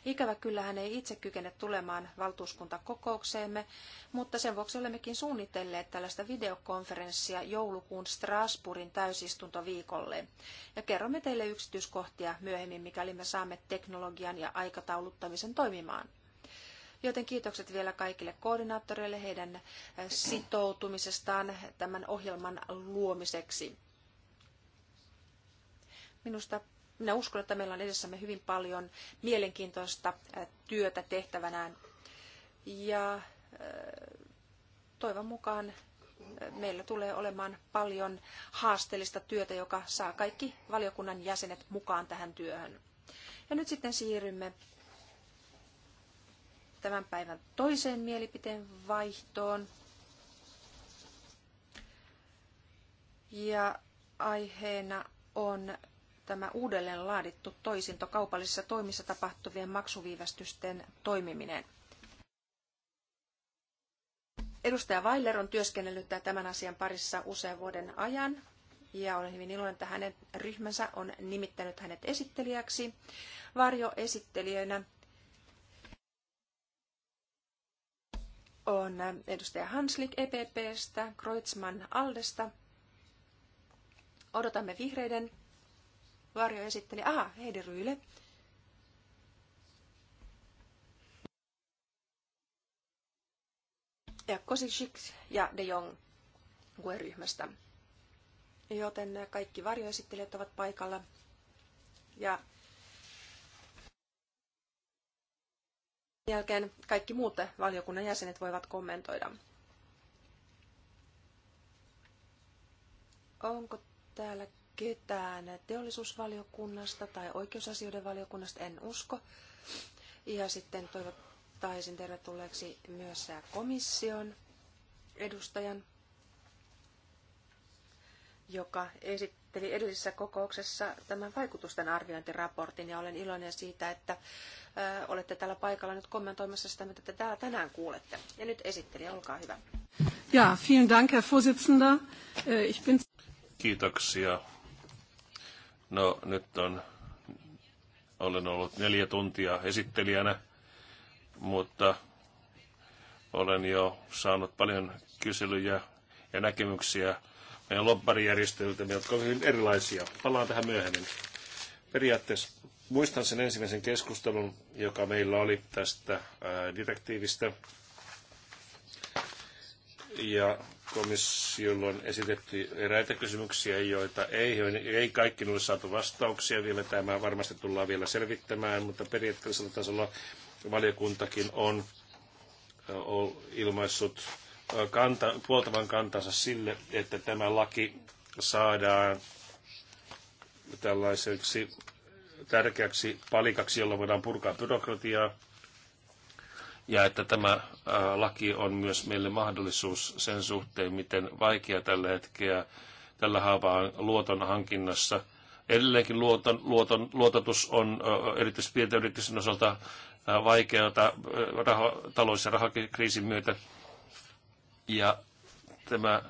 Ikävä kyllä hän ei itse kykene tulemaan valtuuskuntakokoukseemme, mutta sen vuoksi olemmekin suunnitelleet tällaista videokonferenssia joulukuun Strasbourgin täysistuntoviikolle. Ja kerromme teille yksityiskohtia myöhemmin, mikäli me saamme teknologian ja aikatauluttamisen toimimaan. Joten kiitokset vielä kaikille koordinaattoreille heidän äh, sitoutumisestaan tämän ohjelman luomiseksi. Minusta minä uskon, että meillä on edessämme hyvin paljon mielenkiintoista äh, työtä tehtävänään. Ja äh, toivon mukaan meillä tulee olemaan paljon haasteellista työtä, joka saa kaikki valiokunnan jäsenet mukaan tähän työhön. Ja nyt sitten siirrymme tämän päivän toiseen mielipiteen vaihtoon. Ja aiheena on tämä uudelleen laadittu toisinto kaupallisissa toimissa tapahtuvien maksuviivästysten toimiminen. Edustaja Weiler on työskennellyt tämän asian parissa usean vuoden ajan ja olen hyvin iloinen, että hänen ryhmänsä on nimittänyt hänet esittelijäksi varjoesittelijänä on edustaja Hanslik EPPstä, Kreutzmann Aldesta. Odotamme vihreiden varjoesittelijä. Aha, Heidi Ryyle. Ja Kosicik ja De Jong GUE-ryhmästä. Joten kaikki varjoesittelijät ovat paikalla. Ja jälkeen kaikki muut valiokunnan jäsenet voivat kommentoida. Onko täällä ketään teollisuusvaliokunnasta tai oikeusasioiden valiokunnasta? En usko. Ja sitten toivottaisin tervetulleeksi myös komission edustajan joka esitteli edellisessä kokouksessa tämän vaikutusten arviointiraportin ja olen iloinen siitä, että olette täällä paikalla nyt kommentoimassa sitä, mitä te täällä tänään kuulette. Ja nyt esittelijä, olkaa hyvä. Ja, vielen dank, Herr Vorsitzender. Äh, ich bin... Kiitoksia. No nyt on, olen ollut neljä tuntia esittelijänä, mutta olen jo saanut paljon kyselyjä ja näkemyksiä lobbarijärjestöiltämme, jotka ovat hyvin erilaisia. Palaan tähän myöhemmin. Periaatteessa muistan sen ensimmäisen keskustelun, joka meillä oli tästä direktiivistä. Ja komissiolla on esitetty eräitä kysymyksiä, joita ei, ei kaikki ole saatu vastauksia. Vielä tämä varmasti tullaan vielä selvittämään, mutta periaatteellisella tasolla valiokuntakin on ilmaissut kanta, puoltavan kantansa sille, että tämä laki saadaan tällaiseksi tärkeäksi palikaksi, jolla voidaan purkaa byrokratiaa. Ja että tämä laki on myös meille mahdollisuus sen suhteen, miten vaikea tällä hetkellä tällä haavaa luoton hankinnassa. Edelleenkin luoton, luoton, luototus on erityisesti pienten yritysten osalta vaikeata raho, talous- ja rahakriisin myötä ja tämä,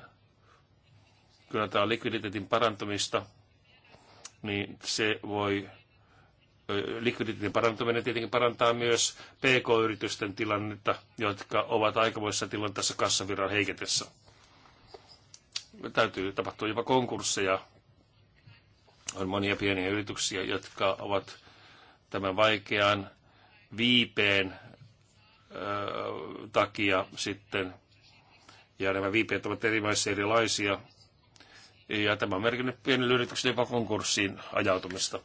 kyllä tämä likviditeetin parantumista, niin se voi, likviditeetin parantuminen tietenkin parantaa myös PK-yritysten tilannetta, jotka ovat aikamoissa tilanteessa kassaviran heiketessä. Täytyy tapahtua jopa konkursseja. On monia pieniä yrityksiä, jotka ovat tämän vaikean viipeen takia sitten ja nämä viipeet ovat eri maissa erilaisia. Ja tämä on merkinnyt pienille yrityksille jopa konkurssiin ajautumista.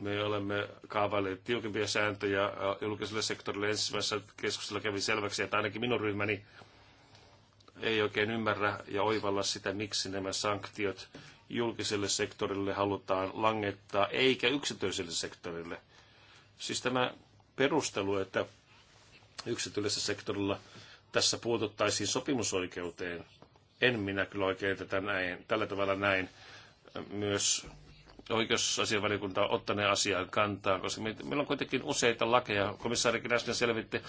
Me olemme kaavailleet tiukempia sääntöjä julkiselle sektorille. Ensimmäisessä keskustella kävi selväksi, että ainakin minun ryhmäni ei oikein ymmärrä ja oivalla sitä, miksi nämä sanktiot julkiselle sektorille halutaan langettaa, eikä yksityiselle sektorille. Siis tämä perustelu, että yksityisellä sektorilla tässä puututtaisiin sopimusoikeuteen. En minä kyllä oikein tätä näin, tällä tavalla näin myös oikeusasianvaliokunta ottaneen asiaan kantaa, koska meillä on kuitenkin useita lakeja, komissaarikin äsken selvitti,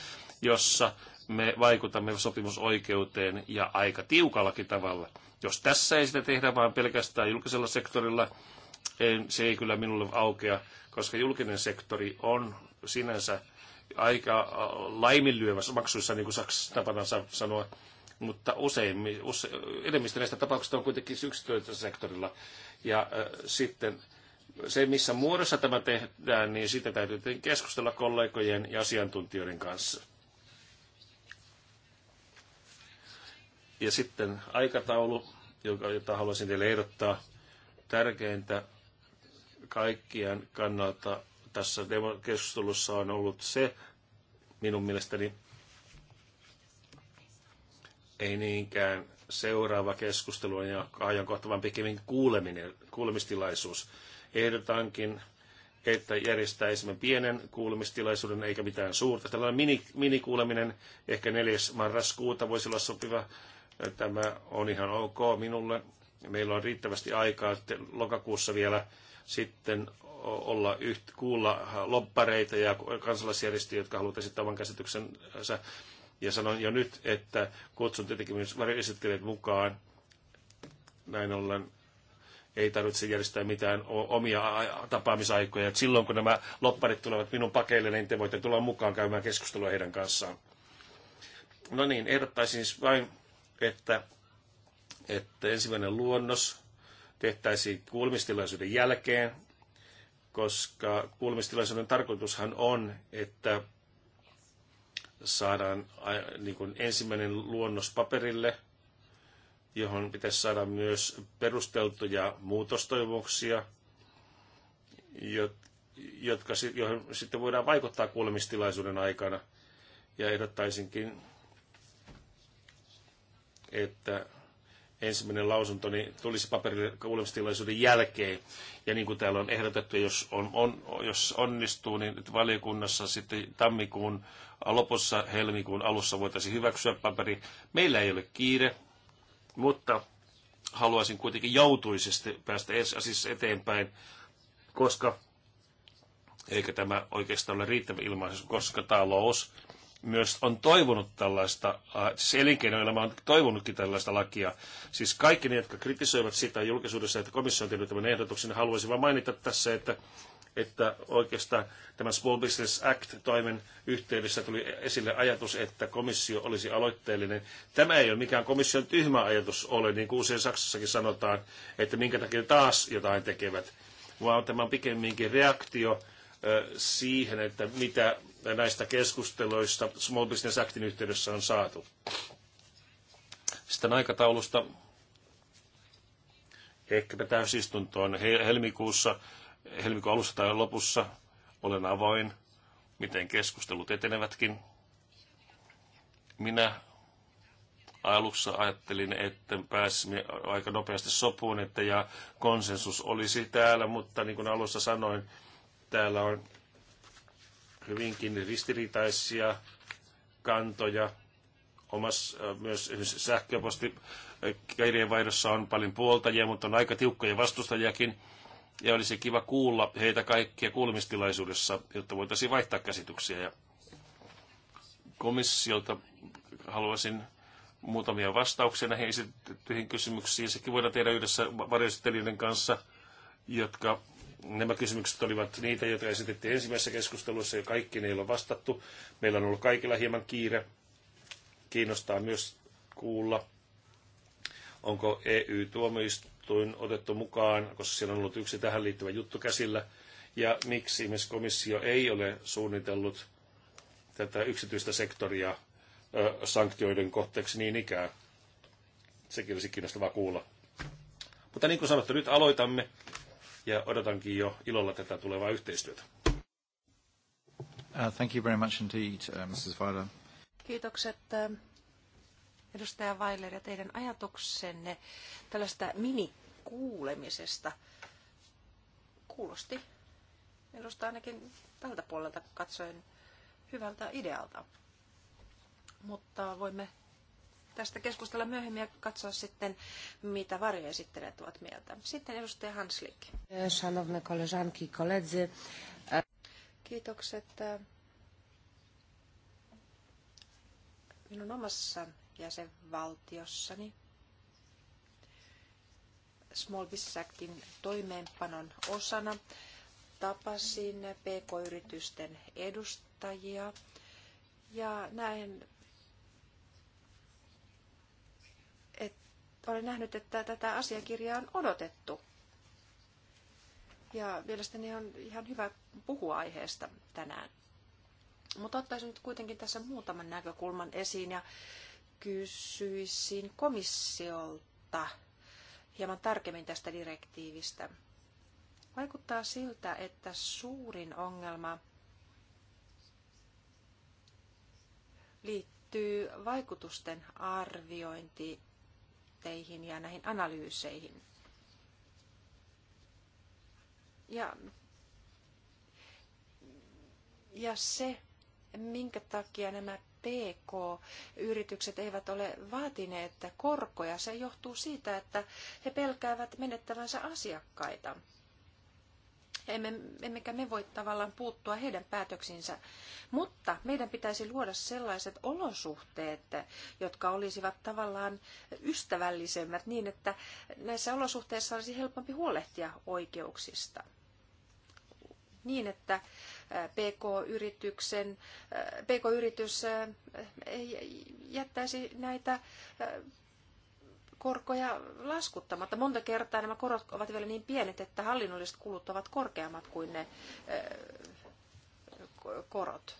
jossa me vaikutamme sopimusoikeuteen ja aika tiukallakin tavalla. Jos tässä ei sitä tehdä vaan pelkästään julkisella sektorilla, se ei kyllä minulle aukea, koska julkinen sektori on sinänsä aika äh, laiminlyövässä maksuissa, niin kuin Saksassa tapana sanoa, mutta usein, use, enemmistö näistä tapauksista on kuitenkin yksityisellä sektorilla. Ja äh, sitten se, missä muodossa tämä tehdään, niin siitä täytyy keskustella kollegojen ja asiantuntijoiden kanssa. Ja sitten aikataulu, joka, jota haluaisin teille ehdottaa. Tärkeintä kaikkien kannalta tässä keskustelussa on ollut se, minun mielestäni, ei niinkään seuraava keskustelu ja ajankohta, vaan pikemmin kuuleminen, kuulemistilaisuus. Ehdotankin, että järjestäisimme pienen kuulemistilaisuuden eikä mitään suurta. Tällainen mini, minikuuleminen ehkä 4. marraskuuta voisi olla sopiva. Tämä on ihan ok minulle. Meillä on riittävästi aikaa lokakuussa vielä sitten olla yht, kuulla loppareita ja kansalaisjärjestöjä, jotka haluavat esittää oman käsityksensä. Ja sanon jo nyt, että kutsun tietenkin myös varjoesittelijät mukaan. Näin ollen ei tarvitse järjestää mitään omia tapaamisaikoja. Et silloin kun nämä lopparit tulevat minun pakeille, niin te voitte tulla mukaan käymään keskustelua heidän kanssaan. No niin, ehdottaisin siis vain, että, että ensimmäinen luonnos tehtäisiin kuulemistilaisuuden jälkeen, koska kuulemistilaisuuden tarkoitushan on, että saadaan niin kuin ensimmäinen luonnos paperille, johon pitäisi saada myös perusteltuja muutostoivoksia, jotka, johon sitten voidaan vaikuttaa kuulemistilaisuuden aikana. Ja ehdottaisinkin, että ensimmäinen lausunto niin tulisi paperille kuulemistilaisuuden jälkeen. Ja niin kuin täällä on ehdotettu, jos, on, on, jos onnistuu, niin valiokunnassa sitten tammikuun lopussa, helmikuun alussa voitaisiin hyväksyä paperi. Meillä ei ole kiire, mutta haluaisin kuitenkin joutuisesti päästä asiassa eteenpäin, koska eikä tämä oikeastaan ole riittävä ilmaisu, koska talous myös on toivonut tällaista, äh, siis elinkeinoelämä on toivonutkin tällaista lakia. Siis kaikki ne, jotka kritisoivat sitä julkisuudessa, että komissio on tehnyt tämän ehdotuksen, niin haluaisin vain mainita tässä, että, että oikeastaan tämän Small Business Act-toimen yhteydessä tuli esille ajatus, että komissio olisi aloitteellinen. Tämä ei ole mikään komission tyhmä ajatus ole, niin kuin usein Saksassakin sanotaan, että minkä takia taas jotain tekevät, vaan tämä on pikemminkin reaktio äh, siihen, että mitä näistä keskusteluista Small Business Actin yhteydessä on saatu. Sitten aikataulusta ehkäpä on helmikuussa, helmikuun alussa tai lopussa. Olen avoin, miten keskustelut etenevätkin. Minä alussa ajattelin, että pääsimme aika nopeasti sopuun, että ja konsensus olisi täällä, mutta niin kuin alussa sanoin, täällä on hyvinkin ristiriitaisia kantoja. Omas, äh, myös sähköposti äh, vaihdossa on paljon puoltajia, mutta on aika tiukkoja vastustajiakin. Ja olisi kiva kuulla heitä kaikkia kuulemistilaisuudessa, jotta voitaisiin vaihtaa käsityksiä. Ja komissiolta haluaisin muutamia vastauksia näihin esitettyihin kysymyksiin. Sekin voidaan tehdä yhdessä varjostelijoiden kanssa, jotka Nämä kysymykset olivat niitä, joita esitettiin ensimmäisessä keskustelussa ja kaikki niillä on vastattu. Meillä on ollut kaikilla hieman kiire. Kiinnostaa myös kuulla, onko EU-tuomioistuin otettu mukaan, koska siellä on ollut yksi tähän liittyvä juttu käsillä, ja miksi esimerkiksi komissio ei ole suunnitellut tätä yksityistä sektoria sanktioiden kohteeksi niin ikään. Sekin olisi kiinnostavaa kuulla. Mutta niin kuin sanottu, nyt aloitamme ja odotankin jo ilolla tätä tulevaa yhteistyötä. Uh, thank you very much indeed, uh, Mrs. Weiler. Kiitokset uh, edustaja Weiler ja teidän ajatuksenne tällaista minikuulemisesta kuulosti minusta ainakin tältä puolelta katsoen hyvältä idealta. Mutta voimme tästä keskustella myöhemmin ja katsoa sitten, mitä varjoesittelijät ovat mieltä. Sitten edustaja Hanslik. Szanowne koleżanki, koledzy. Kiitokset. Minun omassa jäsenvaltiossani Small Business Actin toimeenpanon osana tapasin pk-yritysten edustajia ja näin olen nähnyt, että tätä asiakirjaa on odotettu. Ja mielestäni on ihan hyvä puhua aiheesta tänään. Mutta ottaisin nyt kuitenkin tässä muutaman näkökulman esiin ja kysyisin komissiolta hieman tarkemmin tästä direktiivistä. Vaikuttaa siltä, että suurin ongelma liittyy vaikutusten arviointiin raportteihin ja näihin analyyseihin. Ja, ja se, minkä takia nämä PK-yritykset eivät ole vaatineet korkoja, se johtuu siitä, että he pelkäävät menettävänsä asiakkaita emme, emmekä me voi tavallaan puuttua heidän päätöksinsä. Mutta meidän pitäisi luoda sellaiset olosuhteet, jotka olisivat tavallaan ystävällisemmät niin, että näissä olosuhteissa olisi helpompi huolehtia oikeuksista. Niin, että PK-yrityksen, PK-yritys jättäisi näitä korkoja laskuttamatta. Monta kertaa nämä korot ovat vielä niin pienet, että hallinnolliset kulut ovat korkeammat kuin ne eh, korot.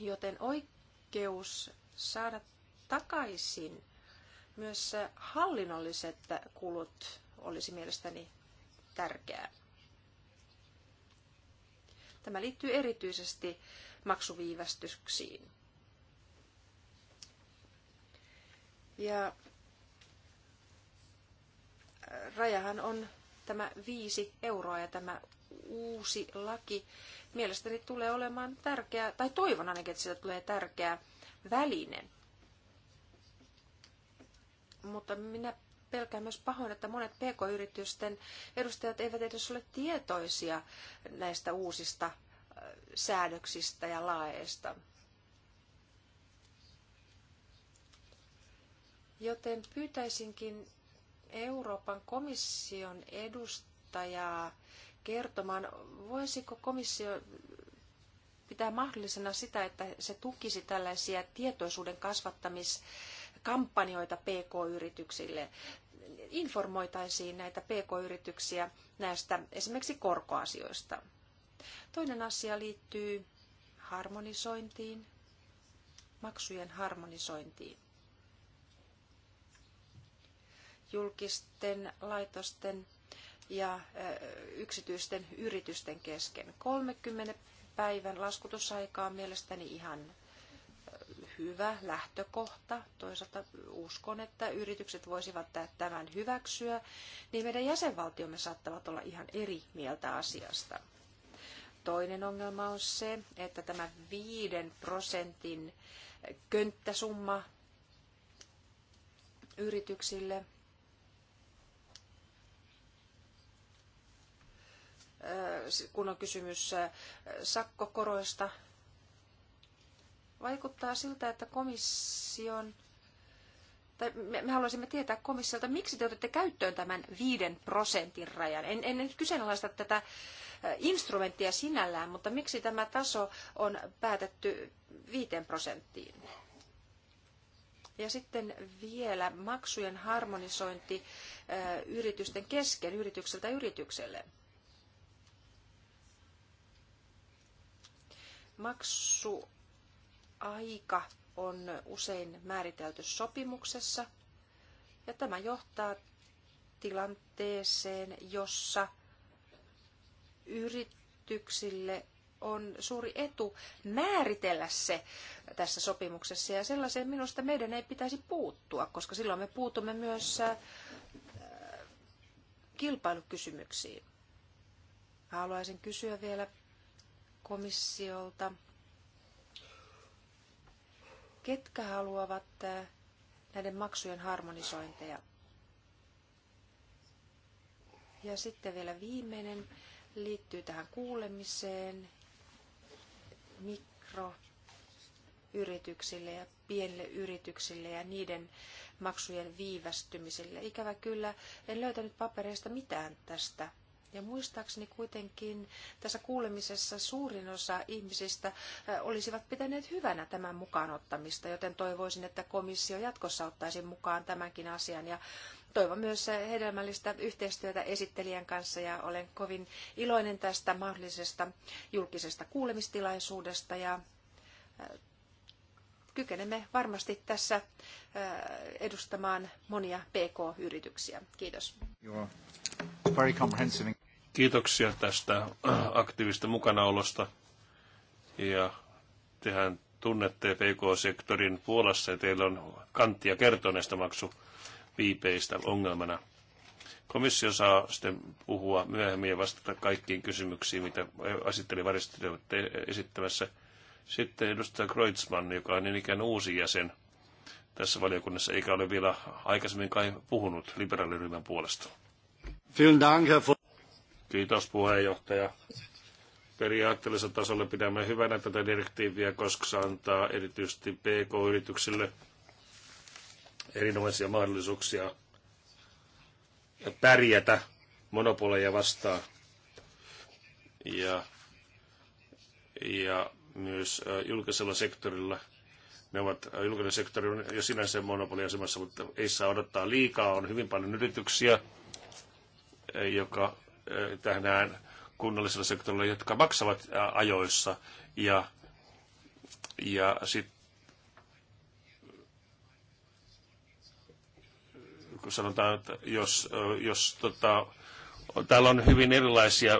Joten oikeus saada takaisin myös hallinnolliset kulut olisi mielestäni tärkeää. Tämä liittyy erityisesti maksuviivästyksiin. Ja rajahan on tämä viisi euroa ja tämä uusi laki mielestäni tulee olemaan tärkeä, tai toivon ainakin, että siitä tulee tärkeä väline. Mutta minä pelkään myös pahoin, että monet pk-yritysten edustajat eivät edes ole tietoisia näistä uusista säädöksistä ja laeista. Joten pyytäisinkin, Euroopan komission edustajaa kertomaan, voisiko komissio pitää mahdollisena sitä, että se tukisi tällaisia tietoisuuden kasvattamiskampanjoita PK-yrityksille. Informoitaisiin näitä PK-yrityksiä näistä esimerkiksi korkoasioista. Toinen asia liittyy harmonisointiin, maksujen harmonisointiin julkisten laitosten ja yksityisten yritysten kesken. 30 päivän laskutusaika on mielestäni ihan hyvä lähtökohta. Toisaalta uskon, että yritykset voisivat tämän hyväksyä, niin meidän jäsenvaltiomme saattavat olla ihan eri mieltä asiasta. Toinen ongelma on se, että tämä viiden prosentin könttäsumma yrityksille – kun on kysymys sakkokoroista. Vaikuttaa siltä, että komission, tai me, me haluaisimme tietää komissiolta, miksi te otatte käyttöön tämän viiden prosentin rajan. En, en nyt kyseenalaista tätä instrumenttia sinällään, mutta miksi tämä taso on päätetty viiteen prosenttiin? Ja sitten vielä maksujen harmonisointi yritysten kesken yritykseltä yritykselle. Maksuaika on usein määritelty sopimuksessa ja tämä johtaa tilanteeseen, jossa yrityksille on suuri etu määritellä se tässä sopimuksessa ja sellaiseen minusta meidän ei pitäisi puuttua, koska silloin me puutumme myös äh, kilpailukysymyksiin. Haluaisin kysyä vielä komissiolta, ketkä haluavat näiden maksujen harmonisointeja. Ja sitten vielä viimeinen liittyy tähän kuulemiseen mikroyrityksille ja pienille yrityksille ja niiden maksujen viivästymisille. Ikävä kyllä en löytänyt papereista mitään tästä ja muistaakseni kuitenkin tässä kuulemisessa suurin osa ihmisistä olisivat pitäneet hyvänä tämän mukaan ottamista, joten toivoisin, että komissio jatkossa ottaisi mukaan tämänkin asian. Ja toivon myös hedelmällistä yhteistyötä esittelijän kanssa ja olen kovin iloinen tästä mahdollisesta julkisesta kuulemistilaisuudesta ja kykenemme varmasti tässä edustamaan monia PK-yrityksiä. Kiitos. Very comprehensive. Kiitoksia tästä äh, aktiivista mukanaolosta. Ja tehän tunnette PK-sektorin Puolassa ja teillä on kanttia kertoa näistä maksuviipeistä ongelmana. Komissio saa sitten puhua myöhemmin ja vastata kaikkiin kysymyksiin, mitä asitteli ovat esittämässä. Sitten edustaja Kreutzmann, joka on niin uusi jäsen tässä valiokunnassa, eikä ole vielä aikaisemmin kai puhunut liberaaliryhmän puolesta. Vielen Dank, Herr Kiitos puheenjohtaja. Periaatteellisella tasolla pidämme hyvänä tätä direktiiviä, koska se antaa erityisesti PK-yrityksille erinomaisia mahdollisuuksia pärjätä monopoleja vastaan. Ja, ja myös julkisella sektorilla. Ne ovat, julkinen sektori on jo sinänsä monopoliasemassa, mutta ei saa odottaa liikaa. On hyvin paljon yrityksiä, joka Eh, tähän kunnallisella sektorilla, jotka maksavat ajoissa ja, ja sitten kun sanotaan, että jos, jos tota, täällä on hyvin erilaisia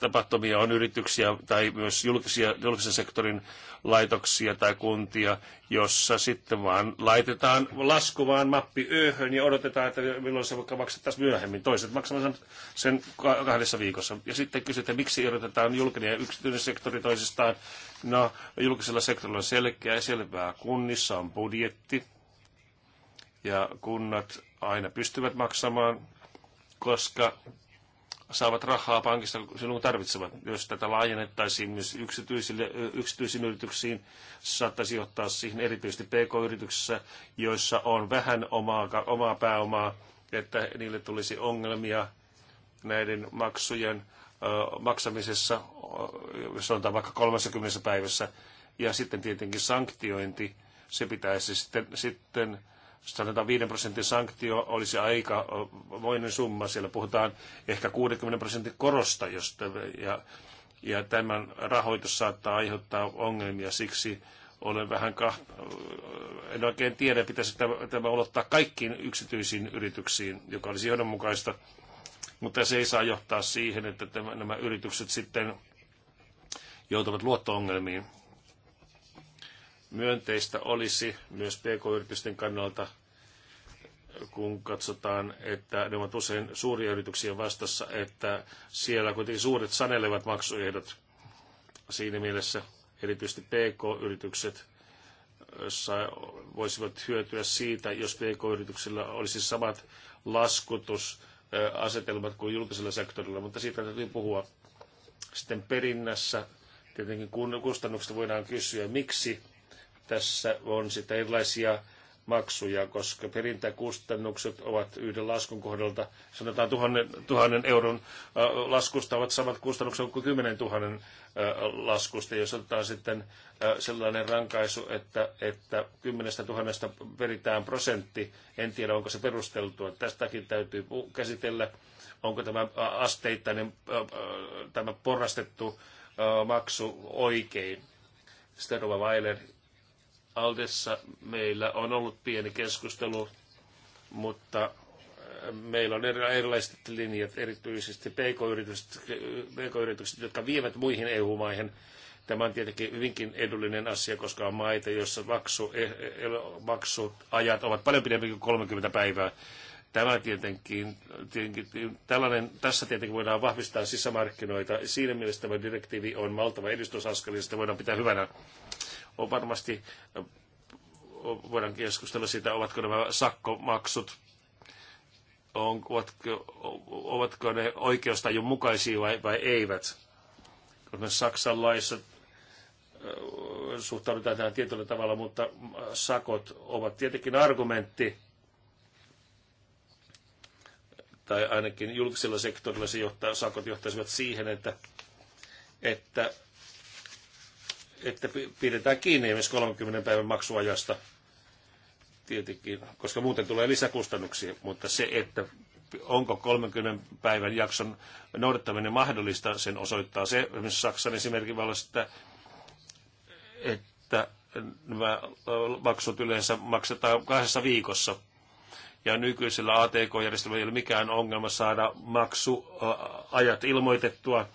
tapahtumia on yrityksiä tai myös julkisia, julkisen sektorin laitoksia tai kuntia, jossa sitten vaan laitetaan lasku vaan mappi yöhön ja odotetaan, että milloin se vaikka maksettaisiin myöhemmin. Toiset maksavat sen kahdessa viikossa. Ja sitten kysytään, miksi odotetaan julkinen ja yksityinen sektori toisistaan. No, julkisella sektorilla on selkeä ja selvää. Kunnissa on budjetti ja kunnat aina pystyvät maksamaan, koska saavat rahaa pankista silloin tarvitsevat. Jos tätä laajennettaisiin myös yksityisille, yksityisiin yrityksiin, se saattaisi johtaa siihen erityisesti pk-yrityksissä, joissa on vähän omaa, omaa pääomaa, että niille tulisi ongelmia näiden maksujen maksamisessa, jos sanotaan vaikka 30 päivässä, ja sitten tietenkin sanktiointi, se pitäisi sitten, sitten 105 prosentin sanktio olisi aika voinen summa. Siellä puhutaan ehkä 60 prosentin korosta, josta, ja, ja tämän rahoitus saattaa aiheuttaa ongelmia. Siksi olen vähän kah... en oikein tiedä, pitäisi tämä ulottaa kaikkiin yksityisiin yrityksiin, joka olisi johdonmukaista. Mutta se ei saa johtaa siihen, että nämä yritykset sitten joutuvat luotto-ongelmiin. Myönteistä olisi myös pk-yritysten kannalta, kun katsotaan, että ne ovat usein suuria yrityksiä vastassa, että siellä kuitenkin suuret sanelevat maksuehdot. Siinä mielessä erityisesti pk-yritykset voisivat hyötyä siitä, jos pk-yrityksillä olisi samat laskutusasetelmat kuin julkisella sektorilla, mutta siitä täytyy puhua sitten perinnässä. Tietenkin kustannukset voidaan kysyä, miksi tässä on sitä erilaisia maksuja, koska perintäkustannukset ovat yhden laskun kohdalta, sanotaan tuhannen, tuhannen euron laskusta ovat samat kustannukset kuin kymmenen tuhannen laskusta. Jos otetaan sitten sellainen rankaisu, että, että kymmenestä tuhannesta peritään prosentti, en tiedä onko se perusteltua. Tästäkin täytyy käsitellä, onko tämä asteittainen, tämä porrastettu maksu oikein. Sterova Weiler Aldessa meillä on ollut pieni keskustelu, mutta äh, meillä on erilaiset linjat, erityisesti pk-yritykset, PK-yritykset jotka vievät muihin EU-maihin. Tämä on tietenkin hyvinkin edullinen asia, koska on maita, joissa maksu, e, e, maksuajat ovat paljon pidempi kuin 30 päivää. Tämä tietenkin, tietenkin tällainen, tässä tietenkin voidaan vahvistaa sisämarkkinoita. Siinä mielessä tämä direktiivi on valtava edistysaskel ja sitä voidaan pitää hyvänä on varmasti voidaan keskustella siitä, ovatko nämä sakkomaksut on, ovatko, ovatko ne oikeustajun mukaisia vai, vai eivät. Koska Saksan laissa äh, suhtaudutaan tähän tietyllä tavalla, mutta sakot ovat tietenkin argumentti, tai ainakin julkisella sektorilla se johtaa, sakot johtaisivat siihen, että, että että pidetään kiinni esimerkiksi 30 päivän maksuajasta tietenkin, koska muuten tulee lisäkustannuksia, mutta se, että onko 30 päivän jakson noudattaminen mahdollista, sen osoittaa se esimerkiksi Saksan esimerkin valossa, että, että nämä maksut yleensä maksetaan kahdessa viikossa. Ja nykyisellä ATK-järjestelmällä ei ole mikään ongelma saada maksuajat ilmoitettua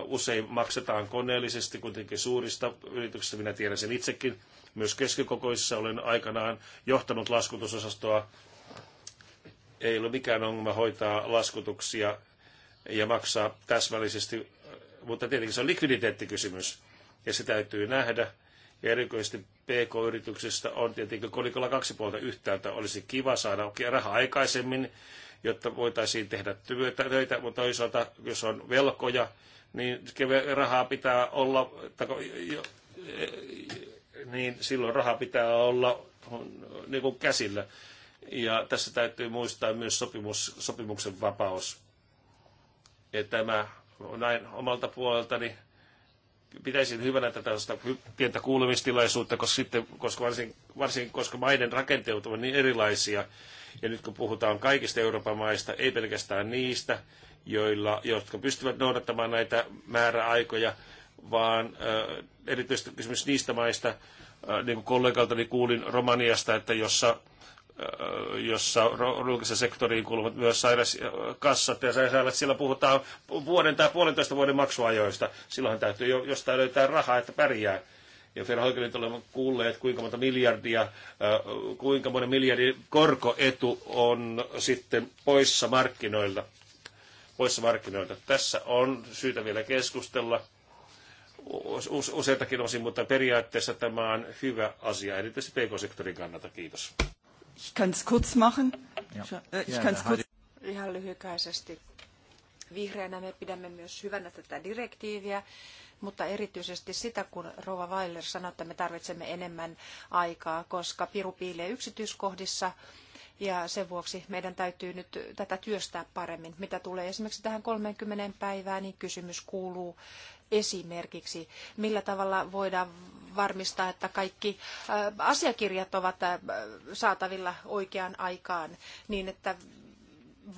usein maksetaan koneellisesti kuitenkin suurista yrityksistä, minä tiedän sen itsekin. Myös keskikokoisissa olen aikanaan johtanut laskutusosastoa. Ei ole mikään ongelma hoitaa laskutuksia ja maksaa täsmällisesti, mutta tietenkin se on likviditeettikysymys ja se täytyy nähdä. Ja erikoisesti PK-yrityksistä on tietenkin kolikolla kaksi puolta yhtäältä. Olisi kiva saada rahaa aikaisemmin, jotta voitaisiin tehdä työtä, töitä, mutta toisaalta jos on velkoja, niin rahaa pitää olla, tako, niin silloin raha pitää olla niin kuin käsillä. Ja tässä täytyy muistaa myös sopimus, sopimuksen vapaus. Ja tämä näin omalta puoleltani pitäisin hyvänä tätä pientä kuulemistilaisuutta, koska, sitten, koska varsin, varsin, koska maiden rakenteet ovat niin erilaisia, ja nyt kun puhutaan kaikista Euroopan maista, ei pelkästään niistä, joilla, jotka pystyvät noudattamaan näitä määräaikoja, vaan erityisesti kysymys niistä maista, niin kuin kollegaltani kuulin Romaniasta, että jossa jossa julkisen sektoriin kuuluvat myös sairaskassat ja sairaalat, siellä puhutaan vuoden tai puolentoista vuoden maksuajoista. Silloin täytyy jostain löytää rahaa, että pärjää. Ja Verhoikelit olemme kuulleet, kuinka monta miljardia, kuinka monen miljardin korkoetu on sitten poissa markkinoilta poissa markkinoilta. Tässä on syytä vielä keskustella useitakin osin, mutta periaatteessa tämä on hyvä asia, erityisesti pk-sektorin kannalta. Kiitos. Äh, Ihan lyhykäisesti. Vihreänä me pidämme myös hyvänä tätä direktiiviä, mutta erityisesti sitä, kun Rova Weiler sanoi, että me tarvitsemme enemmän aikaa, koska piru piilee yksityiskohdissa – ja sen vuoksi meidän täytyy nyt tätä työstää paremmin. Mitä tulee esimerkiksi tähän 30 päivään, niin kysymys kuuluu esimerkiksi, millä tavalla voidaan varmistaa, että kaikki äh, asiakirjat ovat äh, saatavilla oikeaan aikaan niin, että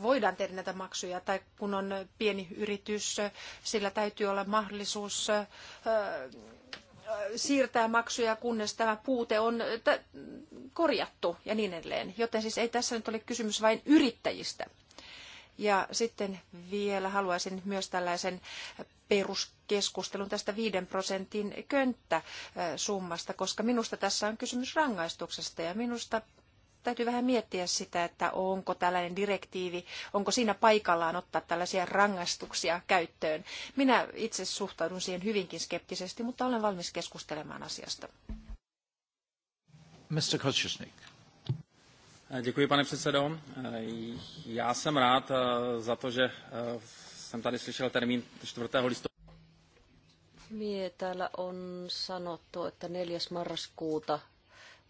voidaan tehdä näitä maksuja tai kun on pieni yritys, sillä täytyy olla mahdollisuus äh, siirtää maksuja, kunnes tämä puute on korjattu ja niin edelleen. Joten siis ei tässä nyt ole kysymys vain yrittäjistä. Ja sitten vielä haluaisin myös tällaisen peruskeskustelun tästä 5 prosentin könttäsummasta, koska minusta tässä on kysymys rangaistuksesta ja minusta täytyy vähän miettiä sitä, että onko tällainen direktiivi, onko siinä paikallaan ottaa tällaisia rangaistuksia käyttöön. Minä itse suhtaudun siihen hyvinkin skeptisesti, mutta olen valmis keskustelemaan asiasta. Mr. Kościusznik. Eh, děkuji, pane předsedo. Eh, já jsem rád eh, za to, že jsem tady slyšel termín 4. listopadu. Mie täällä on sanottu, että 4. marraskuuta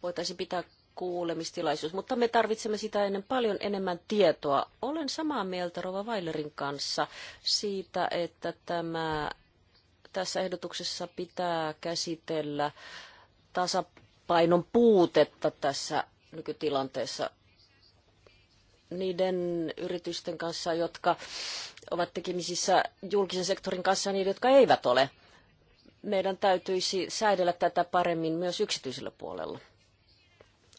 voitaisiin pitää kuulemistilaisuus, mutta me tarvitsemme sitä ennen paljon enemmän tietoa. Olen samaa mieltä Rova Weilerin kanssa siitä, että tämä, tässä ehdotuksessa pitää käsitellä tasapainon puutetta tässä nykytilanteessa niiden yritysten kanssa, jotka ovat tekemisissä julkisen sektorin kanssa niiden, jotka eivät ole. Meidän täytyisi säädellä tätä paremmin myös yksityisellä puolella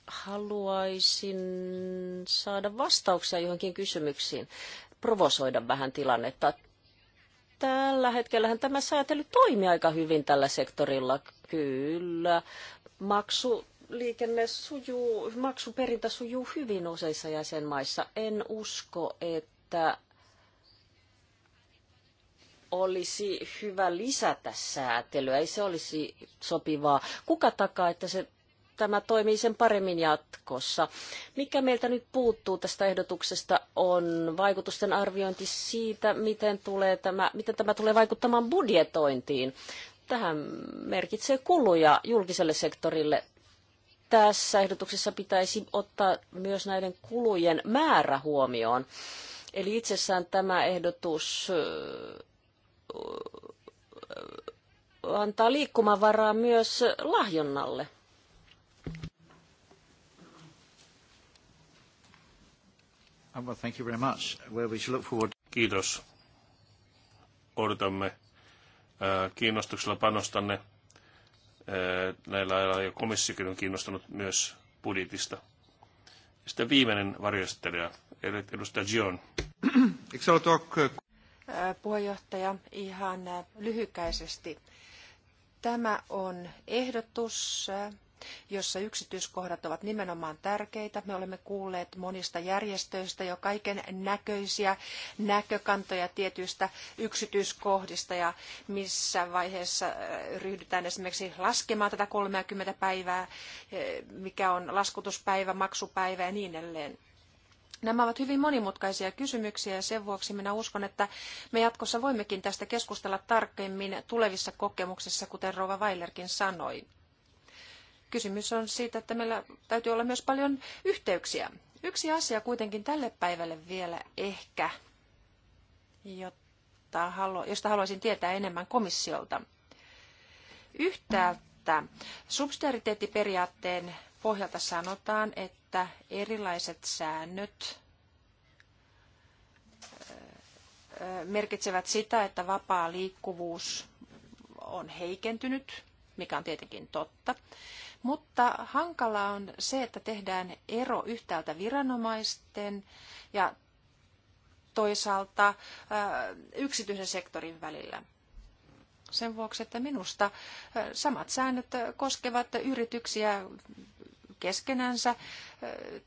haluaisin saada vastauksia johonkin kysymyksiin, provosoida vähän tilannetta. Tällä hetkellähän tämä säätely toimii aika hyvin tällä sektorilla, kyllä. Maksu liikenne sujuu, maksuperintä sujuu hyvin useissa jäsenmaissa. En usko, että olisi hyvä lisätä säätelyä, ei se olisi sopivaa. Kuka takaa, että se tämä toimii sen paremmin jatkossa. Mikä meiltä nyt puuttuu tästä ehdotuksesta on vaikutusten arviointi siitä, miten, tulee tämä, miten tämä tulee vaikuttamaan budjetointiin. Tähän merkitsee kuluja julkiselle sektorille. Tässä ehdotuksessa pitäisi ottaa myös näiden kulujen määrä huomioon. Eli itsessään tämä ehdotus antaa liikkumavaraa myös lahjonnalle. Uh, well, thank you very much. Well, we look forward. Kiitos. Odotamme uh, kiinnostuksella panostanne uh, näillä aloilla ja komissiokin on kiinnostunut myös budjetista. Sitten viimeinen varjostelija, edustaja Gion. Äh, puheenjohtaja, ihan äh, lyhykäisesti. Tämä on ehdotus, äh, jossa yksityiskohdat ovat nimenomaan tärkeitä. Me olemme kuulleet monista järjestöistä jo kaiken näköisiä näkökantoja tietyistä yksityiskohdista ja missä vaiheessa äh, ryhdytään esimerkiksi laskemaan tätä 30 päivää, äh, mikä on laskutuspäivä, maksupäivä ja niin edelleen. Nämä ovat hyvin monimutkaisia kysymyksiä ja sen vuoksi minä uskon, että me jatkossa voimmekin tästä keskustella tarkemmin tulevissa kokemuksissa, kuten Rova Weilerkin sanoi kysymys on siitä, että meillä täytyy olla myös paljon yhteyksiä. Yksi asia kuitenkin tälle päivälle vielä ehkä, jotta halu, josta haluaisin tietää enemmän komissiolta. Yhtäältä subsidiariteettiperiaatteen pohjalta sanotaan, että erilaiset säännöt merkitsevät sitä, että vapaa liikkuvuus on heikentynyt, mikä on tietenkin totta. Mutta hankalaa on se, että tehdään ero yhtäältä viranomaisten ja toisaalta äh, yksityisen sektorin välillä. Sen vuoksi, että minusta äh, samat säännöt äh, koskevat yrityksiä keskenänsä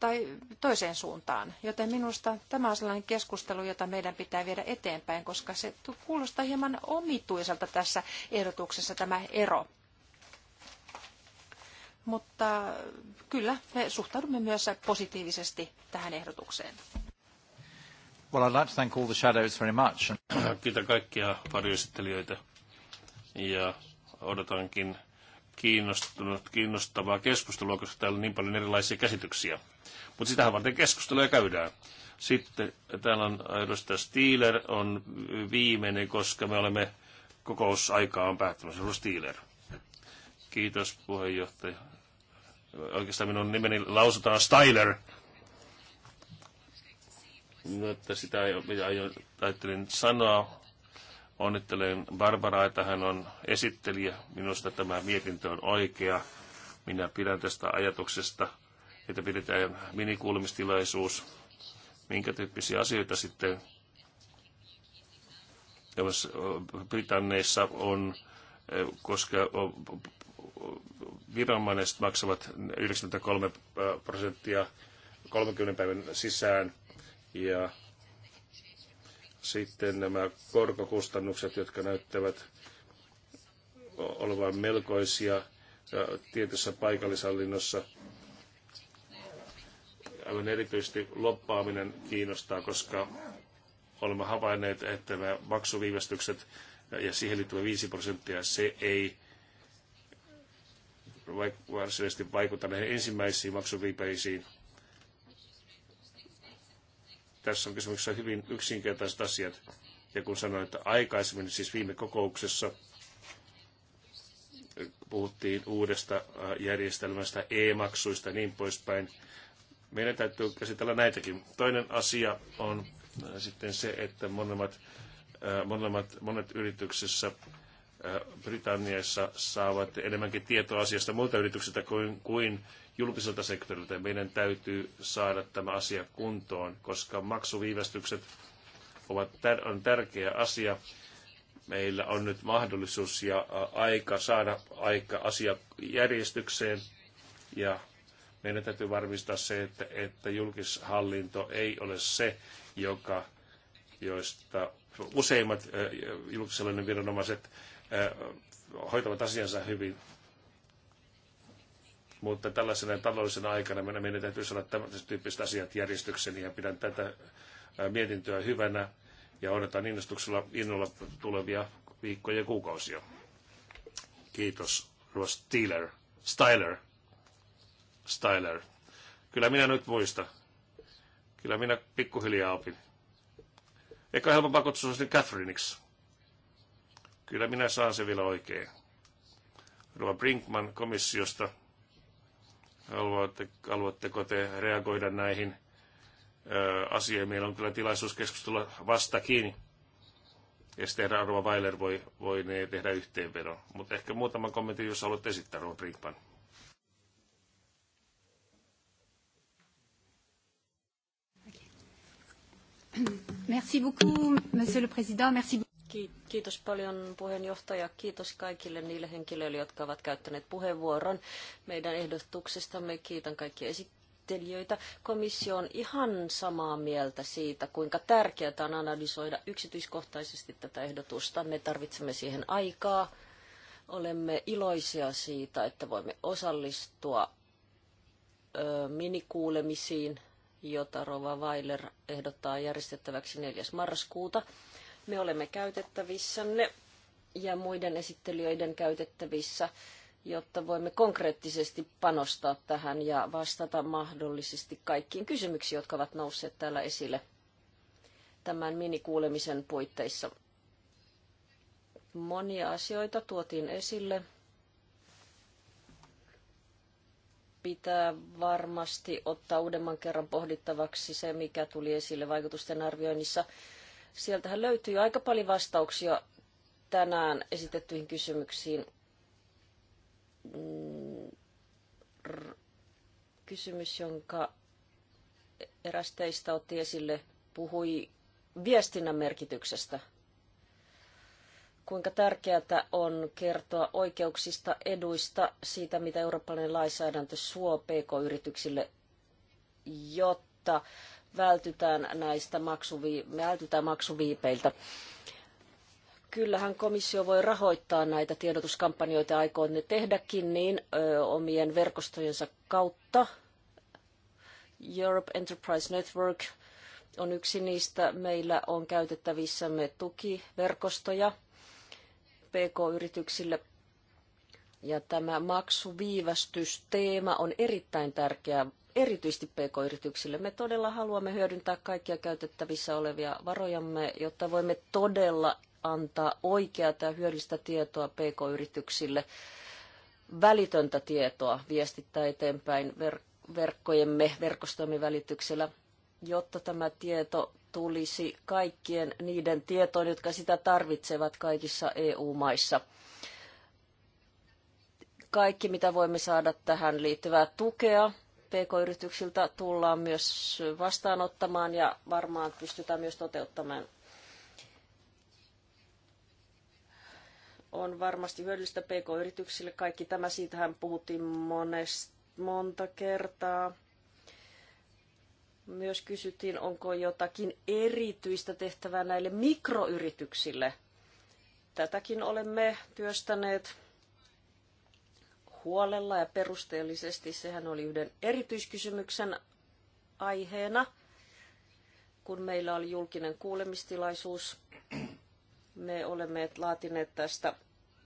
tai toiseen suuntaan. Joten minusta tämä on sellainen keskustelu, jota meidän pitää viedä eteenpäin, koska se kuulostaa hieman omituiselta tässä ehdotuksessa tämä ero mutta kyllä me suhtaudumme myös positiivisesti tähän ehdotukseen. Well, I'd like to thank all the shadows very much. Kiitän kaikkia varjoesittelijöitä ja odotankin kiinnostunut, kiinnostavaa keskustelua, koska täällä on niin paljon erilaisia käsityksiä. Mutta sitähän varten keskusteluja käydään. Sitten täällä on edustaja Steeler on viimeinen, koska me olemme kokousaikaa on päättymässä. Kiitos puheenjohtaja oikeastaan minun nimeni lausutaan Styler. No, että sitä ei, mitä ajattelin sanoa. Onnittelen Barbaraa, että hän on esittelijä. Minusta tämä mietintö on oikea. Minä pidän tästä ajatuksesta, että pidetään minikuulemistilaisuus. Minkä tyyppisiä asioita sitten jos Britanneissa on, koska viranomaiset maksavat 93 prosenttia 30 päivän sisään ja sitten nämä korkokustannukset, jotka näyttävät olevan melkoisia tietyssä paikallisallinnossa. Aivan erityisesti loppaaminen kiinnostaa, koska olemme havainneet, että nämä maksuviivästykset ja siihen liittyvä 5 prosenttia, se ei varsinaisesti vaikuta näihin ensimmäisiin maksuviipeisiin. Tässä on kysymyksessä hyvin yksinkertaiset asiat. Ja kun sanoin, että aikaisemmin, siis viime kokouksessa, puhuttiin uudesta järjestelmästä, e-maksuista ja niin poispäin. Meidän täytyy käsitellä näitäkin. Toinen asia on sitten se, että monemmat, monemmat, monet yrityksessä Britanniassa saavat enemmänkin tietoa asiasta muilta yrityksiltä kuin, kuin julkiselta sektorilta. Meidän täytyy saada tämä asia kuntoon, koska maksuviivästykset ovat, on tärkeä asia. Meillä on nyt mahdollisuus ja aika saada aika asia järjestykseen ja meidän täytyy varmistaa se, että, että julkishallinto ei ole se, joka, joista useimmat julkishallinnon viranomaiset hoitavat asiansa hyvin. Mutta tällaisena taloudellisena aikana meidän täytyy saada tämmöiset tyyppiset asiat järjestyksen ja pidän tätä mietintöä hyvänä ja odotan innostuksella innolla tulevia viikkoja ja kuukausia. Kiitos, Ross Steeler. Styler. Styler. Kyllä minä nyt muista. Kyllä minä pikkuhiljaa opin. Eikä helpompaa kutsua sinne Catherineiksi. Kyllä minä saan se vielä oikein. Rova Brinkman komissiosta. haluatteko te reagoida näihin ö, asioihin? Meillä on kyllä tilaisuus keskustella vastakin. Ja sitten Rova Weiler voi, voi ne tehdä yhteenvedon. Mutta ehkä muutama kommentti, jos haluat esittää, Rova Brinkman. Merci beaucoup, Monsieur le Président. Merci beaucoup. Kiitos paljon puheenjohtaja. Kiitos kaikille niille henkilöille, jotka ovat käyttäneet puheenvuoron meidän ehdotuksestamme. Kiitän kaikkia esittelijöitä. Komissio on ihan samaa mieltä siitä, kuinka tärkeää on analysoida yksityiskohtaisesti tätä ehdotusta. Me tarvitsemme siihen aikaa. Olemme iloisia siitä, että voimme osallistua minikuulemisiin, jota Rova Weiler ehdottaa järjestettäväksi 4. marraskuuta – me olemme käytettävissänne ja muiden esittelijöiden käytettävissä, jotta voimme konkreettisesti panostaa tähän ja vastata mahdollisesti kaikkiin kysymyksiin, jotka ovat nousseet täällä esille tämän minikuulemisen puitteissa. Monia asioita tuotiin esille. Pitää varmasti ottaa uudemman kerran pohdittavaksi se, mikä tuli esille vaikutusten arvioinnissa – Sieltähän löytyy aika paljon vastauksia tänään esitettyihin kysymyksiin. Mm, kysymys, jonka eräs teistä otti esille, puhui viestinnän merkityksestä. Kuinka tärkeää on kertoa oikeuksista, eduista, siitä mitä eurooppalainen lainsäädäntö suo pk-yrityksille, jotta vältytään näistä vältytään maksuviipeiltä. Kyllähän komissio voi rahoittaa näitä tiedotuskampanjoita ja aikoo ne tehdäkin niin ö, omien verkostojensa kautta. Europe Enterprise Network on yksi niistä. Meillä on käytettävissämme tukiverkostoja PK-yrityksille ja tämä maksuviivästysteema on erittäin tärkeä erityisesti PK-yrityksille. Me todella haluamme hyödyntää kaikkia käytettävissä olevia varojamme, jotta voimme todella antaa oikeata ja hyödyllistä tietoa PK-yrityksille, välitöntä tietoa viestittää eteenpäin verkkojemme, verkostomme välityksellä, jotta tämä tieto tulisi kaikkien niiden tietoon, jotka sitä tarvitsevat kaikissa EU-maissa kaikki, mitä voimme saada tähän liittyvää tukea, PK-yrityksiltä tullaan myös vastaanottamaan ja varmaan pystytään myös toteuttamaan. On varmasti hyödyllistä PK-yrityksille kaikki tämä. Siitähän puhuttiin monest, monta kertaa. Myös kysyttiin, onko jotakin erityistä tehtävää näille mikroyrityksille. Tätäkin olemme työstäneet huolella ja perusteellisesti. Sehän oli yhden erityiskysymyksen aiheena, kun meillä oli julkinen kuulemistilaisuus. Me olemme laatineet tästä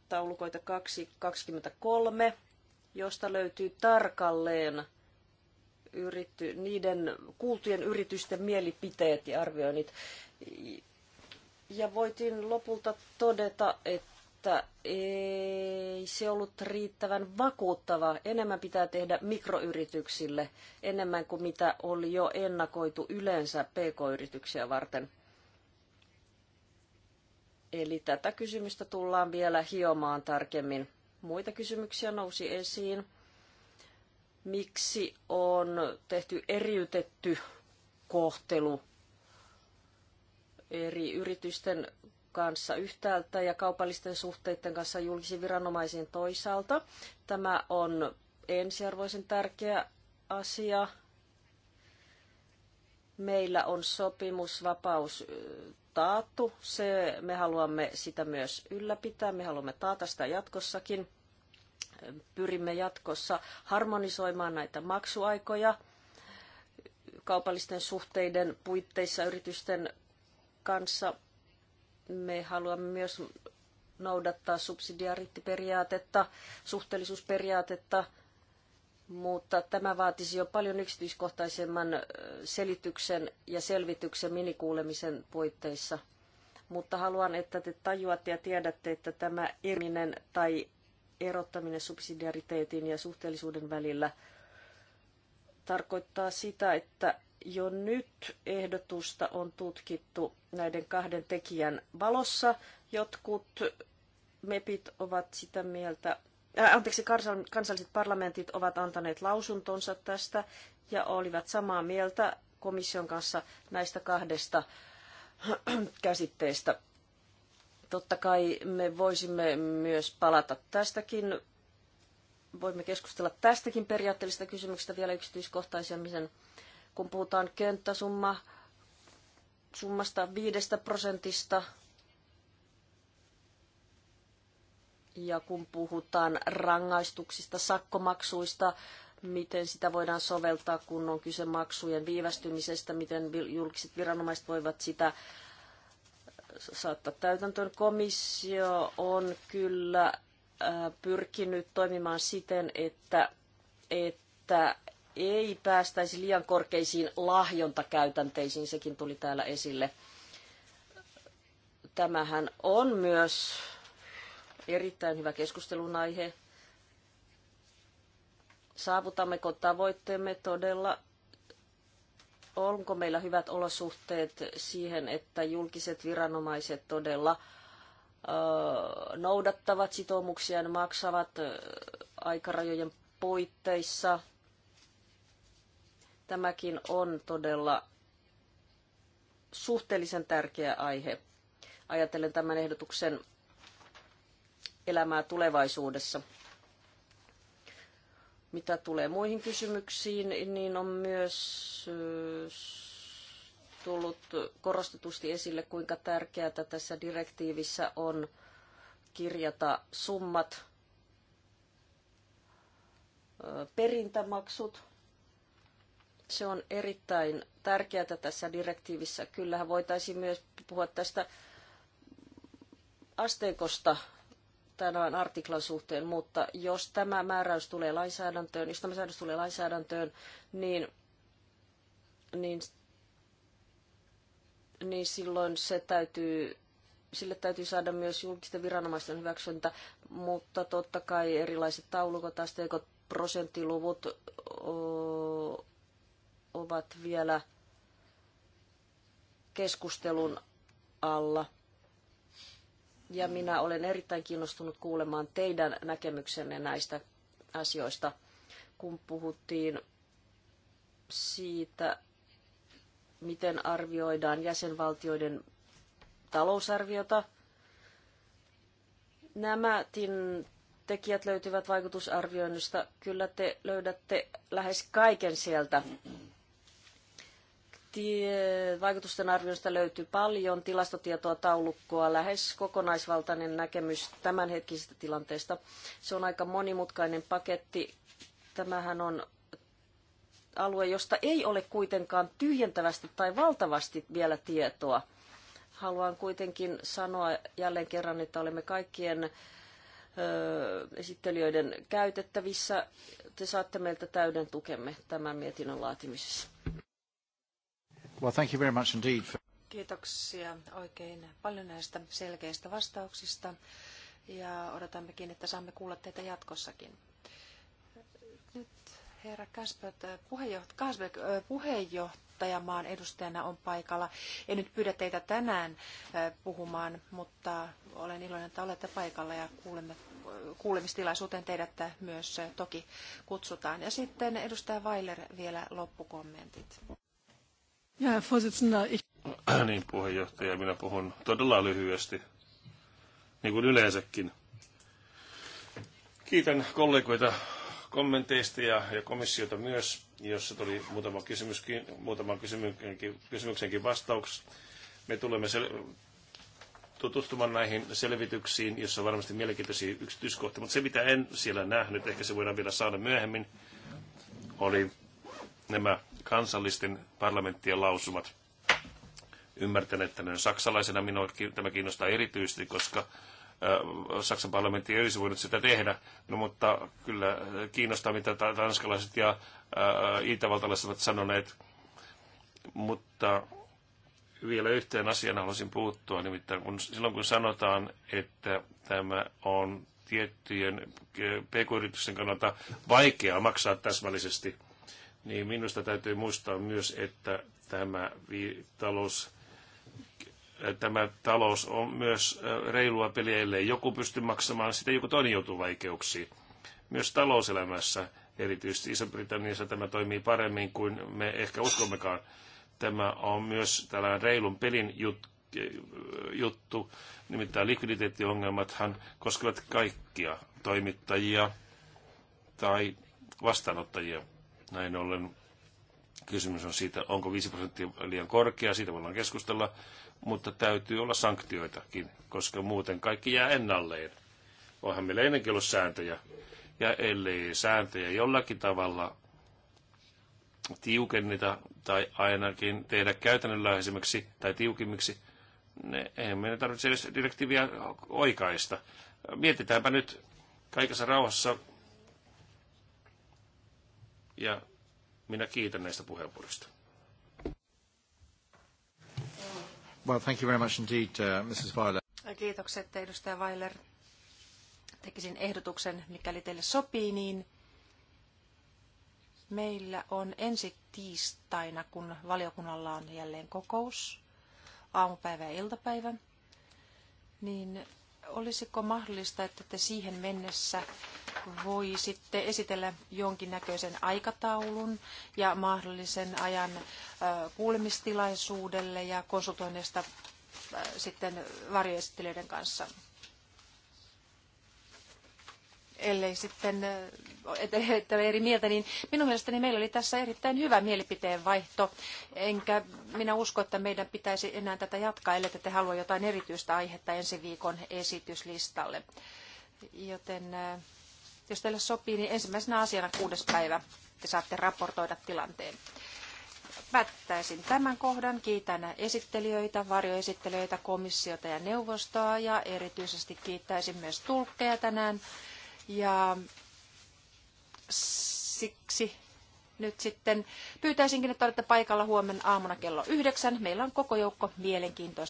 taulukoita 223, josta löytyy tarkalleen yritty, niiden kuultujen yritysten mielipiteet ja arvioinnit. Ja voitiin lopulta todeta, että mutta ei se ollut riittävän vakuuttava. Enemmän pitää tehdä mikroyrityksille, enemmän kuin mitä oli jo ennakoitu yleensä pk-yrityksiä varten. Eli tätä kysymystä tullaan vielä hiomaan tarkemmin. Muita kysymyksiä nousi esiin. Miksi on tehty eriytetty kohtelu eri yritysten kanssa yhtäältä ja kaupallisten suhteiden kanssa julkisiin viranomaisiin toisaalta. Tämä on ensiarvoisen tärkeä asia. Meillä on sopimusvapaus taattu. Se, me haluamme sitä myös ylläpitää. Me haluamme taata sitä jatkossakin. Pyrimme jatkossa harmonisoimaan näitä maksuaikoja kaupallisten suhteiden puitteissa yritysten kanssa me haluamme myös noudattaa subsidiariittiperiaatetta, suhteellisuusperiaatetta, mutta tämä vaatisi jo paljon yksityiskohtaisemman selityksen ja selvityksen minikuulemisen puitteissa. Mutta haluan, että te tajuatte ja tiedätte, että tämä eriminen tai erottaminen subsidiariteetin ja suhteellisuuden välillä tarkoittaa sitä, että jo nyt ehdotusta on tutkittu näiden kahden tekijän valossa. Jotkut MEPit ovat sitä mieltä, äh, anteeksi, kansalliset parlamentit ovat antaneet lausuntonsa tästä ja olivat samaa mieltä komission kanssa näistä kahdesta käsitteestä. Totta kai me voisimme myös palata tästäkin, voimme keskustella tästäkin periaatteellisesta kysymyksestä vielä yksityiskohtaisemmin kun puhutaan könttäsumma summasta viidestä prosentista ja kun puhutaan rangaistuksista, sakkomaksuista, miten sitä voidaan soveltaa, kun on kyse maksujen viivästymisestä, miten julkiset viranomaiset voivat sitä saattaa täytäntöön. Komissio on kyllä pyrkinyt toimimaan siten, että, että ei päästäisi liian korkeisiin lahjontakäytänteisiin, sekin tuli täällä esille. Tämähän on myös erittäin hyvä keskustelun aihe. Saavutammeko tavoitteemme todella? Onko meillä hyvät olosuhteet siihen, että julkiset viranomaiset todella noudattavat sitoumuksiaan, maksavat aikarajojen puitteissa – Tämäkin on todella suhteellisen tärkeä aihe. Ajatellen tämän ehdotuksen elämää tulevaisuudessa. Mitä tulee muihin kysymyksiin, niin on myös äh, tullut korostetusti esille, kuinka tärkeää tässä direktiivissä on kirjata summat, äh, perintämaksut, se on erittäin tärkeää tässä direktiivissä. Kyllähän voitaisiin myös puhua tästä asteikosta tänään artiklan suhteen, mutta jos tämä määräys tulee lainsäädäntöön, jos tämä säädös tulee lainsäädäntöön, niin, niin, niin silloin se täytyy sille täytyy saada myös julkisten viranomaisten hyväksyntä, mutta totta kai erilaiset taulukot, asteikot, prosenttiluvut o, ovat vielä keskustelun alla. Ja minä olen erittäin kiinnostunut kuulemaan teidän näkemyksenne näistä asioista, kun puhuttiin siitä, miten arvioidaan jäsenvaltioiden talousarviota. Nämä tekijät löytyvät vaikutusarvioinnista. Kyllä te löydätte lähes kaiken sieltä tie, vaikutusten arvioista löytyy paljon tilastotietoa, taulukkoa, lähes kokonaisvaltainen näkemys tämänhetkisestä tilanteesta. Se on aika monimutkainen paketti. Tämähän on alue, josta ei ole kuitenkaan tyhjentävästi tai valtavasti vielä tietoa. Haluan kuitenkin sanoa jälleen kerran, että olemme kaikkien esittelijöiden käytettävissä. Te saatte meiltä täyden tukemme tämän mietinnön laatimisessa. Well, thank you very much indeed for... Kiitoksia oikein paljon näistä selkeistä vastauksista ja odotammekin, että saamme kuulla teitä jatkossakin. Nyt herra Kasper, puheenjohtaja, puheenjohtajamaan edustajana on paikalla. En nyt pyydä teitä tänään puhumaan, mutta olen iloinen, että olette paikalla ja kuulemme, kuulemistilaisuuteen teidät myös toki kutsutaan. Ja sitten edustaja Weiler vielä loppukommentit. Ja, Vorsitzender, ich... Äh, niin, puheenjohtaja, minä puhun todella lyhyesti, niin kuin yleensäkin. Kiitän kollegoita kommenteista ja, ja komissiota myös, jossa tuli muutama kysymyskin, muutaman kysymyksenkin, kysymyksenkin vastaus. Me tulemme sel- tutustumaan näihin selvityksiin, jossa on varmasti mielenkiintoisia yksityiskohtia, mutta se mitä en siellä nähnyt, ehkä se voidaan vielä saada myöhemmin, oli nämä kansallisten parlamenttien lausumat. Ymmärtän, että ne saksalaisena minua tämä kiinnostaa erityisesti, koska Saksan parlamentti ei olisi voinut sitä tehdä, no, mutta kyllä kiinnostaa, mitä tanskalaiset ja itävaltalaiset ovat sanoneet. Mutta vielä yhteen asiaan haluaisin puuttua, nimittäin kun, silloin kun sanotaan, että tämä on tiettyjen pk-yritysten kannalta vaikeaa maksaa täsmällisesti – niin minusta täytyy muistaa myös, että tämä talous äh, tämä talous on myös äh, reilua peliä, ellei joku pysty maksamaan sitä, joku toinen joutuu vaikeuksiin. Myös talouselämässä, erityisesti Iso-Britanniassa tämä toimii paremmin kuin me ehkä uskommekaan. Tämä on myös tällainen reilun pelin jut, äh, juttu, nimittäin likviditeettiongelmathan koskevat kaikkia toimittajia tai vastaanottajia. Näin ollen kysymys on siitä, onko 5 prosenttia liian korkea, siitä voidaan keskustella, mutta täytyy olla sanktioitakin, koska muuten kaikki jää ennalleen. Onhan meillä ennenkin ollut sääntöjä, ja ellei sääntöjä jollakin tavalla tiukennita tai ainakin tehdä käytännönläheisemmiksi tai tiukimmiksi, ne, eihän meidän tarvitse edes direktiiviä oikaista. Mietitäänpä nyt kaikessa rauhassa ja minä kiitän näistä puheenvuoroista. Well, thank you very much indeed, uh, Mrs. Weiler. Kiitokset, edustaja Weiler. Tekisin ehdotuksen, mikäli teille sopii, niin meillä on ensi tiistaina, kun valiokunnalla on jälleen kokous, aamupäivä ja iltapäivä, niin olisiko mahdollista, että te siihen mennessä voisitte esitellä jonkinnäköisen aikataulun ja mahdollisen ajan kuulemistilaisuudelle ja konsultoinnista sitten varjoesittelijöiden kanssa? ellei sitten eh, että eri mieltä, niin minun mielestäni meillä oli tässä erittäin hyvä mielipiteen vaihto, enkä minä usko, että meidän pitäisi enää tätä jatkaa, ellei te halua jotain erityistä aihetta ensi viikon esityslistalle. Joten eh, jos teille sopii, niin ensimmäisenä asiana kuudes päivä te saatte raportoida tilanteen. Päättäisin tämän kohdan. Kiitän esittelijöitä, varjoesittelijöitä, komissiota ja neuvostoa ja erityisesti kiittäisin myös tulkkeja tänään ja siksi nyt sitten pyytäisinkin, että olette paikalla huomenna aamuna kello yhdeksän. Meillä on koko joukko mielenkiintoista.